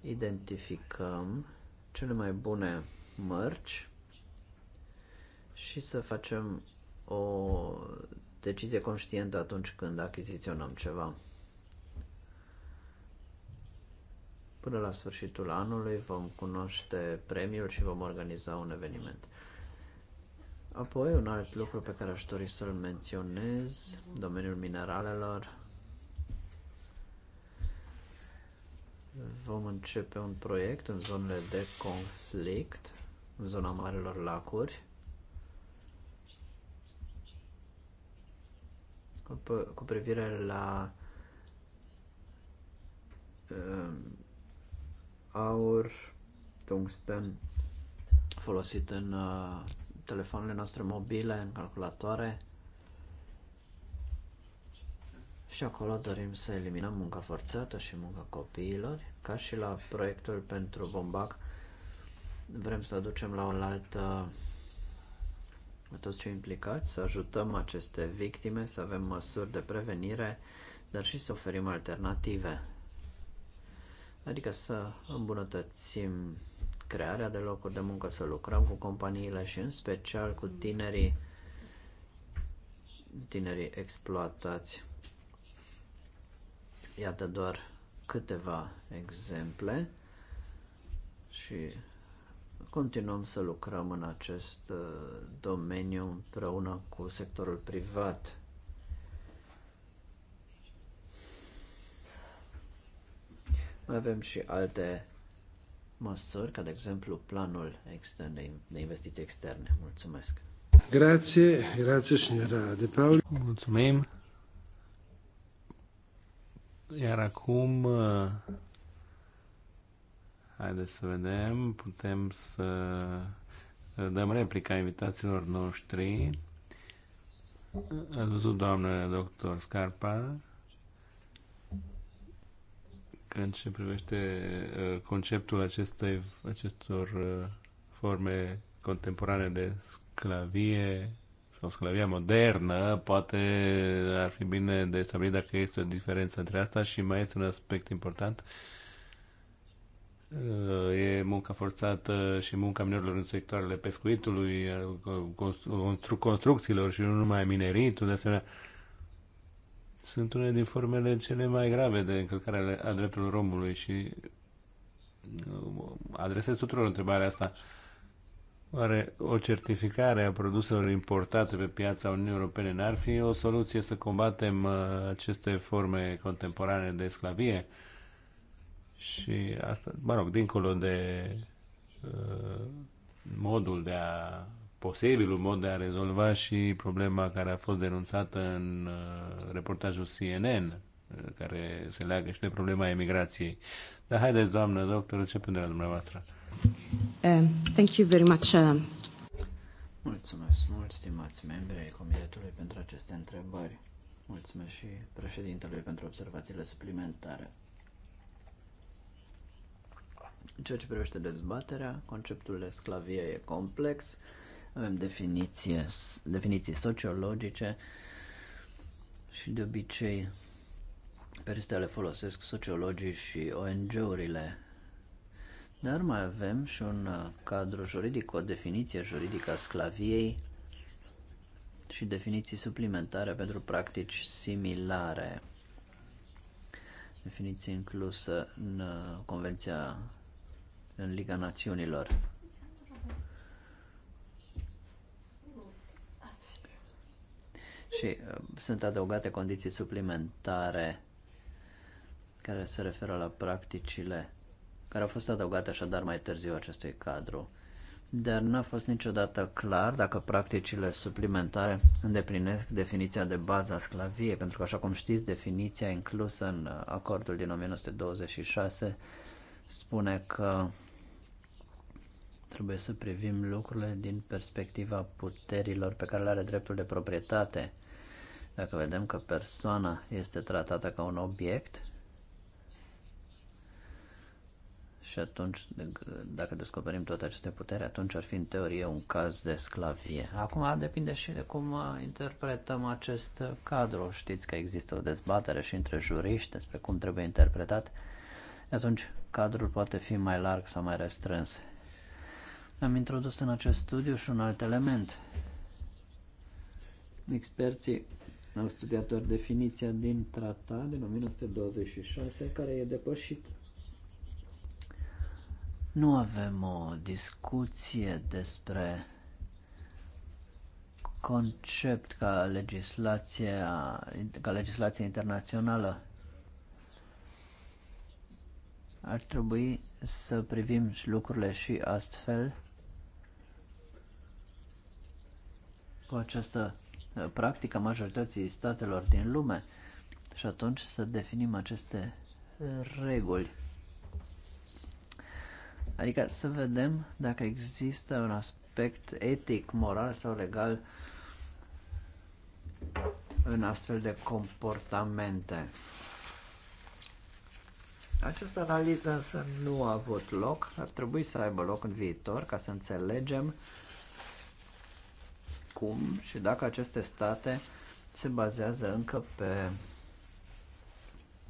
identificăm cele mai bune mărci și să facem o decizie conștientă atunci când achiziționăm ceva. Până la sfârșitul anului vom cunoaște premiul și vom organiza un eveniment. Apoi, un alt lucru pe care aș dori să-l menționez, domeniul mineralelor. Vom începe un proiect în zonele de conflict, în zona Marilor Lacuri. Cu privire la um, aur, tungsten folosit în uh, telefoanele noastre mobile, în calculatoare. Și acolo dorim să eliminăm munca forțată și munca copiilor, ca și la proiectul pentru Bombac. Vrem să aducem la oaltă alt toți cei implicați, să ajutăm aceste victime, să avem măsuri de prevenire, dar și să oferim alternative. Adică să îmbunătățim crearea de locuri de muncă, să lucrăm cu companiile și în special cu tinerii, tinerii exploatați. Iată doar câteva exemple și continuăm să lucrăm în acest uh, domeniu împreună cu sectorul privat. Mai avem și alte măsuri, ca de exemplu planul extern de, de investiții externe. Mulțumesc! Grazie, grazie signora De Paul. Mulțumim! Iar acum, uh, haideți să vedem, putem să uh, dăm replica invitațiilor noștri. Ați văzut, doamnă doctor Scarpa, când în ce privește uh, conceptul acestei, acestor uh, forme contemporane de sclavie sau sclavia modernă, poate ar fi bine de stabilit dacă este o diferență între asta și mai este un aspect important. Uh, e munca forțată și munca minorilor în sectoarele pescuitului, constru- construcțiilor și nu numai mineritul, de asemenea sunt unele din formele cele mai grave de încălcare a drepturilor omului și uh, adresez tuturor întrebarea asta. Oare o certificare a produselor importate pe piața Uniunii Europene n-ar fi o soluție să combatem uh, aceste forme contemporane de sclavie? Și asta, mă rog, dincolo de uh, modul de a posibilul mod de a rezolva și problema care a fost denunțată în uh, reportajul CNN, uh, care se leagă și de problema emigrației. Dar haideți, doamnă doctor, începem de la dumneavoastră. Um, thank you very much. Uh, Mulțumesc mult, stimați membri ai Comitetului, pentru aceste întrebări. Mulțumesc și președintelui pentru observațiile suplimentare. În ceea ce privește dezbaterea, conceptul de sclavie e complex avem definiție, definiții sociologice și de obicei pe restea le folosesc sociologii și ONG-urile. Dar mai avem și un uh, cadru juridic, o definiție juridică a sclaviei și definiții suplimentare pentru practici similare. Definiție inclusă în uh, Convenția în Liga Națiunilor. și uh, sunt adăugate condiții suplimentare care se referă la practicile care au fost adăugate așadar mai târziu acestui cadru. Dar n-a fost niciodată clar dacă practicile suplimentare îndeplinesc definiția de bază a sclaviei, pentru că, așa cum știți, definiția inclusă în acordul din 1926 spune că Trebuie să privim lucrurile din perspectiva puterilor pe care le are dreptul de proprietate. Dacă vedem că persoana este tratată ca un obiect, și atunci, dacă descoperim toate aceste puteri, atunci ar fi în teorie un caz de sclavie. Acum depinde și de cum interpretăm acest cadru. Știți că există o dezbatere și între juriști despre cum trebuie interpretat. Atunci, cadrul poate fi mai larg sau mai restrâns. Am introdus în acest studiu și un alt element. Experții au studiat doar definiția din tratat din 1926 care e depășit. Nu avem o discuție despre concept ca legislație, ca legislație internațională. Ar trebui să privim și lucrurile și astfel cu această uh, practică majorității statelor din lume și atunci să definim aceste uh, reguli. Adică să vedem dacă există un aspect etic, moral sau legal în astfel de comportamente. Această analiză însă nu a avut loc, ar trebui să aibă loc în viitor ca să înțelegem uh, cum și dacă aceste state se bazează încă pe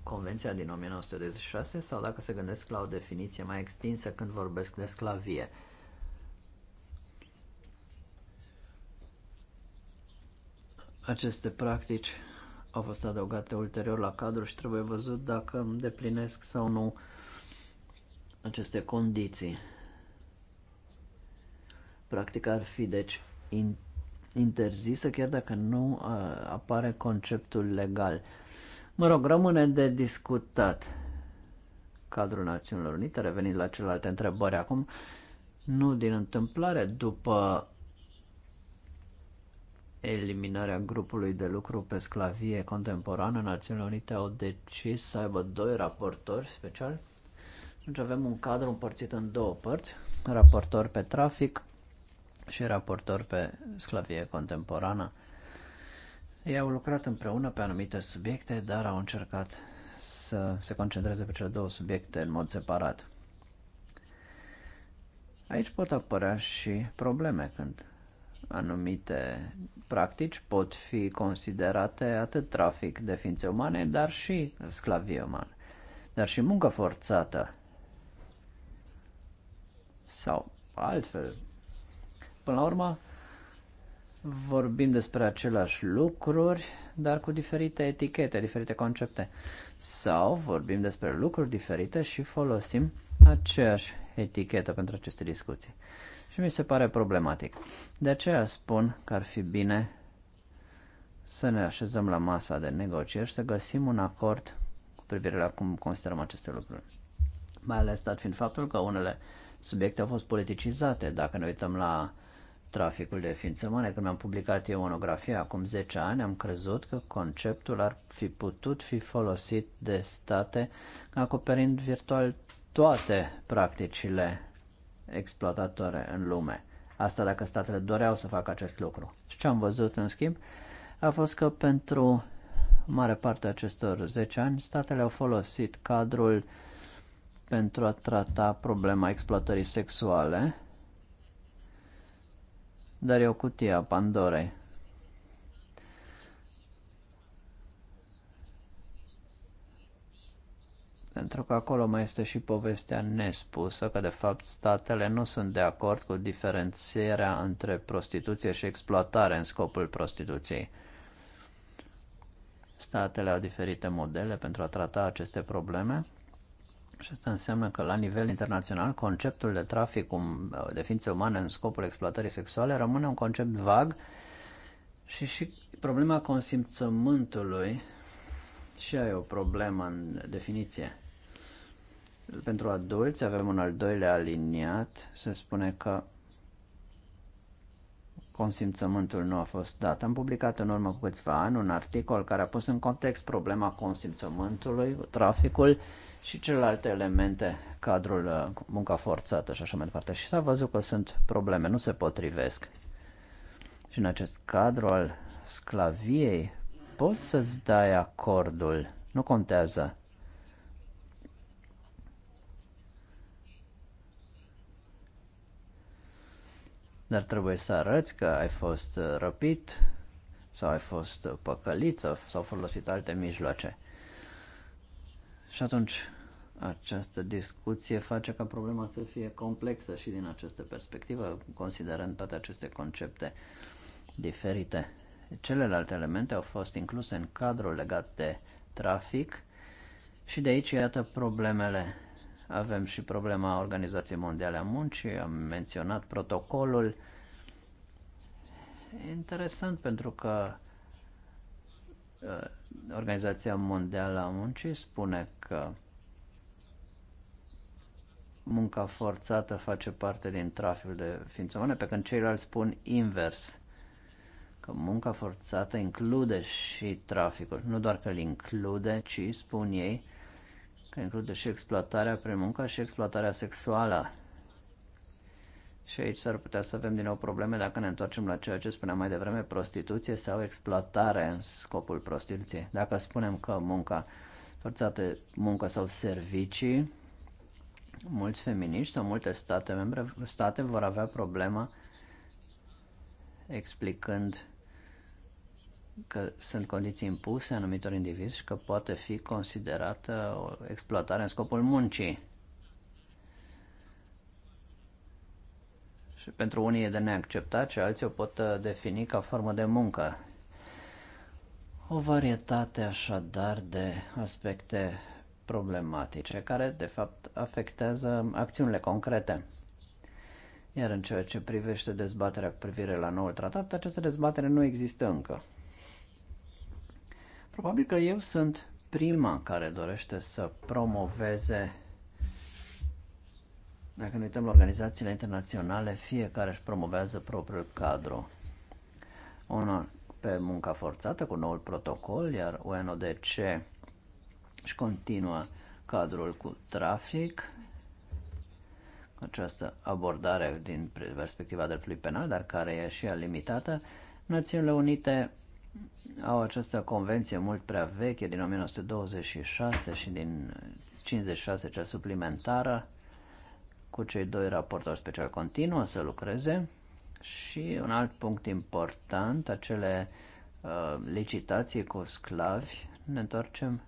Convenția din 1936 sau dacă se gândesc la o definiție mai extinsă când vorbesc de sclavie. Aceste practici au fost adăugate ulterior la cadru și trebuie văzut dacă îndeplinesc sau nu aceste condiții. Practica ar fi, deci, interzisă, chiar dacă nu uh, apare conceptul legal. Mă rog, rămâne de discutat cadrul Națiunilor Unite, revenind la celelalte întrebări acum, nu din întâmplare, după eliminarea grupului de lucru pe sclavie contemporană, Națiunile Unite au decis să aibă doi raportori speciali. Deci avem un cadru împărțit în două părți, raportor pe trafic și raportor pe sclavie contemporană. Ei au lucrat împreună pe anumite subiecte, dar au încercat să se concentreze pe cele două subiecte în mod separat. Aici pot apărea și probleme când anumite practici pot fi considerate atât trafic de ființe umane, dar și sclavie umană, dar și muncă forțată sau altfel Până la urmă, vorbim despre aceleași lucruri, dar cu diferite etichete, diferite concepte. Sau vorbim despre lucruri diferite și folosim aceeași etichetă pentru aceste discuții. Și mi se pare problematic. De aceea spun că ar fi bine să ne așezăm la masa de negocieri și să găsim un acord cu privire la cum considerăm aceste lucruri. Mai ales dat fiind faptul că unele subiecte au fost politicizate. Dacă ne uităm la traficul de ființe umane. Când am publicat eu monografia acum 10 ani, am crezut că conceptul ar fi putut fi folosit de state acoperind virtual toate practicile exploatatoare în lume. Asta dacă statele doreau să facă acest lucru. Și ce am văzut, în schimb, a fost că pentru mare parte a acestor 10 ani, statele au folosit cadrul pentru a trata problema exploatării sexuale, dar e o cutie a Pandorei. Pentru că acolo mai este și povestea nespusă că de fapt statele nu sunt de acord cu diferențierea între prostituție și exploatare în scopul prostituției. Statele au diferite modele pentru a trata aceste probleme și asta înseamnă că la nivel internațional conceptul de trafic de ființe umane în scopul exploatării sexuale rămâne un concept vag și și problema consimțământului și ai o problemă în definiție. Pentru adulți avem un al doilea aliniat, se spune că consimțământul nu a fost dat. Am publicat în urmă cu câțiva ani un articol care a pus în context problema consimțământului, traficul și celelalte elemente, cadrul, uh, munca forțată și așa mai departe. Și s-a văzut că sunt probleme, nu se potrivesc. Și în acest cadru al sclaviei poți să-ți dai acordul, nu contează. Dar trebuie să arăți că ai fost uh, răpit sau ai fost uh, păcălit sau, sau folosit alte mijloace. Și atunci această discuție face ca problema să fie complexă și din această perspectivă, considerând toate aceste concepte diferite. Celelalte elemente au fost incluse în cadrul legat de trafic și de aici, iată, problemele. Avem și problema Organizației Mondiale a Muncii, am menționat protocolul. interesant pentru că Uh, Organizația Mondială a Muncii spune că munca forțată face parte din traficul de ființe umane, pe când ceilalți spun invers, că munca forțată include și traficul. Nu doar că îl include, ci spun ei că include și exploatarea prin munca și exploatarea sexuală și aici s-ar putea să avem din nou probleme dacă ne întoarcem la ceea ce spuneam mai devreme, prostituție sau exploatare în scopul prostituției. Dacă spunem că munca forțată, muncă sau servicii, mulți feminiști sau multe state membre, state vor avea problema explicând că sunt condiții impuse anumitor indivizi și că poate fi considerată o exploatare în scopul muncii. și pentru unii e de neacceptat și alții o pot uh, defini ca formă de muncă. O varietate așadar de aspecte problematice care de fapt afectează acțiunile concrete. Iar în ceea ce privește dezbaterea cu privire la noul tratat, această dezbatere nu există încă. Probabil că eu sunt prima care dorește să promoveze dacă ne uităm la organizațiile internaționale, fiecare își promovează propriul cadru. Una pe munca forțată cu noul protocol, iar UNODC își continuă cadrul cu trafic, această abordare din perspectiva dreptului penal, dar care e și ea limitată. Națiunile Unite au această convenție mult prea veche din 1926 și din 56 cea suplimentară, cu cei doi raportori special continuă să lucreze și un alt punct important, acele uh, licitații cu sclavi, ne întoarcem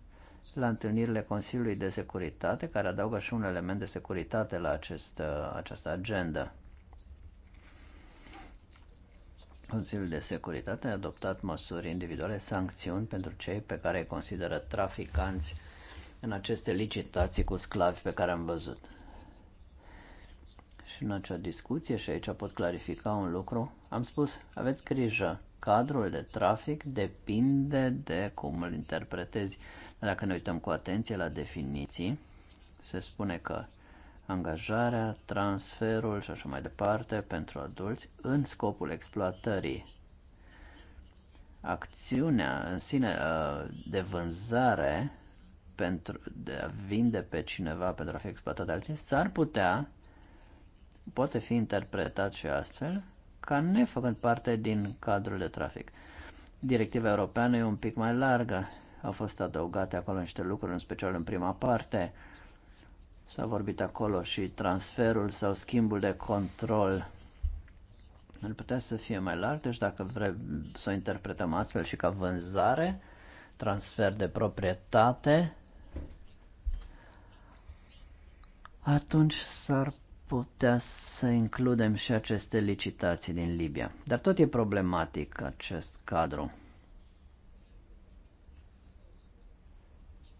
la întâlnirile Consiliului de Securitate, care adaugă și un element de securitate la acest, uh, această agendă. Consiliul de Securitate a adoptat măsuri individuale, sancțiuni pentru cei pe care îi consideră traficanți în aceste licitații cu sclavi pe care am văzut și în acea discuție, și aici pot clarifica un lucru, am spus, aveți grijă, cadrul de trafic depinde de cum îl interpretezi. Dacă ne uităm cu atenție la definiții, se spune că angajarea, transferul și așa mai departe pentru adulți în scopul exploatării. Acțiunea în sine uh, de vânzare pentru de a vinde pe cineva pentru a fi exploatat de alții s-ar putea poate fi interpretat și astfel ca nefăcând parte din cadrul de trafic. Directiva europeană e un pic mai largă, au fost adăugate acolo niște lucruri, în special în prima parte. S-a vorbit acolo și transferul sau schimbul de control ar putea să fie mai larg, deci dacă vrem să o interpretăm astfel și ca vânzare, transfer de proprietate, atunci s-ar putea să includem și aceste licitații din Libia. Dar tot e problematic acest cadru.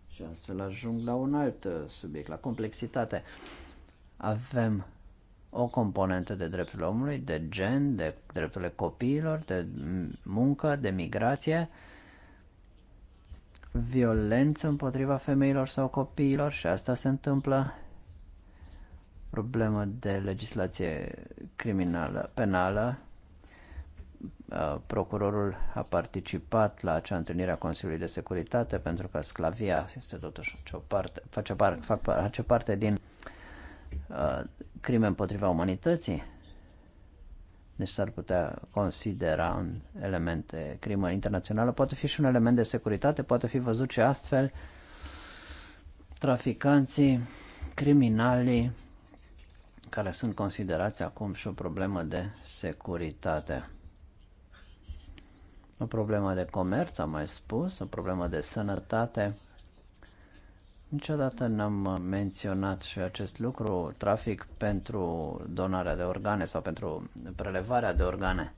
Și astfel ajung la un alt uh, subiect, la complexitate. Avem o componentă de drepturile omului, de gen, de drepturile copiilor, de muncă, de migrație, violență împotriva femeilor sau copiilor și asta se întâmplă problemă de legislație criminală, penală. Procurorul a participat la acea întâlnire a Consiliului de Securitate pentru că sclavia este totuși o parte, face, par, fac, face parte din crime împotriva umanității. Deci s-ar putea considera un element de crimă internațională. Poate fi și un element de securitate, poate fi văzut și astfel. Traficanții, criminalii, care sunt considerați acum și o problemă de securitate. O problemă de comerț, am mai spus, o problemă de sănătate. Niciodată n-am menționat și acest lucru, trafic pentru donarea de organe sau pentru prelevarea de organe.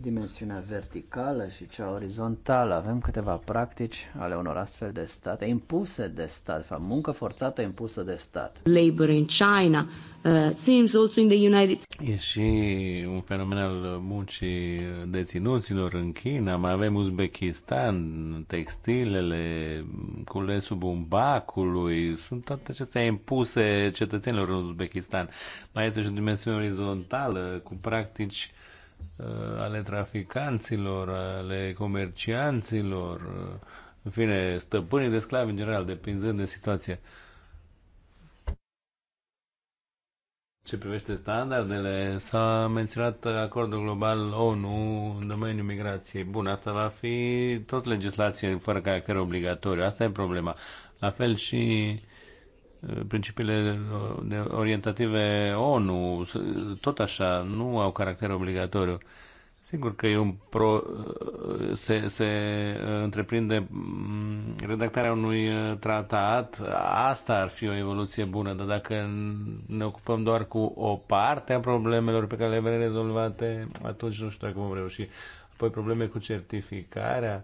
dimensiunea verticală și cea orizontală. Avem câteva practici ale unor astfel de state impuse de stat, fapt, muncă forțată impusă de stat. Labor in China uh, seems also in the United States. E și un fenomen al muncii deținuților în China. Mai avem Uzbekistan, textilele, culesul bumbacului. Sunt toate acestea impuse cetățenilor în Uzbekistan. Mai este și o dimensiune orizontală cu practici uh, Uh, ale traficanților, ale comercianților, uh, în fine, stăpânii de sclavi în general, depinzând de situație. Ce privește standardele, s-a menționat acordul global ONU în domeniul migrației. Bun, asta va fi tot legislație fără caracter obligatoriu. Asta e problema. La fel și principiile uh, orientative ONU, tot așa, nu au caracter obligatoriu. Sigur că e un pro, uh, se, se uh, întreprinde mm, redactarea unui tratat, asta ar fi o evoluție bună, dar dacă ne ocupăm doar cu o parte a problemelor pe care le vrem rezolvate, atunci nu știu dacă vom reuși. Apoi probleme cu certificarea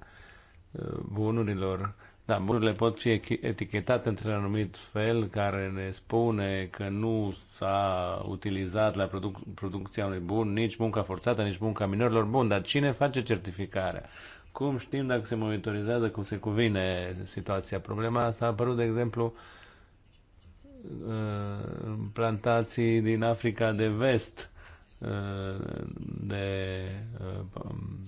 bunurilor da, bunurile pot fi etichetate într-un anumit fel care ne spune că nu s-a utilizat la produc- producția unui bun nici munca forțată, nici munca minorilor. Bun, dar cine face certificarea? Cum știm dacă se monitorizează cum se cuvine situația? Problema asta a apărut, de exemplu, plantații din Africa de vest de uh, um,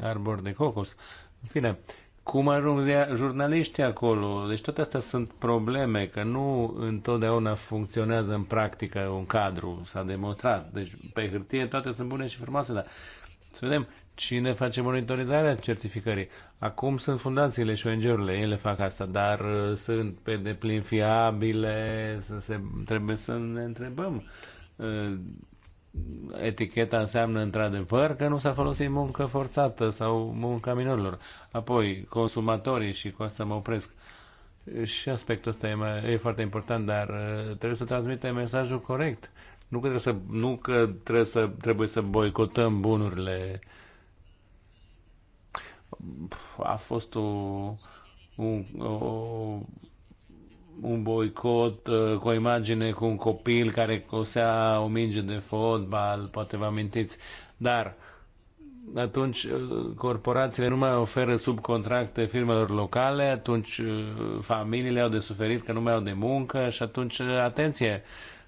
arbori de cocos. În fine, cum ajung jurnaliștii acolo. Deci toate astea sunt probleme, că nu întotdeauna funcționează în practică un cadru, s-a demonstrat. Deci pe hârtie toate sunt bune și frumoase, dar să vedem cine face monitorizarea certificării. Acum sunt fundațiile și ONG-urile, ele fac asta, dar uh, sunt pe deplin fiabile, să se, trebuie să ne întrebăm uh, eticheta înseamnă într-adevăr că nu s-a folosit muncă forțată sau munca minorilor. Apoi, consumatorii și cu asta mă opresc. Și aspectul ăsta e, mai, e foarte important, dar uh, trebuie să transmite mesajul corect. Nu că trebuie să, nu că trebuie să, trebuie să boicotăm bunurile. A fost o, un, o, un boicot uh, cu o imagine cu un copil care cosea o minge de fotbal, poate vă amintiți, dar atunci uh, corporațiile nu mai oferă subcontracte firmelor locale, atunci uh, familiile au de suferit că nu mai au de muncă și atunci, uh, atenție,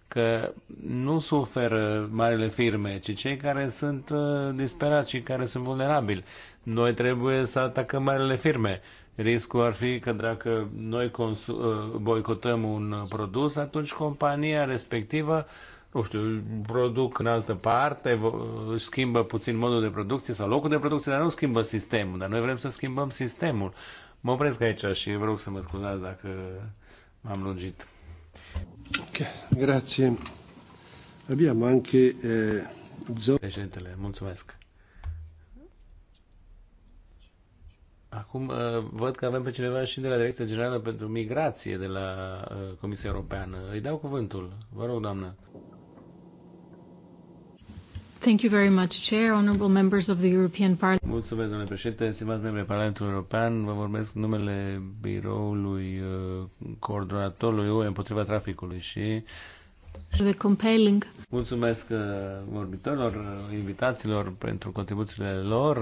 că nu suferă marile firme, ci cei care sunt disperați și care sunt vulnerabili. Noi trebuie să atacăm marile firme Riscul ar fi că dacă noi ă, boicotăm un produs, atunci compania respectivă, nu știu, produc în altă parte, își schimbă puțin modul de producție sau locul de producție, dar nu schimbă sistemul. Dar noi vrem să schimbăm sistemul. Mă opresc aici și vă rog să mă scuzați dacă m-am lungit. Ok, grazie. Abbiamo anche eh, Președintele, mulțumesc. Acum uh, văd că avem pe cineva și de la Direcția Generală pentru Migrație de la uh, Comisia Europeană. Îi dau cuvântul. Vă rog, doamnă. Thank you very much, Chair, honorable members of the European Parliament. Mulțumesc, domnule președinte, stimați membri ai Parlamentului European. Vă vorbesc în numele biroului uh, coordonatorului UE împotriva traficului și The compelling. Mulțumesc vorbitorilor, invitaților pentru contribuțiile lor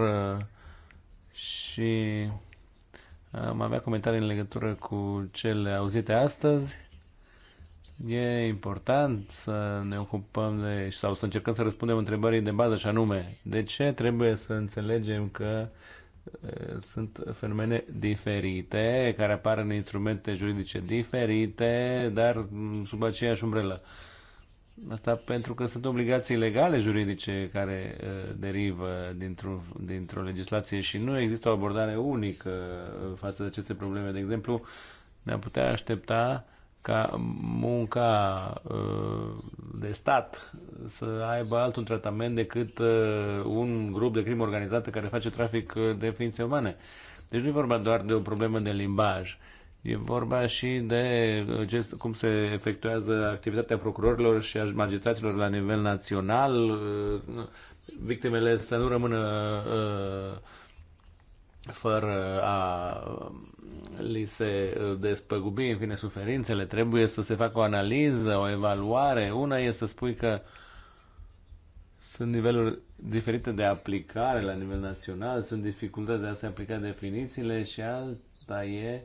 și uh, am avea comentarii în legătură cu cele auzite astăzi. E important să ne ocupăm de, sau să încercăm să răspundem întrebării de bază și anume, de ce trebuie să înțelegem că uh, sunt fenomene diferite, care apar în instrumente juridice diferite, dar sub aceeași umbrelă. Asta pentru că sunt obligații legale juridice care uh, derivă dintr-o, dintr-o legislație și nu există o abordare unică uh, față de aceste probleme. De exemplu, ne-am putea aștepta ca munca uh, de stat să aibă altul tratament decât un grup de crimă organizată care face trafic de ființe umane. Deci nu e vorba doar de o problemă de limbaj. E vorba și de uh, cum se efectuează activitatea procurorilor și a magistraților la nivel național. Uh, victimele să nu rămână uh, fără a um, li se despăgubi, în fine, suferințele. Trebuie să se facă o analiză, o evaluare. Una e să spui că sunt niveluri diferite de aplicare la nivel național, sunt dificultăți de a se aplica definițiile și alta e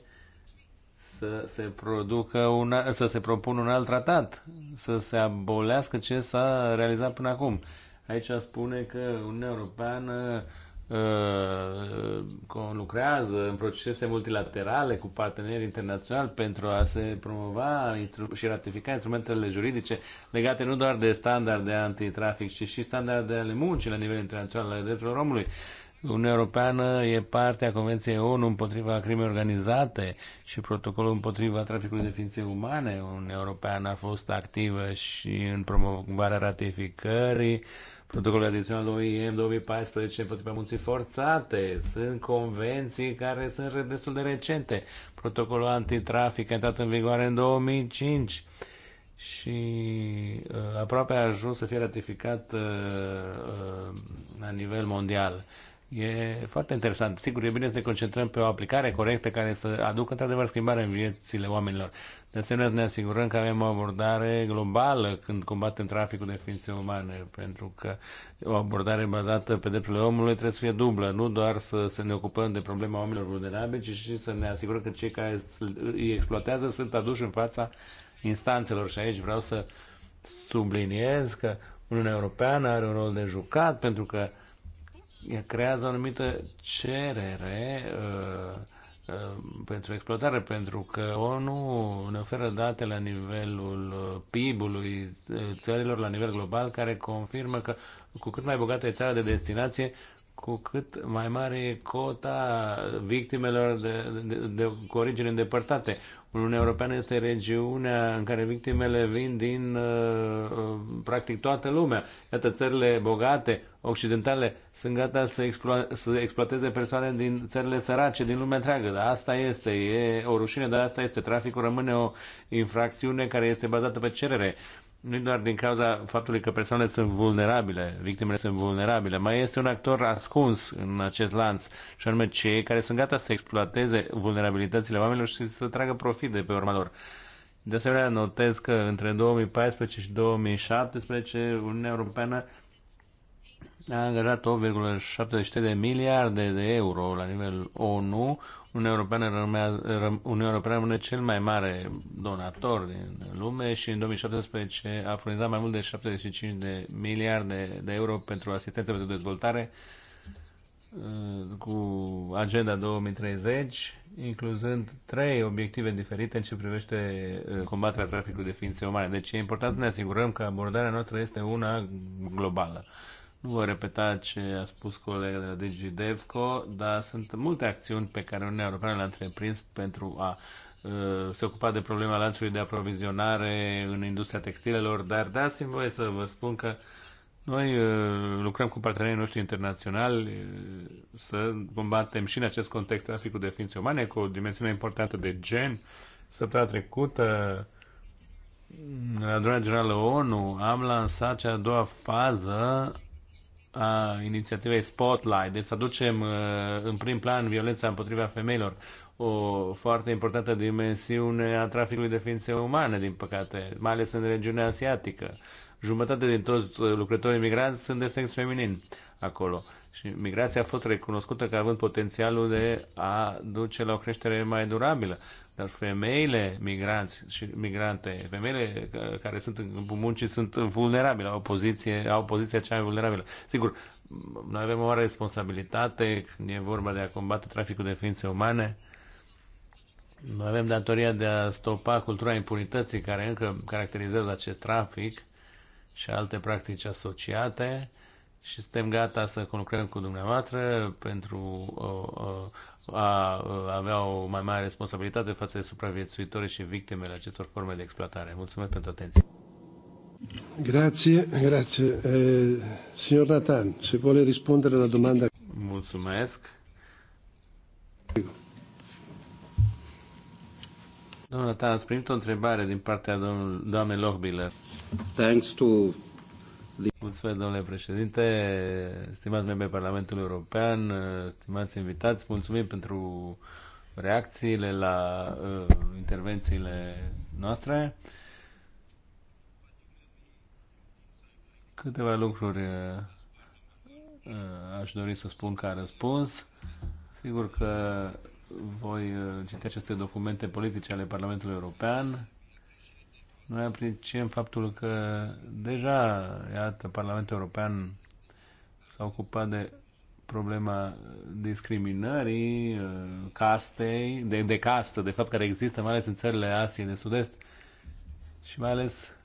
să se producă un, să se propună un alt tratat, să se abolească ce s-a realizat până acum. Aici spune că Uniunea Europeană uh, lucrează în procese multilaterale cu parteneri internaționali pentru a se promova și ratifica instrumentele juridice legate nu doar de standarde antitrafic, ci și standarde ale muncii la nivel internațional ale drepturilor omului. Uh, Uniunea Europeană e parte a Convenției ONU împotriva crimei organizate și protocolul împotriva traficului de ființe umane. Uniunea Europeană a fost activă și în promovarea ratificării protocolul adițional OIM 2014 împotriva munții forțate. Sunt convenții care sunt destul de recente. Protocolul antitrafic a intrat în vigoare în 2005 și uh, aproape a ajuns să fie ratificat uh, uh, la nivel mondial. E foarte interesant. Sigur, e bine să ne concentrăm pe o aplicare corectă care să aducă într-adevăr schimbare în viețile oamenilor. De asemenea, ne asigurăm că avem o abordare globală când combatem traficul de ființe umane, pentru că o abordare bazată pe drepturile omului trebuie să fie dublă, nu doar să, să ne ocupăm de problema oamenilor vulnerabili, ci și să ne asigurăm că cei care îi exploatează sunt aduși în fața instanțelor. Și aici vreau să subliniez că Uniunea Europeană are un rol de jucat, pentru că creează o anumită cerere uh, uh, pentru exploatare, pentru că ONU ne oferă date la nivelul uh, PIB-ului uh, țărilor la nivel global care confirmă că cu cât mai bogată e țara de destinație, cu cât mai mare e cota victimelor de, de, de, cu origine îndepărtate. Uniunea Europeană este regiunea în care victimele vin din uh, uh, practic toată lumea. Iată, țările bogate, occidentale, sunt gata să, explo- să exploateze persoane din țările sărace, din lumea întreagă. Dar asta este, e o rușine, dar asta este. Traficul rămâne o infracțiune care este bazată pe cerere. Uh, nu doar din cauza faptului că persoanele sunt vulnerabile, victimele sunt vulnerabile, mai este un actor ascuns în acest lanț, și anume cei care sunt gata să exploateze vulnerabilitățile oamenilor și să tragă profit de pe urma lor. De asemenea, notez că între 2014 și 2017 Uniunea Europeană a angajat 8,73 de miliarde de euro la nivel ONU Uniunea Europeană, rămea, Uniunea Europeană rămâne cel mai mare donator din lume și în 2017 a furnizat mai mult de 75 de miliarde de euro pentru asistență pentru dezvoltare uh, cu Agenda 2030, incluzând trei obiective diferite în ce privește uh, combaterea traficului de ființe umane. Deci e important să ne asigurăm că abordarea noastră este una globală. Nu voi repeta ce a spus colegul de la Devco, dar sunt multe acțiuni pe care Uniunea Europeană le-a întreprins pentru a uh, se ocupa de problema lanțului de aprovizionare în industria textilelor, dar dați-mi voie să vă spun că noi uh, lucrăm cu partenerii noștri internaționali uh, să combatem și în acest context traficul de ființe umane cu o dimensiune importantă de gen. Săptămâna trecută, la adunarea generală ONU, am lansat cea a doua fază a inițiativei Spotlight, deci să aducem uh, în prim plan violența împotriva femeilor, o foarte importantă dimensiune a traficului de ființe umane, din păcate, mai ales în regiunea asiatică. Jumătate din toți lucrătorii migranți sunt de sex feminin acolo. Și migrația a fost recunoscută ca având potențialul de a duce la o creștere mai durabilă. Dar femeile migranți și migrante, femeile care sunt în muncii sunt vulnerabile, au poziție, au poziția cea mai vulnerabilă. Sigur, noi avem o mare responsabilitate când e vorba de a combate traficul de ființe umane. Noi avem datoria de a stopa cultura impunității care încă caracterizează acest trafic și alte practici asociate și suntem gata să conlucrăm cu dumneavoastră pentru uh, uh, a avea o mai mare responsabilitate față de supraviețuitori și victimele acestor forme de exploatare. Mulțumesc pentru atenție. Grazie, grazie. Eh, signor se vuole rispondere domanda. Mulțumesc. Domnul Nathan, ați primit o întrebare din partea domnului, doamnei Lochbiller. Thanks to Mulțumesc, domnule președinte, stimați membri Parlamentului European, stimați invitați, mulțumim pentru reacțiile la uh, intervențiile noastre. Câteva lucruri uh, uh aș dori să spun ca răspuns. Sigur că voi uh, citi aceste documente politice ale Parlamentului European noi apreciem faptul că deja, iată, Parlamentul European s-a ocupat de problema discriminării, uh, castei, de, de castă, de fapt, care există, mai ales în țările Asiei de Sud-Est și mai ales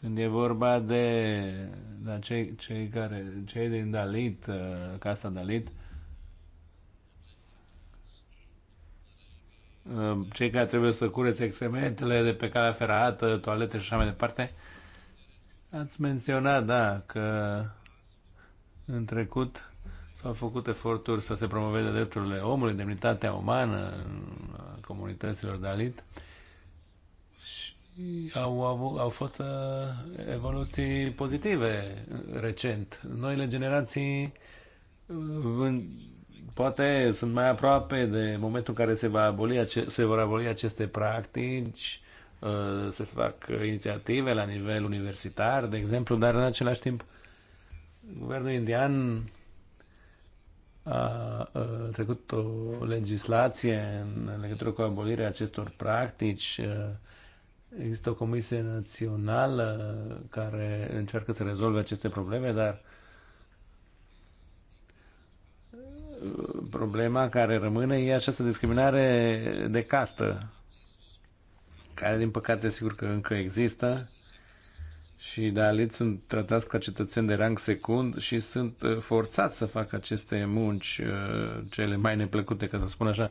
când e vorba de, de cei, cei, care, cei din Dalit, uh, casta Dalit, Ehm, cei care trebuie să curețe excrementele de pe calea ferată, toalete și așa mai departe. Ați menționat, da, că în trecut s-au făcut eforturi să se promoveze drepturile omului, demnitatea umană a comunităților alit și au, avut, au fost uh, evoluții pozitive recent. Noile generații uh, poate sunt mai aproape de momentul în care se, va aboli ace- se vor aboli aceste practici, uh, se fac inițiative la nivel universitar, de exemplu, dar în același timp guvernul indian a trecut o legislație în legătură cu abolirea acestor practici. Există o comisie națională care încearcă să rezolve aceste probleme, dar problema care rămâne e această discriminare de castă, care din păcate sigur că încă există și daliți sunt tratați ca cetățeni de rang secund și sunt uh, forțați să facă aceste munci uh, cele mai neplăcute, ca să spun așa.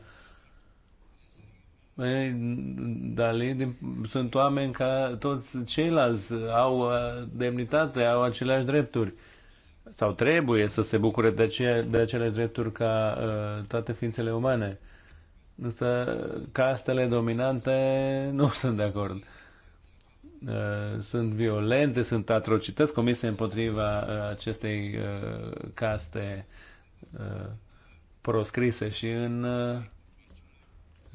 Dali, sunt oameni ca toți ceilalți, au uh, demnitate, au aceleași drepturi. Uh, sau trebuie să se bucure de, ce, de acele drepturi ca uh, toate ființele umane. Însă castele dominante nu sunt de acord. Uh, sunt violente, sunt atrocități comise împotriva uh, acestei uh, caste uh, proscrise și în uh,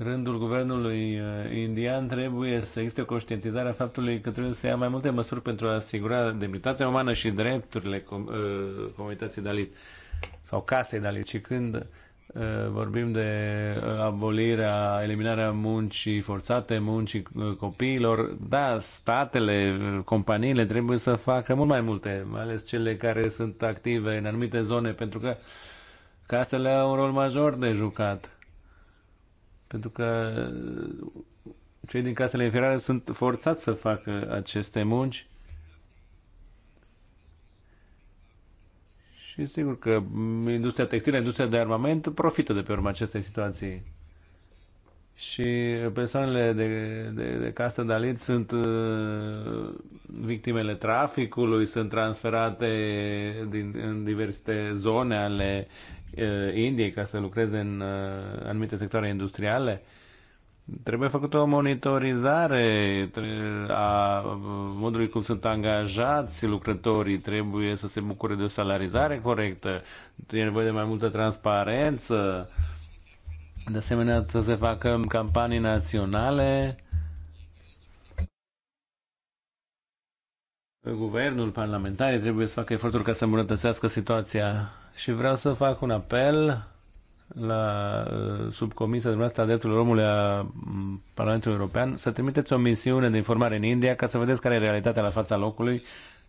rândul guvernului uh, indian trebuie să existe o conștientizare a faptului că trebuie să ia mai multe măsuri pentru a asigura demnitatea umană și drepturile com- uh, comunității Dalit sau casei Dalit. Și când uh, vorbim de abolirea, eliminarea muncii forțate, muncii copiilor. Da, statele, companiile trebuie să facă mult mai multe, mai ales cele care sunt active în anumite zone, pentru că casele au un rol major de jucat pentru că uh, cei din casele inferioare sunt forțați să facă aceste munci și sigur că industria textilă, industria de armament profită de pe urma acestei situații. Și persoanele de, de, de castă Dalit sunt uh, victimele traficului, sunt transferate din, în diverse zone ale Uh, Indiei ca să lucreze în uh, anumite sectoare industriale. Trebuie făcută o monitorizare a modului cum sunt angajați lucrătorii, trebuie să se bucure de o salarizare corectă, e nevoie de mai multă transparență, de asemenea să se facă campanii naționale. Guvernul, parlamentarii trebuie să facă eforturi ca să îmbunătățească situația și vreau să fac un apel la uh, subcomisia dumneavoastră a drepturilor omului a mm, Parlamentului European să trimiteți o misiune de informare în India ca să vedeți care e realitatea la fața locului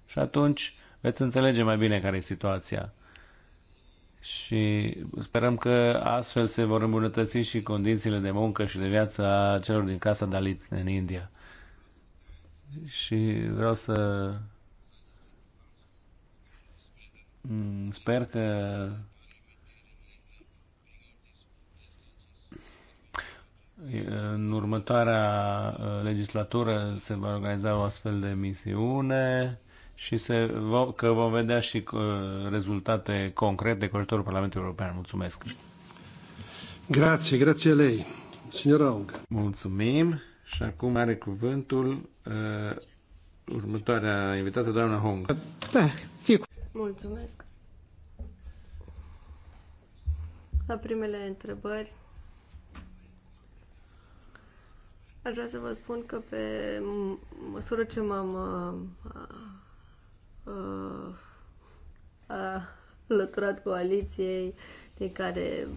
și atunci veți înțelege mai bine care e situația. Și sperăm că astfel se vor îmbunătăți și condițiile de muncă și de viață a celor din casa Dalit în India. Și vreau să Mm, sper că în următoarea uh, legislatură se va organiza o astfel de misiune și se, că vom vedea și uh, rezultate concrete cu ajutorul Parlamentului European. Mulțumesc! Grazie, grazie lei, signor Aung. Mulțumim și acum are cuvântul uh, următoarea invitată, doamna Hong. Beh. Mulțumesc. La primele întrebări, aș vrea să vă spun că pe măsură ce m-am uh, uh, uh, alăturat coaliției din care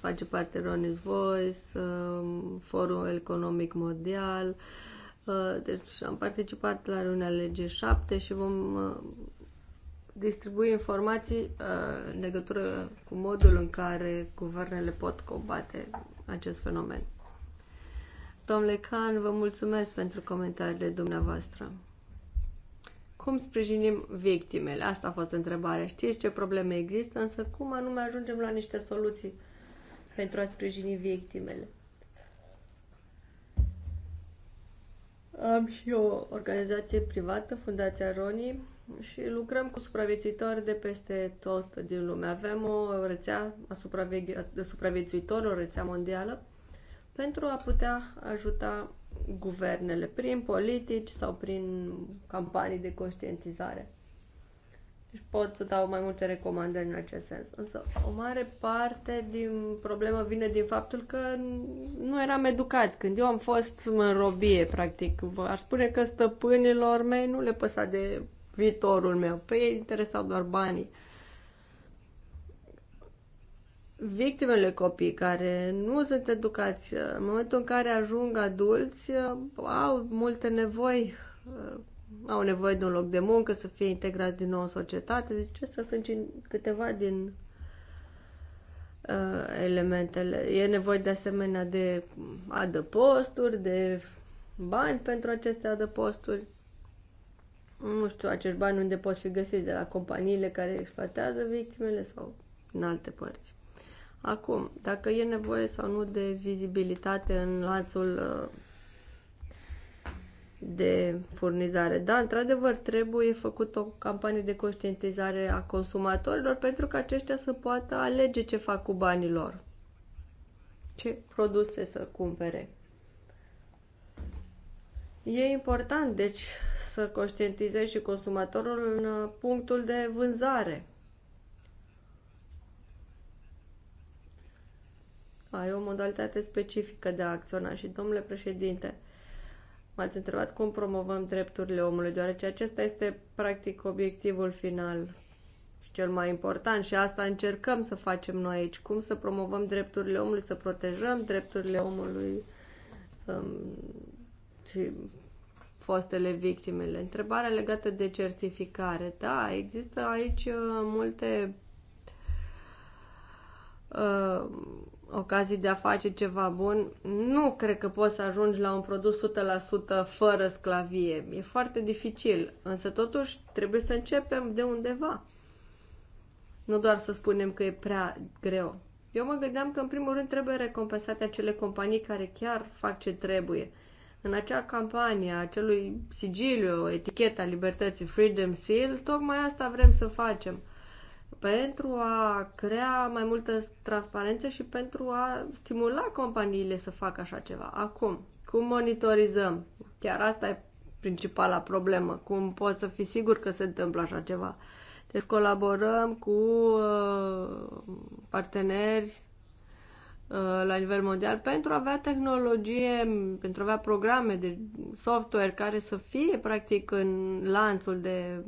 face parte Ronis Voice, um, Forum Economic Mondial, deci am participat la reuniunea Lege 7 și vom distribui informații uh, în legătură cu modul în care guvernele pot combate acest fenomen. Domnule Khan, vă mulțumesc pentru comentariile dumneavoastră. Cum sprijinim victimele? Asta a fost întrebarea. Știți ce probleme există, însă cum anume ajungem la niște soluții pentru a sprijini victimele? Am și o organizație privată, Fundația Roni, și lucrăm cu supraviețuitori de peste tot din lume. Avem o rețea a supravie- de supraviețuitori, o rețea mondială, pentru a putea ajuta guvernele prin politici sau prin campanii de conștientizare. și deci pot să dau mai multe recomandări în acest sens. Însă o mare parte din problemă vine din faptul că nu eram educați. Când eu am fost în robie, practic, aș spune că stăpânilor mei nu le păsa de viitorul meu. Pe păi ei interesau doar banii. Victimele copii care nu sunt educați, în momentul în care ajung adulți, au multe nevoi, au nevoie de un loc de muncă, să fie integrați din nou în societate. Deci acestea sunt câteva din uh, elementele. E nevoie de asemenea de adăposturi, de bani pentru aceste adăposturi nu știu, acești bani unde pot fi găsiți, de la companiile care exploatează victimele sau în alte părți. Acum, dacă e nevoie sau nu de vizibilitate în lațul uh, de furnizare. Da, într-adevăr, trebuie făcută o campanie de conștientizare a consumatorilor pentru că aceștia să poată alege ce fac cu banii lor, ce produse să cumpere. E important, deci, să conștientizezi și consumatorul în uh, punctul de vânzare. Ai o modalitate specifică de a acționa și, domnule președinte, m-ați întrebat cum promovăm drepturile omului, deoarece acesta este, practic, obiectivul final și cel mai important și asta încercăm să facem noi aici, cum să promovăm drepturile omului, să protejăm drepturile omului, um, și fostele victimele. Întrebarea legată de certificare. Da, există aici uh, multe uh, ocazii de a face ceva bun. Nu cred că poți să ajungi la un produs 100% fără sclavie. E foarte dificil, însă totuși trebuie să începem de undeva. Nu doar să spunem că e prea greu. Eu mă gândeam că, în primul rând, trebuie recompensate acele companii care chiar fac ce trebuie – în acea campanie a acelui sigiliu, eticheta libertății Freedom Seal, tocmai asta vrem să facem pentru a crea mai multă transparență și pentru a stimula companiile să facă așa ceva. Acum, cum monitorizăm? Chiar asta e principala problemă. Cum poți să fii sigur că se întâmplă așa ceva? Deci colaborăm cu uh, parteneri Uh, la nivel mondial pentru a avea tehnologie, pentru a avea programe de software care să fie practic în lanțul de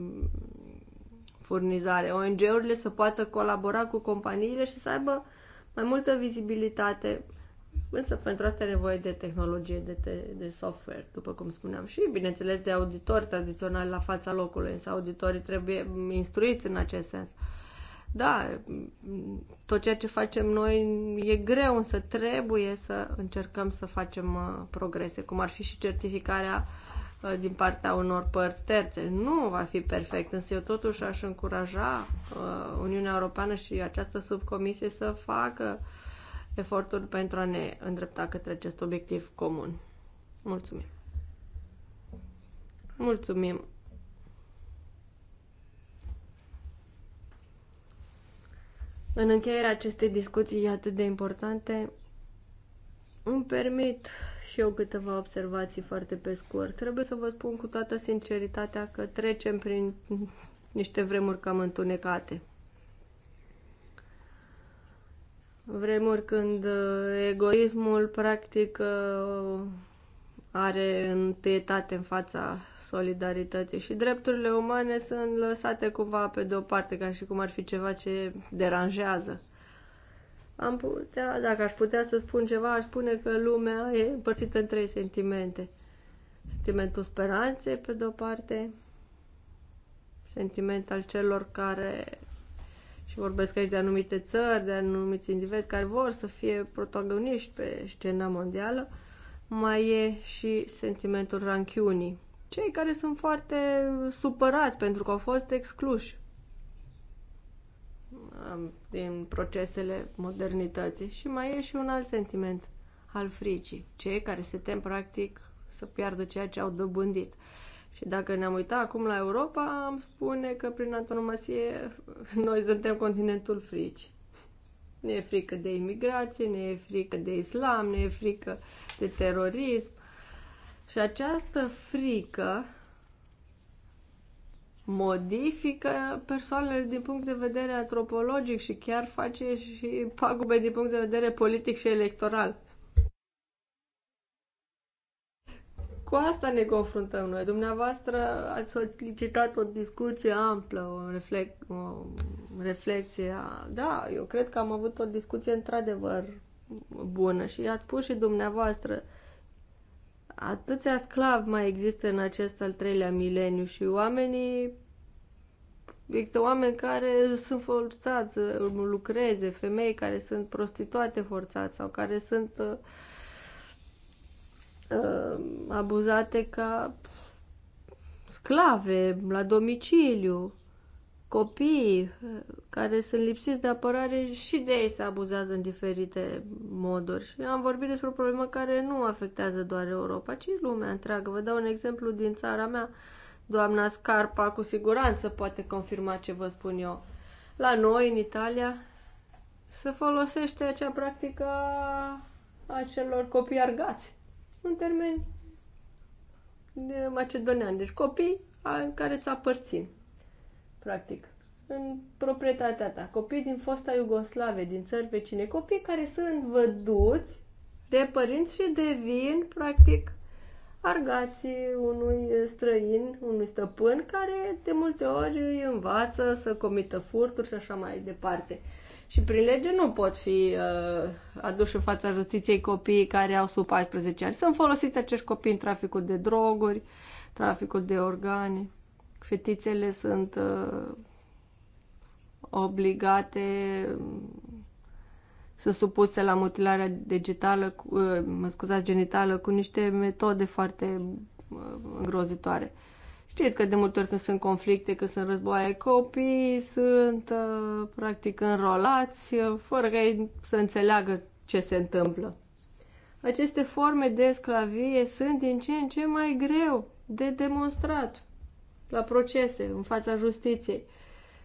furnizare. ONG-urile să poată colabora cu companiile și să aibă mai multă vizibilitate. Însă pentru asta e nevoie de tehnologie, de, te- de software, după cum spuneam, și bineînțeles de auditori tradiționali la fața locului, însă auditorii trebuie instruiți în acest sens. Uh, da, tot ceea ce facem noi e greu, însă trebuie să încercăm să facem uh, progrese, cum ar fi și certificarea uh, din partea unor părți terțe. Nu va fi perfect, însă eu totuși aș încuraja uh, Uniunea Europeană și această subcomisie să facă eforturi pentru a ne îndrepta către acest obiectiv comun. Mulțumim! Mulțumim! În încheierea acestei discuții atât de importante, îmi permit și eu câteva observații foarte pe scurt. Trebuie să vă spun cu toată sinceritatea că trecem prin niște vremuri cam întunecate. Vremuri când uh, egoismul practic uh, are întâietate în fața solidarității și drepturile umane sunt lăsate cumva pe deoparte, ca și cum ar fi ceva ce deranjează. Am putea, dacă aș putea să spun ceva, aș spune că lumea e împărțită în trei sentimente. Sentimentul speranței, pe de-o parte, sentiment al celor care, și vorbesc aici de anumite țări, de anumiți indivizi care vor să fie protagoniști pe scena mondială, mai e și sentimentul ranchiunii. Cei care sunt foarte supărați pentru că au fost excluși din procesele modernității. Și mai e și un alt sentiment al fricii. Cei care se tem practic să piardă ceea ce au dobândit. Și dacă ne-am uitat acum la Europa, am spune că prin antonomasie noi suntem continentul fricii. Ne e frică de imigrație, ne e frică de islam, ne e frică de terorism. Și această frică modifică persoanele din punct de vedere antropologic și chiar face și pagube din punct de vedere politic și electoral. Cu asta ne confruntăm noi. Dumneavoastră ați solicitat o discuție amplă, o reflect, o reflexia. Da, eu cred că am avut o discuție într-adevăr bună și ați spus și dumneavoastră atâția sclavi mai există în acest al treilea mileniu și oamenii există oameni care sunt forțați să lucreze, femei care sunt prostituate forțați sau care sunt uh, uh abuzate ca sclave la domiciliu Copii eh, care sunt lipsiți de apărare și de ei se abuzează în diferite moduri. Și am vorbit despre o problemă care nu afectează doar Europa, ci lumea întreagă. Vă dau un exemplu din țara mea. Doamna Scarpa cu siguranță poate confirma ce vă spun eu. La noi, în Italia, se folosește acea practică a celor copii argați. În termeni de macedonian. Deci copii care îți apărțin practic, în proprietatea ta. Copii din fosta Iugoslave, din țări vecine, copii care sunt văduți de părinți și devin, practic, argații unui străin, unui stăpân, care de multe ori îi învață să comită furturi și așa mai departe. Și prin lege nu pot fi uh, aduși în fața justiției copiii care au sub 14 ani. Sunt folosiți acești copii în traficul de droguri, traficul de organe Fetițele sunt uh, obligate mm, sunt supuse la mutilarea digitală, uh, mă scuzați, genitală, cu niște metode foarte uh, îngrozitoare. Știți că de multe ori când sunt conflicte, când sunt războaie, copii sunt practic înrolați fără ca ei să înțeleagă ce se întâmplă. Aceste forme de sclavie sunt din ce în ce mai greu de demonstrat la procese, în fața justiției.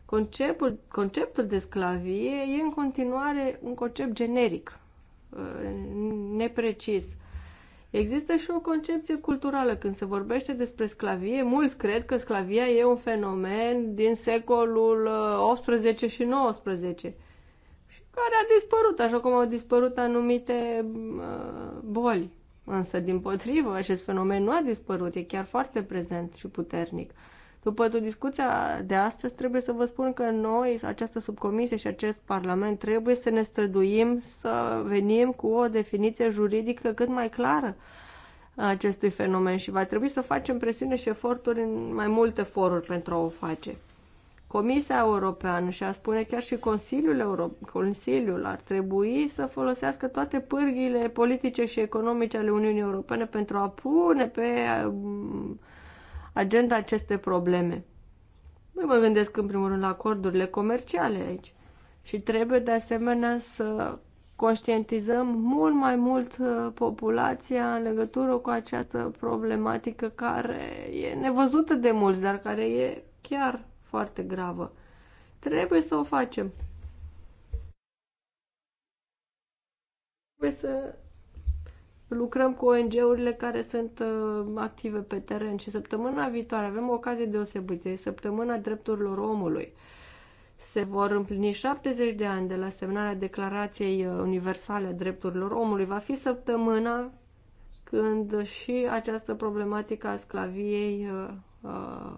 Conceptul, conceptul de sclavie e în continuare un concept generic, uh, neprecis. Există și o concepție culturală. Când se vorbește despre sclavie, mulți cred că sclavia e un fenomen din secolul 18 uh, și 19 și care a dispărut, așa cum au dispărut anumite uh, boli. Însă, din potrivă, acest fenomen nu a dispărut, e chiar foarte prezent și puternic. După discuția de astăzi, trebuie să vă spun că noi, această subcomisie și acest parlament, trebuie să ne străduim să venim cu o definiție juridică cât mai clară a acestui fenomen și va trebui să facem presiune și eforturi în mai multe foruri pentru a o face. Comisia Europeană și a spune chiar și Consiliul, Euro- Consiliul ar trebui să folosească toate pârghile politice și economice ale Uniunii Europene pentru a pune pe um, agenda aceste probleme. Nu mă gândesc în primul rând la acordurile comerciale aici. Și trebuie de asemenea să conștientizăm mult mai mult uh, populația în legătură cu această problematică care e nevăzută de mulți, dar care e chiar foarte gravă. Trebuie să o facem. Trebuie să lucrăm cu ONG-urile care sunt uh, active pe teren și săptămâna viitoare avem o ocazie deosebită, e săptămâna drepturilor omului. Se vor împlini 70 de ani de la semnarea Declarației uh, Universale a Drepturilor Omului. Va fi săptămâna când și această problematică a sclaviei uh, uh,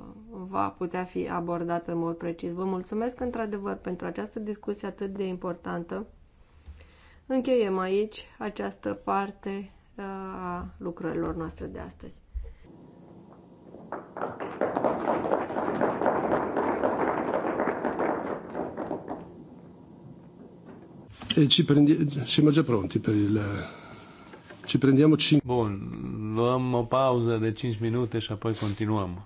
va putea fi abordată în mod precis. Vă mulțumesc într-adevăr pentru această discuție atât de importantă. Încheiem aici această parte a lucrărilor noastre de astăzi. E ci prendi... Siamo già pronti per il... Ci prendiamo 5... Bun, luăm o pauză de 5 minute și apoi continuăm.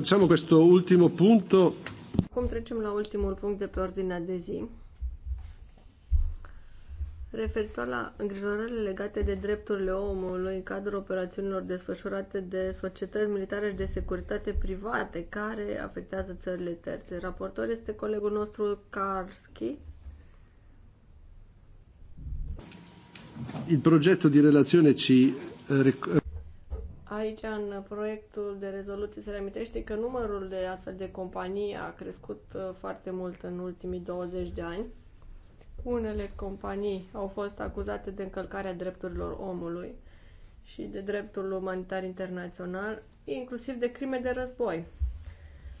facciamo questo ultimo punto. Acum trecem la ultimul punct de pe ordinea de zi referitor la îngrijorările legate de drepturile omului în cadrul operațiunilor desfășurate de societăți militare și de securitate private care afectează țările terțe. Raportor este colegul nostru Karski. Il progetto di relazione ci eh, Aici, în proiectul de rezoluție, se reamintește că numărul de astfel de companii a crescut uh, foarte mult în ultimii 20 de ani. Unele companii au fost acuzate de încălcarea drepturilor omului și de dreptul umanitar internațional, inclusiv de crime de război.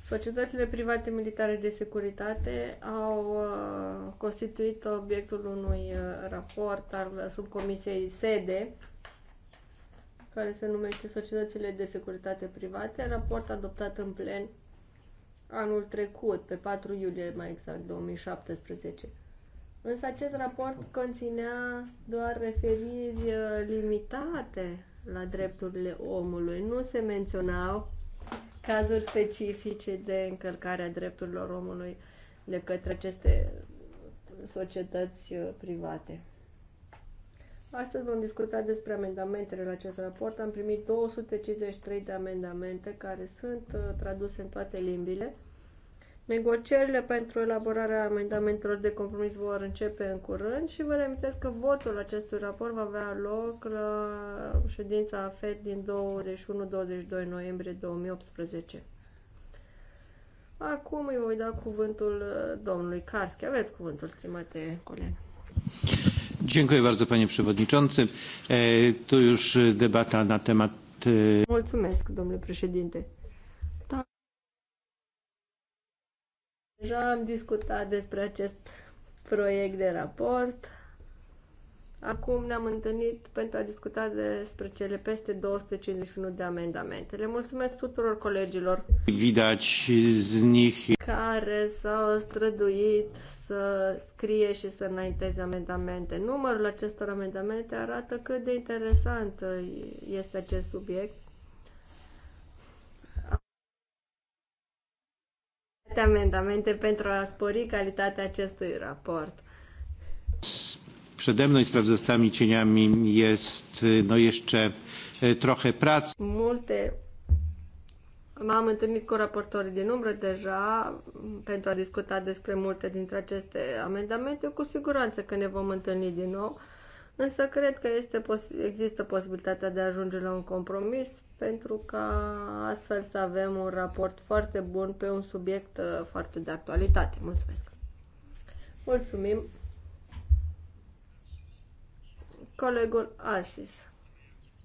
Societățile private militare de securitate au uh, constituit obiectul unui uh, raport al subcomisiei SEDE, care se numește Societățile de Securitate Private, raport adoptat în plen anul trecut, pe 4 iulie mai exact, 2017. Însă acest raport conținea doar referiri uh, limitate la drepturile omului. Nu se menționau cazuri specifice de încălcare a drepturilor omului de către aceste societăți uh, private. Astăzi vom discuta despre amendamentele la acest raport. Am primit 253 de amendamente care sunt uh, traduse în toate limbile. Negocierile pentru elaborarea amendamentelor de compromis vor începe în curând și vă reamintesc că votul acestui raport va avea loc la ședința AFET din 21-22 noiembrie 2018. Acum îi voi da cuvântul uh, domnului Karski. Aveți cuvântul, stimate colegi. Dziękuję bardzo, panie przewodniczący. już debata na temat... Mulțumesc, domnule președinte. Da. Deja am discutat despre acest proiect de raport. Acum ne-am întâlnit pentru a discuta despre cele peste 251 de amendamente. Le mulțumesc tuturor colegilor care s-au străduit să scrie și să înainteze amendamente. Numărul acestor amendamente arată cât de interesant este acest subiect. Amendamente pentru a spori calitatea acestui raport przede mną i sprawozdawcami cieniami jest no jeszcze trochę pracy. Multe M-am întâlnit cu raportorii din umbră deja pentru a discuta despre multe dintre aceste amendamente. Cu siguranță că ne vom întâlni din nou, însă cred că este pos- există posibilitatea de a ajunge la un compromis pentru ca astfel să avem un raport foarte bun pe un subiect uh, foarte de actualitate. Mulțumesc! Mulțumim! Colegul Asis.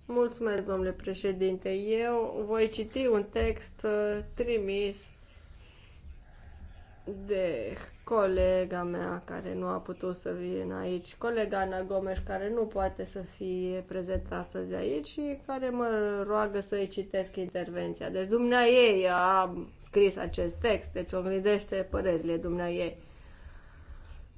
Mulțumesc, domnule președinte. Eu voi citi un text uh, trimis de colega mea care nu a putut să vină aici, colega Ana Gomes care nu poate să fie prezentă astăzi aici și care mă roagă să-i citesc intervenția. Deci dumnea ei a scris acest text, deci o gândește părerile dumnea ei.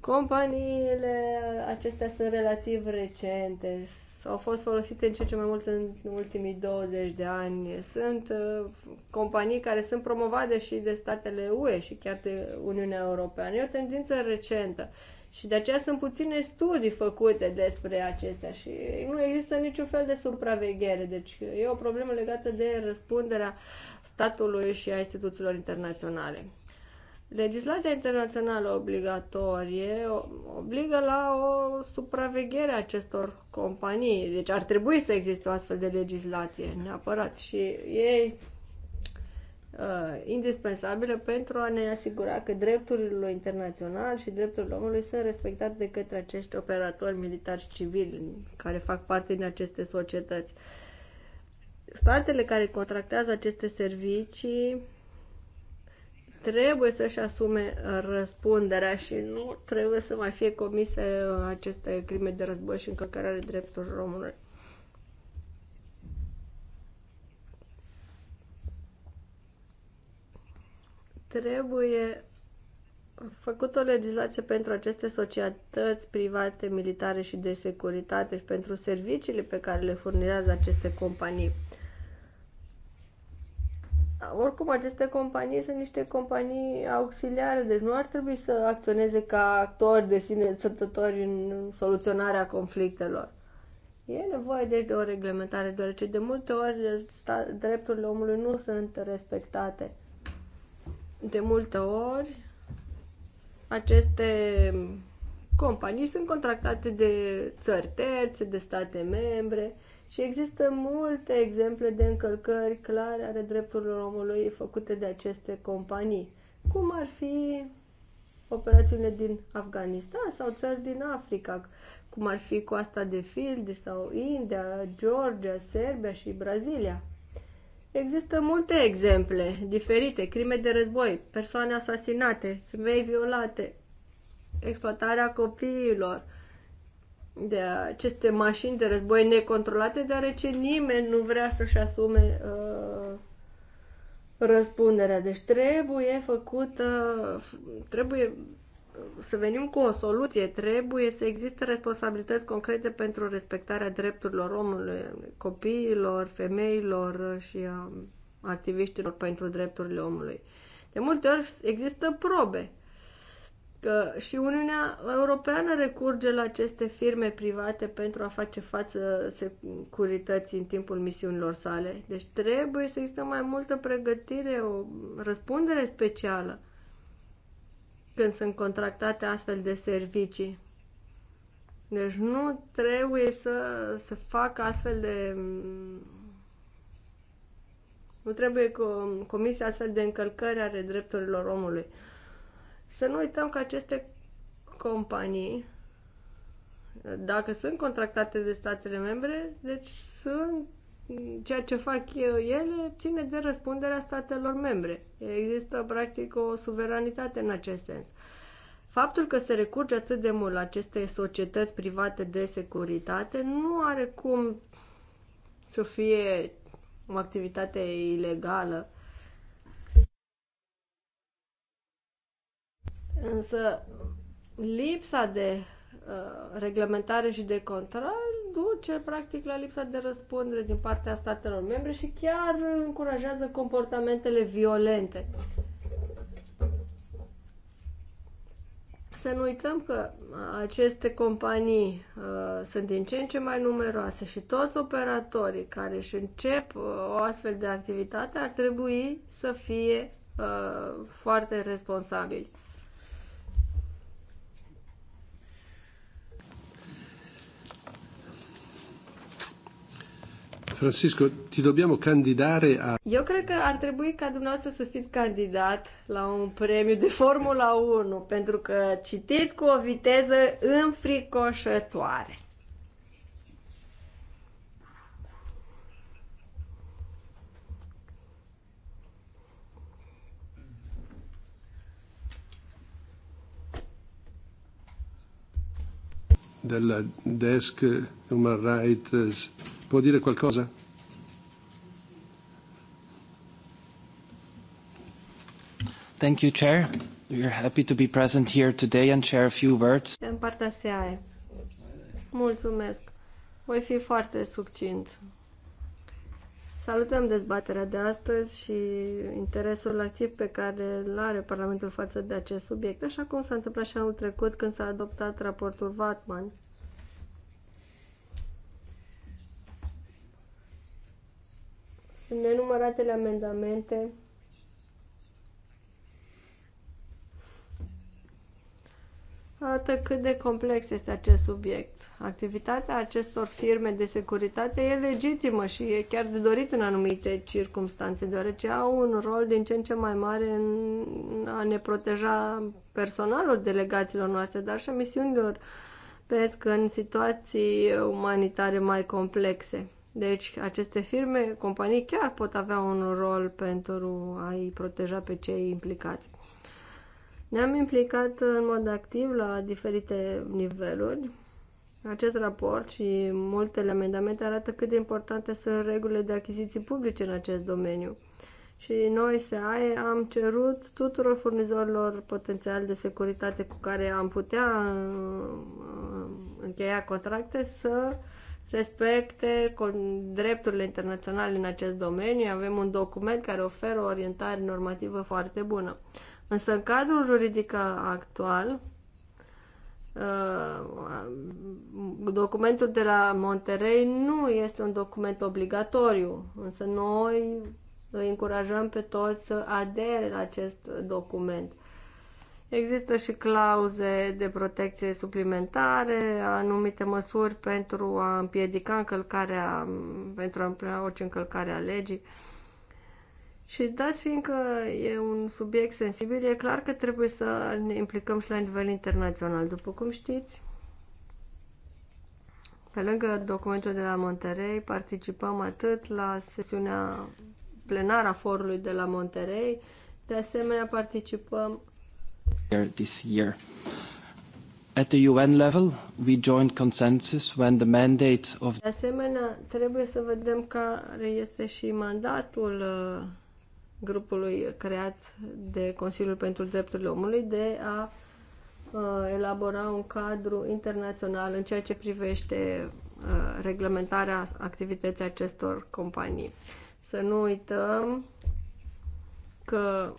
Companiile acestea sunt relativ recente, au fost folosite în ce ce mai mult în ultimii 20 de ani. Sunt uh, companii care sunt promovate și de statele UE și chiar de Uniunea Europeană. E o tendință recentă și de aceea sunt puține studii făcute despre acestea și nu există niciun fel de supraveghere. Deci e o problemă legată de răspunderea statului și a instituțiilor internaționale. Legislația internațională obligatorie obligă la o supraveghere a acestor companii. Deci ar trebui să existe o astfel de legislație, neapărat. Și e uh, indispensabilă pentru a ne asigura că drepturile internaționale și drepturile omului sunt respectate de către acești operatori militari și civili care fac parte din aceste societăți. Statele care contractează aceste servicii trebuie să-și asume uh, răspunderea și nu trebuie să mai fie comise uh, aceste crime de război și încălcarea ale drepturilor omului. Trebuie făcut o legislație pentru aceste societăți private, militare și de securitate și pentru serviciile pe care le furnizează aceste companii oricum, aceste companii sunt niște companii auxiliare, deci nu ar trebui să acționeze ca actori de sine sătători în soluționarea conflictelor. E nevoie, deci, de o reglementare, deoarece de multe ori drepturile omului nu sunt respectate. De multe ori, aceste companii sunt contractate de țări terțe, de state membre, și există multe exemple de încălcări clare ale drepturilor omului făcute de aceste companii, cum ar fi operațiunile din Afganistan sau țări din Africa, cum ar fi coasta de Fildi sau India, Georgia, Serbia și Brazilia. Există multe exemple diferite, crime de război, persoane asasinate, femei violate, exploatarea copiilor, de aceste mașini de război necontrolate, deoarece nimeni nu vrea să-și asume uh, răspunderea. Deci trebuie făcută, trebuie să venim cu o soluție, trebuie să existe responsabilități concrete pentru respectarea drepturilor omului, copiilor, femeilor și uh, activiștilor pentru drepturile omului. De multe ori există probe că și Uniunea Europeană recurge la aceste firme private pentru a face față securității în timpul misiunilor sale. Deci trebuie să există mai multă pregătire, o răspundere specială când sunt contractate astfel de servicii. Deci nu trebuie să, să facă astfel de... Nu trebuie că comisia astfel de încălcări ale drepturilor omului. Să nu uităm că aceste companii, dacă sunt contractate de statele membre, deci sunt ceea ce fac eu, ele ține de răspunderea statelor membre. Există practic o suveranitate în acest sens. Faptul că se recurge atât de mult la aceste societăți private de securitate nu are cum să fie o activitate ilegală Însă lipsa de uh, reglementare și de control duce practic la lipsa de răspundere din partea statelor membre și chiar încurajează comportamentele violente. Să nu uităm că uh, aceste companii uh, sunt din ce în ce mai numeroase și toți operatorii care își încep uh, o astfel de activitate ar trebui să fie uh, foarte responsabili. Francisco, ti dobbiamo candidare a... Eu cred că ar trebui ca dumneavoastră să fiți candidat la un premiu de Formula 1, pentru că citiți cu o viteză înfricoșătoare. della Desk Human Rights può dire qualcosa? Thank you, Chair. We are happy to be present here today and share a few words. În partea SEAE. Mulțumesc. Voi fi foarte succint. Salutăm dezbaterea de astăzi și interesul activ pe care îl are Parlamentul față de acest subiect, așa cum s-a întâmplat și anul trecut când s-a adoptat raportul Vatman în nenumăratele amendamente arată cât de complex este acest subiect. Activitatea acestor firme de securitate e legitimă și e chiar de dorit în anumite circunstanțe, deoarece au un rol din ce în ce mai mare în a ne proteja personalul delegațiilor noastre, dar și a misiunilor pesc în situații umanitare mai complexe. Deci aceste firme, companii chiar pot avea un rol pentru a-i proteja pe cei implicați. Ne-am implicat în mod activ la diferite niveluri. Acest raport și multele amendamente arată cât de importante sunt regulile de achiziții publice în acest domeniu. Și noi, SAE, am cerut tuturor furnizorilor potențial de securitate cu care am putea uh, uh, încheia contracte să uh, respecte drepturile internaționale în acest domeniu. Avem un document care oferă o orientare normativă foarte bună. Însă, în cadrul juridic actual, uh, documentul de la Monterey nu este un document obligatoriu, însă noi îi încurajăm pe toți să adere la acest document Există și clauze de protecție suplimentare, anumite măsuri pentru a împiedica încălcarea, pentru a împlina orice încălcare a legii. Și dat fiindcă e un subiect sensibil, e clar că trebuie să ne implicăm și la nivel internațional. După cum știți, pe lângă documentul de la Monterey, participăm atât la sesiunea plenară a forului de la Monterey, de asemenea participăm this year. At the UN level, we joined consensus when the mandate of De asemenea, trebuie să vedem care este și mandatul uh, grupului creat de Consiliul pentru Drepturile Omului de a uh, elabora un cadru internațional în ceea ce privește uh, reglementarea activității acestor companii. Să nu uităm că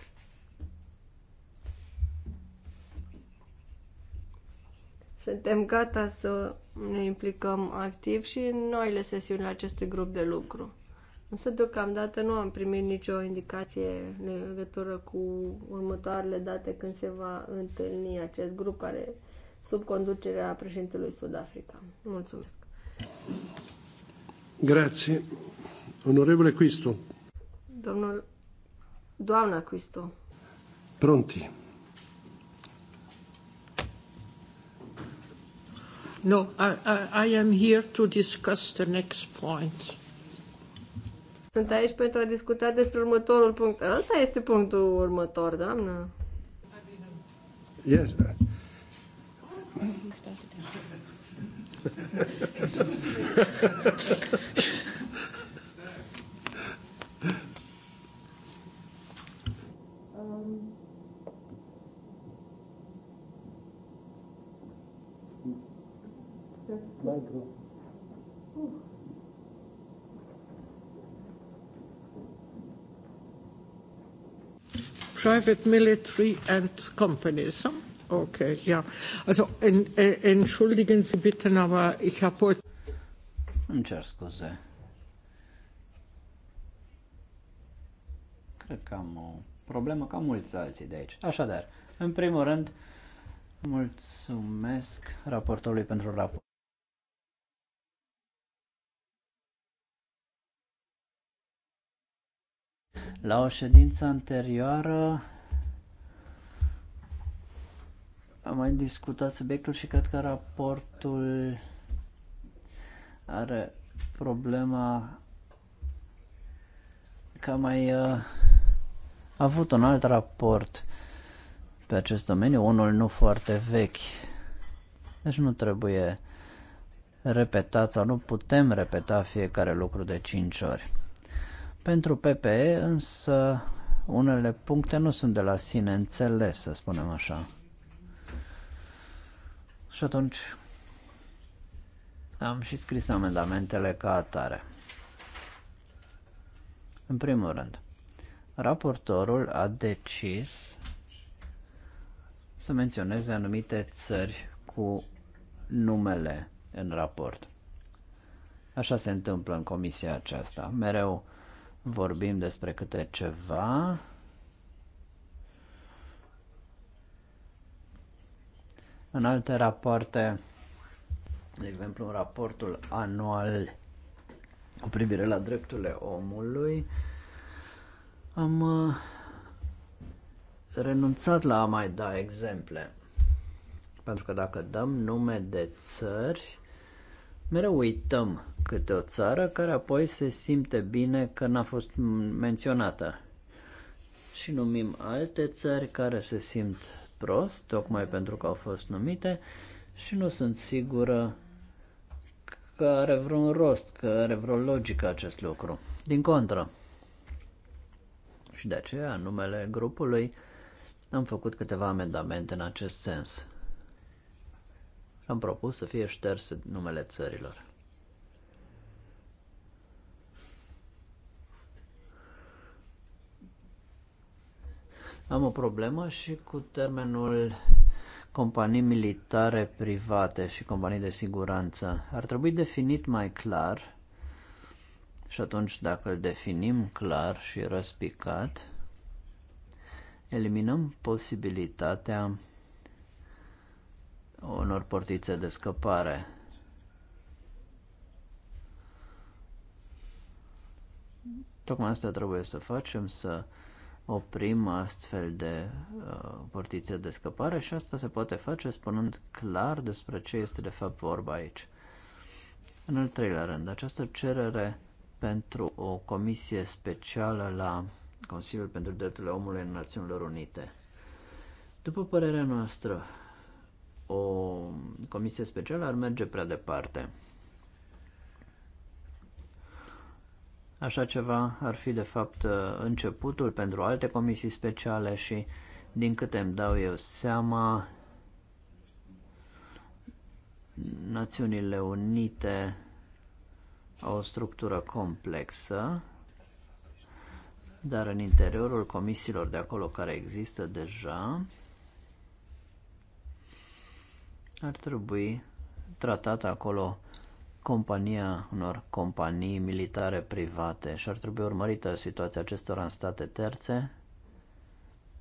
Suntem gata să ne implicăm activ și în noile sesiuni acestui grup de lucru. Însă deocamdată nu am primit nicio indicație în legătură cu următoarele date când se va întâlni acest grup care sub conducerea președintelui Sud-Africa. Mulțumesc. Grazie. Onorevole Cristo. Domnul, doamna Cristo. Pronti. No, I, I, I am here to discuss the next point. Sunt aici pentru a discuta despre următorul punct. Asta este punctul următor, doamnă. Yes. Mai greu. Private Military and Companies. Okay, ja. Also en, en, entschuldigen Sie bitte, aber ich habe heute... Îmi cer scuze. Cred că am o problemă ca mulți alții de aici. Așadar, în primul rând, mulțumesc raportorului pentru raport. La o ședință anterioară am mai discutat subiectul și cred că raportul are problema că am mai uh, avut un alt raport pe acest domeniu, unul nu foarte vechi. Deci nu trebuie repetat sau nu putem repeta fiecare lucru de 5 ori. Pentru PPE însă unele puncte nu sunt de la sine înțeles, să spunem așa. Și atunci am și scris amendamentele ca atare. În primul rând, raportorul a decis să menționeze anumite țări cu numele în raport. Așa se întâmplă în comisia aceasta. Mereu vorbim despre câte ceva. În alte rapoarte, de exemplu în raportul anual cu privire la drepturile omului, am uh, renunțat la a mai da exemple. Pentru că dacă dăm nume de țări, Mereu uităm câte o țară care apoi se simte bine că n-a fost menționată. Și numim alte țări care se simt prost, tocmai pentru că au fost numite și nu sunt sigură că are vreun rost, că are vreo logică acest lucru. Din contră. Și de aceea, în numele grupului, am făcut câteva amendamente în acest sens am propus să fie șters numele țărilor. Am o problemă și cu termenul companii militare private și companii de siguranță. Ar trebui definit mai clar și atunci dacă îl definim clar și răspicat, eliminăm posibilitatea unor portițe de scăpare. Tocmai asta trebuie să facem, să oprim astfel de uh, portițe de scăpare și asta se poate face spunând clar despre ce este de fapt vorba aici. În al treilea rând, această cerere pentru o comisie specială la Consiliul pentru Drepturile Omului în Națiunilor Unite. După părerea noastră, o comisie specială ar merge prea departe. Așa ceva ar fi de fapt începutul pentru alte comisii speciale și din câte îmi dau eu seama, Națiunile Unite au o structură complexă, dar în interiorul comisiilor de acolo care există deja, ar trebui tratată acolo compania unor companii militare private și ar trebui urmărită situația acestora în state terțe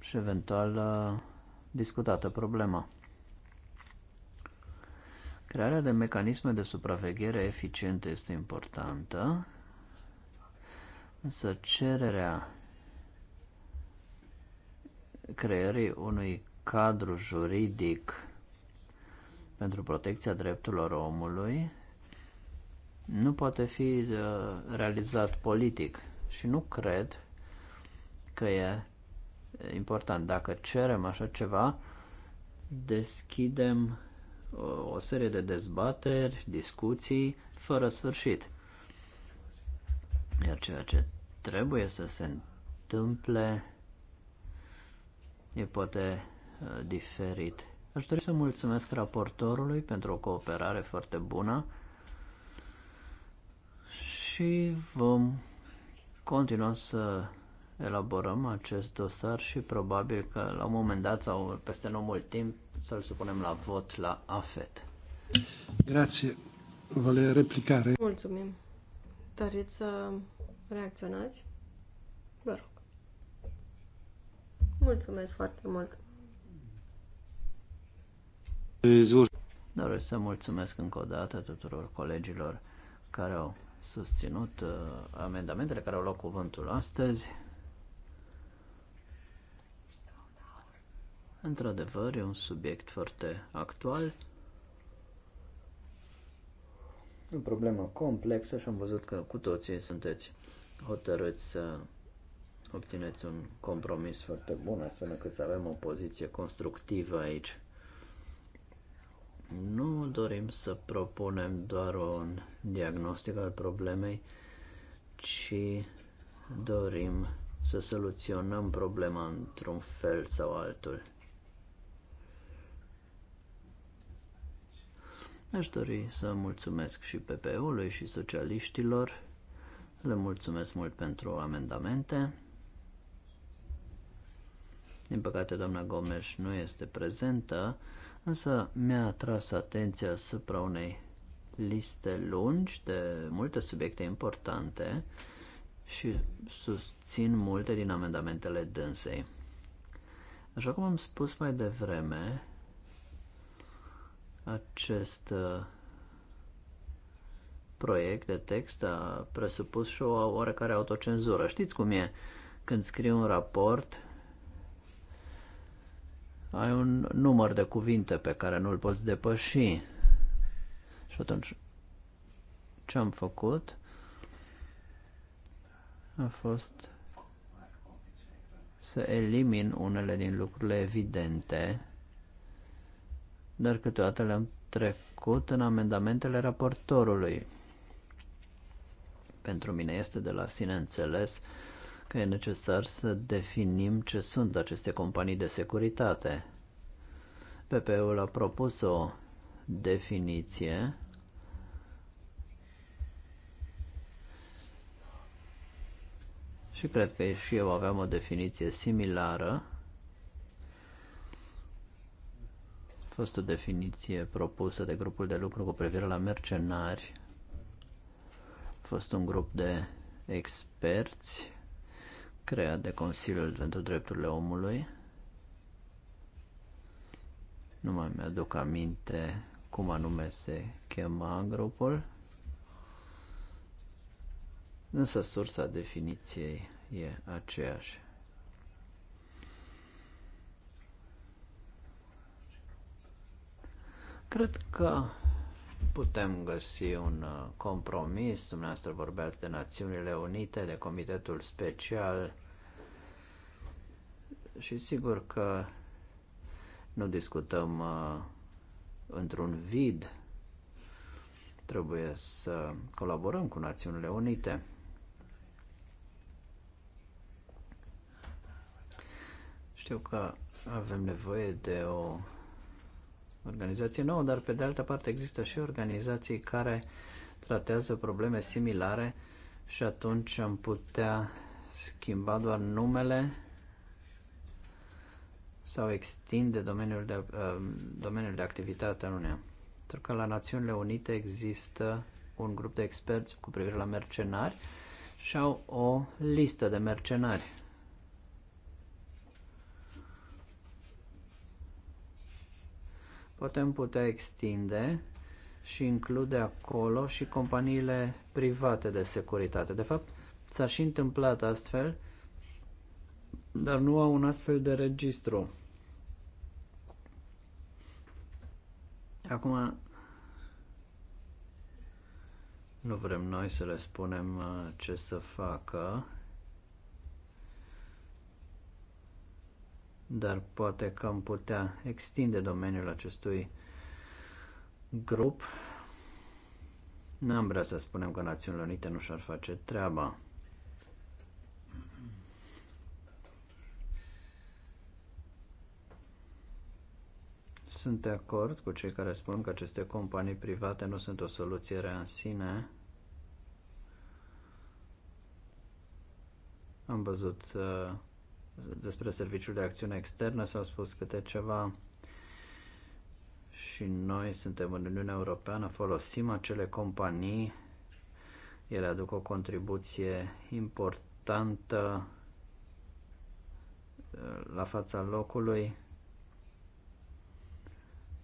și eventual uh, discutată problema. Crearea de mecanisme de supraveghere eficiente este importantă, însă cererea creării unui cadru juridic pentru protecția drepturilor omului nu poate fi uh, realizat politic și nu cred că e important. Dacă cerem așa ceva, deschidem uh, o serie de dezbateri, discuții fără sfârșit. Iar ceea ce trebuie să se întâmple e poate uh, diferit. Aș dori să mulțumesc raportorului pentru o cooperare foarte bună și vom continua să elaborăm acest dosar și probabil că la un moment dat sau peste nu mult timp să-l supunem la vot la AFET. Grație. Vă replicare. Mulțumim. Doriți să reacționați? Vă rog. Mulțumesc foarte mult. Doresc să mulțumesc încă o dată tuturor colegilor care au susținut uh, amendamentele care au luat cuvântul astăzi. Într-adevăr, e un subiect foarte actual. O problemă complexă și am văzut că cu toții sunteți hotărâți să obțineți un compromis foarte bun, astfel încât să avem o poziție constructivă aici. Nu dorim să propunem doar un diagnostic al problemei, ci dorim să soluționăm problema într-un fel sau altul. Aș dori să mulțumesc și ppu ului și socialiștilor. Le mulțumesc mult pentru amendamente. Din păcate, doamna Gomes nu este prezentă, Însă mi-a atras atenția asupra unei liste lungi de multe subiecte importante și susțin multe din amendamentele dânsei. Așa cum am spus mai devreme, acest uh, proiect de text a presupus și o oarecare autocenzură. Știți cum e când scriu un raport ai un număr de cuvinte pe care nu-l poți depăși. Și atunci, ce am făcut a fost să elimin unele din lucrurile evidente, dar câteodată le-am trecut în amendamentele raportorului. Pentru mine este de la sine înțeles că e necesar să definim ce sunt aceste companii de securitate. PPE-ul a propus o definiție și cred că și eu aveam o definiție similară. A fost o definiție propusă de grupul de lucru cu privire la mercenari. A fost un grup de experți creat de Consiliul pentru Drepturile Omului. Nu mai mi-aduc aminte cum anume se chema grupul, însă sursa definiției e aceeași. Cred că putem găsi un uh, compromis. Dumneavoastră vorbeați de Națiunile Unite, de Comitetul Special și sigur că nu discutăm uh, într-un vid. Trebuie să colaborăm cu Națiunile Unite. Știu că avem nevoie de o organizație nouă, dar pe de altă parte există și organizații care tratează probleme similare și atunci am putea schimba doar numele sau extinde domeniul de, uh, domeniul de activitate al unei. Pentru că la Națiunile Unite există un grup de experți cu privire la mercenari și au o listă de mercenari. putem putea extinde și include acolo și companiile private de securitate. De fapt, s-a și întâmplat astfel, dar nu au un astfel de registru. Acum, nu vrem noi să le spunem uh, ce să facă, dar poate că am putea extinde domeniul acestui grup. N-am vrea să spunem că Națiunile Unite nu și-ar face treaba. Sunt de acord cu cei care spun că aceste companii private nu sunt o soluție rea în sine. Am văzut uh, despre Serviciul de Acțiune Externă s-a spus câte ceva și noi suntem în Uniunea Europeană, folosim acele companii, ele aduc o contribuție importantă uh, la fața locului,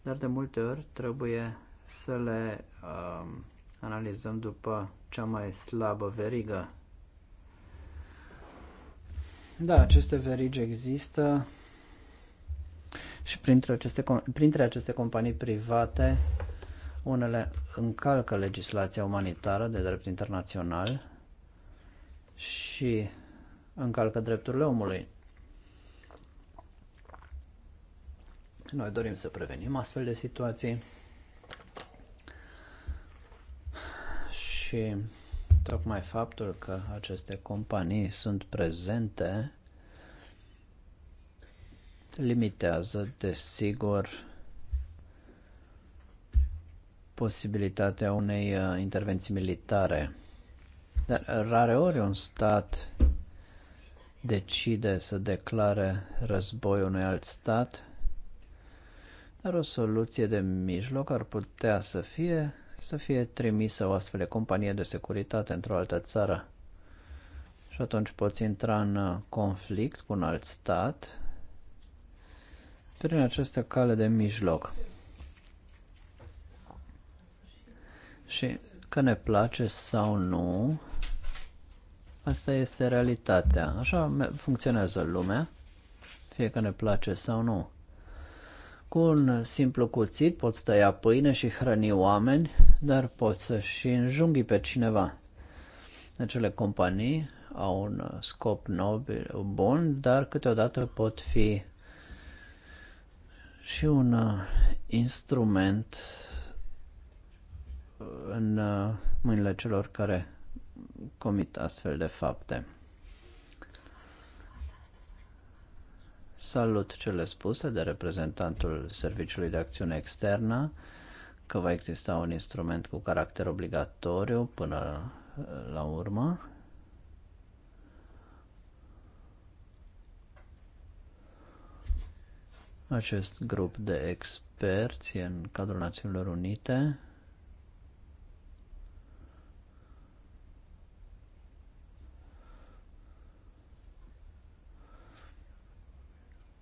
dar de multe ori trebuie să le uh, analizăm după cea mai slabă verigă da, aceste verigi există și printre aceste, printre aceste companii private, unele încalcă legislația umanitară de drept internațional și încalcă drepturile omului. Noi dorim să prevenim astfel de situații și Tocmai faptul că aceste companii sunt prezente limitează, desigur, posibilitatea unei uh, intervenții militare. Dar uh, rareori un stat decide să declare război unui alt stat, dar o soluție de mijloc ar putea să fie să fie trimisă o astfel de companie de securitate într-o altă țară. Și atunci poți intra în uh, conflict cu un alt stat prin această cale de mijloc. Și că ne place sau nu, asta este realitatea. Așa funcționează lumea, fie că ne place sau nu. Cu un simplu cuțit poți tăia pâine și hrăni oameni, dar poți să și înjunghi pe cineva. Acele companii au un scop nobil, bun, dar câteodată pot fi și un uh, instrument uh, în uh, mâinile celor care comit astfel de fapte. Salut cele spuse de reprezentantul Serviciului de Acțiune Externă că va exista un instrument cu caracter obligatoriu până uh, la urmă. Acest grup de experți în cadrul Națiunilor Unite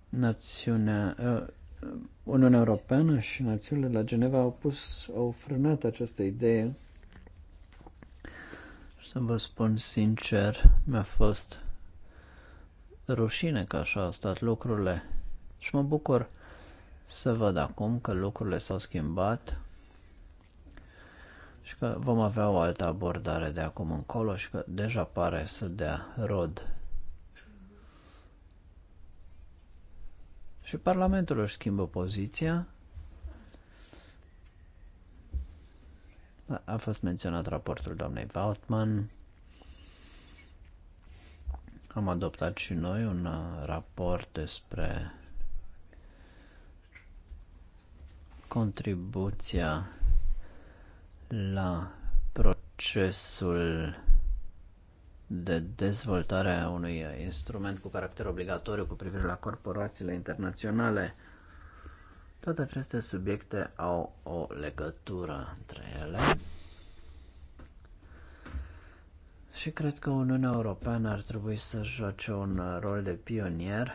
Națiunea, uh, uh, Uniunea Europeană și națiunile de la Geneva au pus, au frânat această idee. Și să vă spun sincer, mi-a fost rușine că așa au stat lucrurile. Și mă bucur să văd acum că lucrurile s-au schimbat și că vom avea o altă abordare de acum încolo și că deja pare să dea rod Și Parlamentul își schimbă poziția. A fost menționat raportul doamnei Vautman. Am adoptat și noi un raport despre contribuția la procesul de dezvoltare a unui instrument cu caracter obligatoriu cu privire la corporațiile internaționale. Toate aceste subiecte au o legătură între ele și cred că Uniunea Europeană ar trebui să joace un rol de pionier.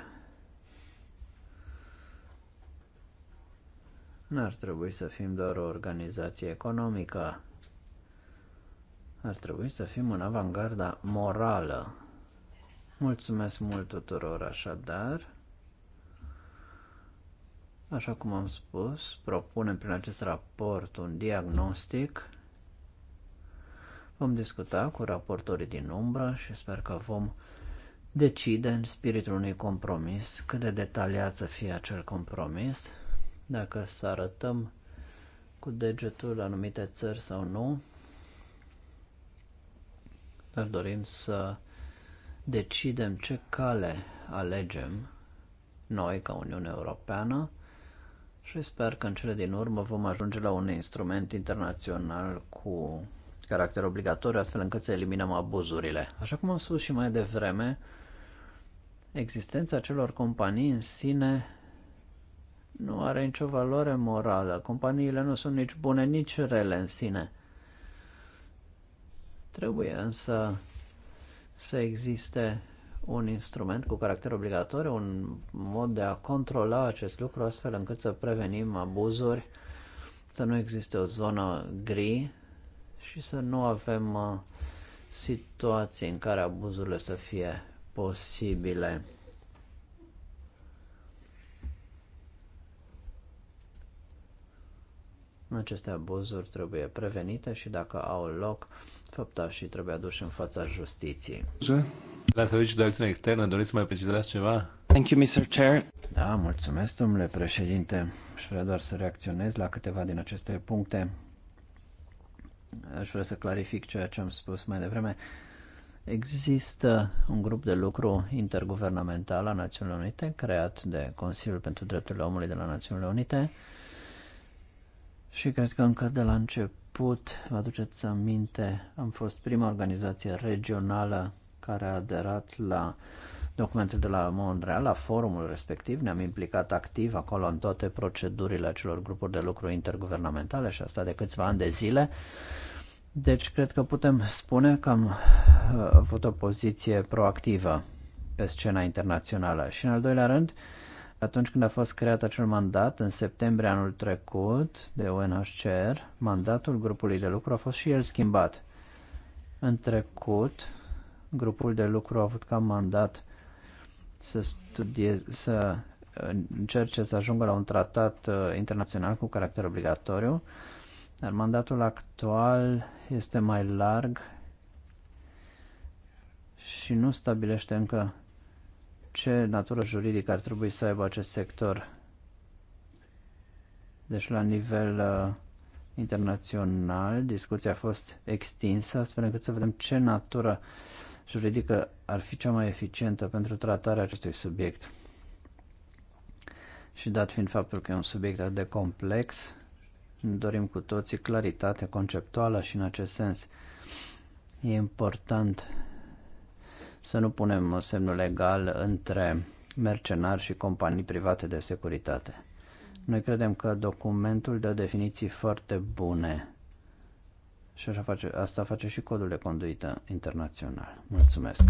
N-ar trebui să fim doar o organizație economică. Ar trebui să fim în avangarda morală. Mulțumesc mult tuturor așadar. Așa cum am spus, propunem prin acest raport un diagnostic. Vom discuta cu raportorii din umbră și sper că vom decide în spiritul unui compromis cât de detaliat să fie acel compromis, dacă să arătăm cu degetul anumite țări sau nu, dar dorim să decidem ce cale alegem noi ca Uniunea Europeană și sper că în cele din urmă vom ajunge la un instrument internațional cu caracter obligatoriu, astfel încât să eliminăm abuzurile. Așa cum am spus și mai devreme, existența celor companii în sine nu are nicio valoare morală. Companiile nu sunt nici bune, nici rele în sine. Trebuie însă să existe un instrument cu caracter obligatoriu, un mod de a controla acest lucru astfel încât să prevenim abuzuri, să nu existe o zonă gri și să nu avem uh, situații în care abuzurile să fie posibile. Aceste abuzuri trebuie prevenite și dacă au loc, și trebuie aduși în fața justiției. La serviciul de acțiune externă, doriți să mai precizați ceva? Thank you, Mr. Chair. Da, mulțumesc, domnule președinte. Aș vrea doar să reacționez la câteva din aceste puncte. Aș vrea să clarific ceea ce am spus mai devreme. Există un grup de lucru interguvernamental a Națiunilor Unite, creat de Consiliul pentru Drepturile Omului de la Națiunile Unite, și cred că încă de la început, vă aduceți aminte, am fost prima organizație regională care a aderat la documentul de la Montreal, la forumul respectiv. Ne-am implicat activ acolo în toate procedurile acelor grupuri de lucru interguvernamentale și asta de câțiva ani de zile. Deci cred că putem spune că am uh, avut o poziție proactivă pe scena internațională. Și în al doilea rând, uh, atunci când a fost creat acel mandat, în septembrie anul trecut, de UNHCR, mandatul grupului de lucru a fost și el schimbat. În trecut, grupul de lucru a avut ca mandat să, studie, să uh, încerce să ajungă la un tratat uh, internațional cu caracter obligatoriu, dar mandatul actual este mai larg și nu stabilește încă ce natură juridică ar trebui să aibă acest sector. Deci la nivel uh, internațional discuția a fost extinsă astfel încât să vedem ce natură juridică ar fi cea mai eficientă pentru tratarea acestui subiect. Și dat fiind faptul că e un subiect atât de complex, dorim cu toții claritate conceptuală și în acest sens e important să nu punem semnul legal între mercenari și companii private de securitate. Noi credem că documentul dă definiții foarte bune și așa face, asta face și codul de conduită internațional. Mulțumesc!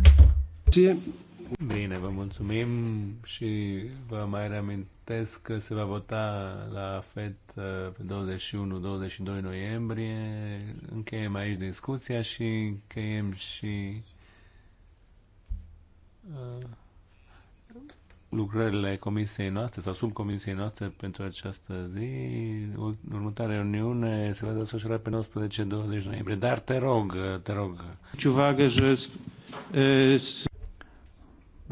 Bine, vă mulțumim și vă mai reamintesc că se va vota la FED uh, pe 21-22 noiembrie. Încheiem aici discuția și încheiem și lucrările comisiei noastre sau sub comisiei noastre pentru această zi. Următoarea reuniune se va desfășura pe 19-20 noiembrie. Dar te rog, te rog.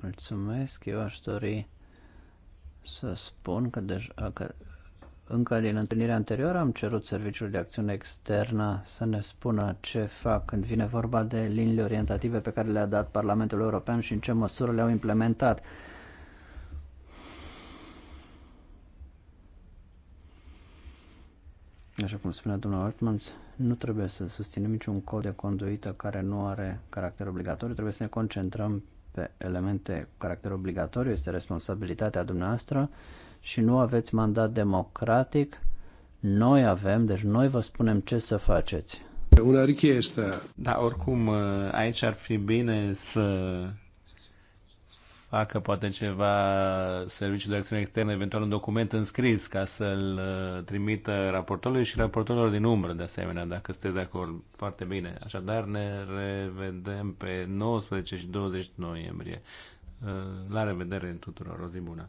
Mulțumesc, eu aș dori să spun că, deja, că încă din întâlnirea anterioară am cerut Serviciul de Acțiune Externă să ne spună ce fac când vine vorba de liniile orientative pe care le-a dat Parlamentul European și în ce măsură le-au implementat. Așa cum spunea domnul Altmans, nu trebuie să susținem niciun cod de conduită care nu are caracter obligatoriu, trebuie să ne concentrăm pe elemente cu caracter obligatoriu, este responsabilitatea dumneavoastră și nu aveți mandat democratic, noi avem, deci noi vă spunem ce să faceți. Una richiesta. Da, oricum, uh, aici ar fi bine să facă poate ceva serviciul de acțiune externă, eventual un document înscris ca să-l uh, trimită raportorului și raportorilor din umbră, de asemenea, dacă sunteți de acord. Foarte bine. Așadar, ne revedem pe 19 și 20 noiembrie. Eh, la revedere tuturor, o zi bună!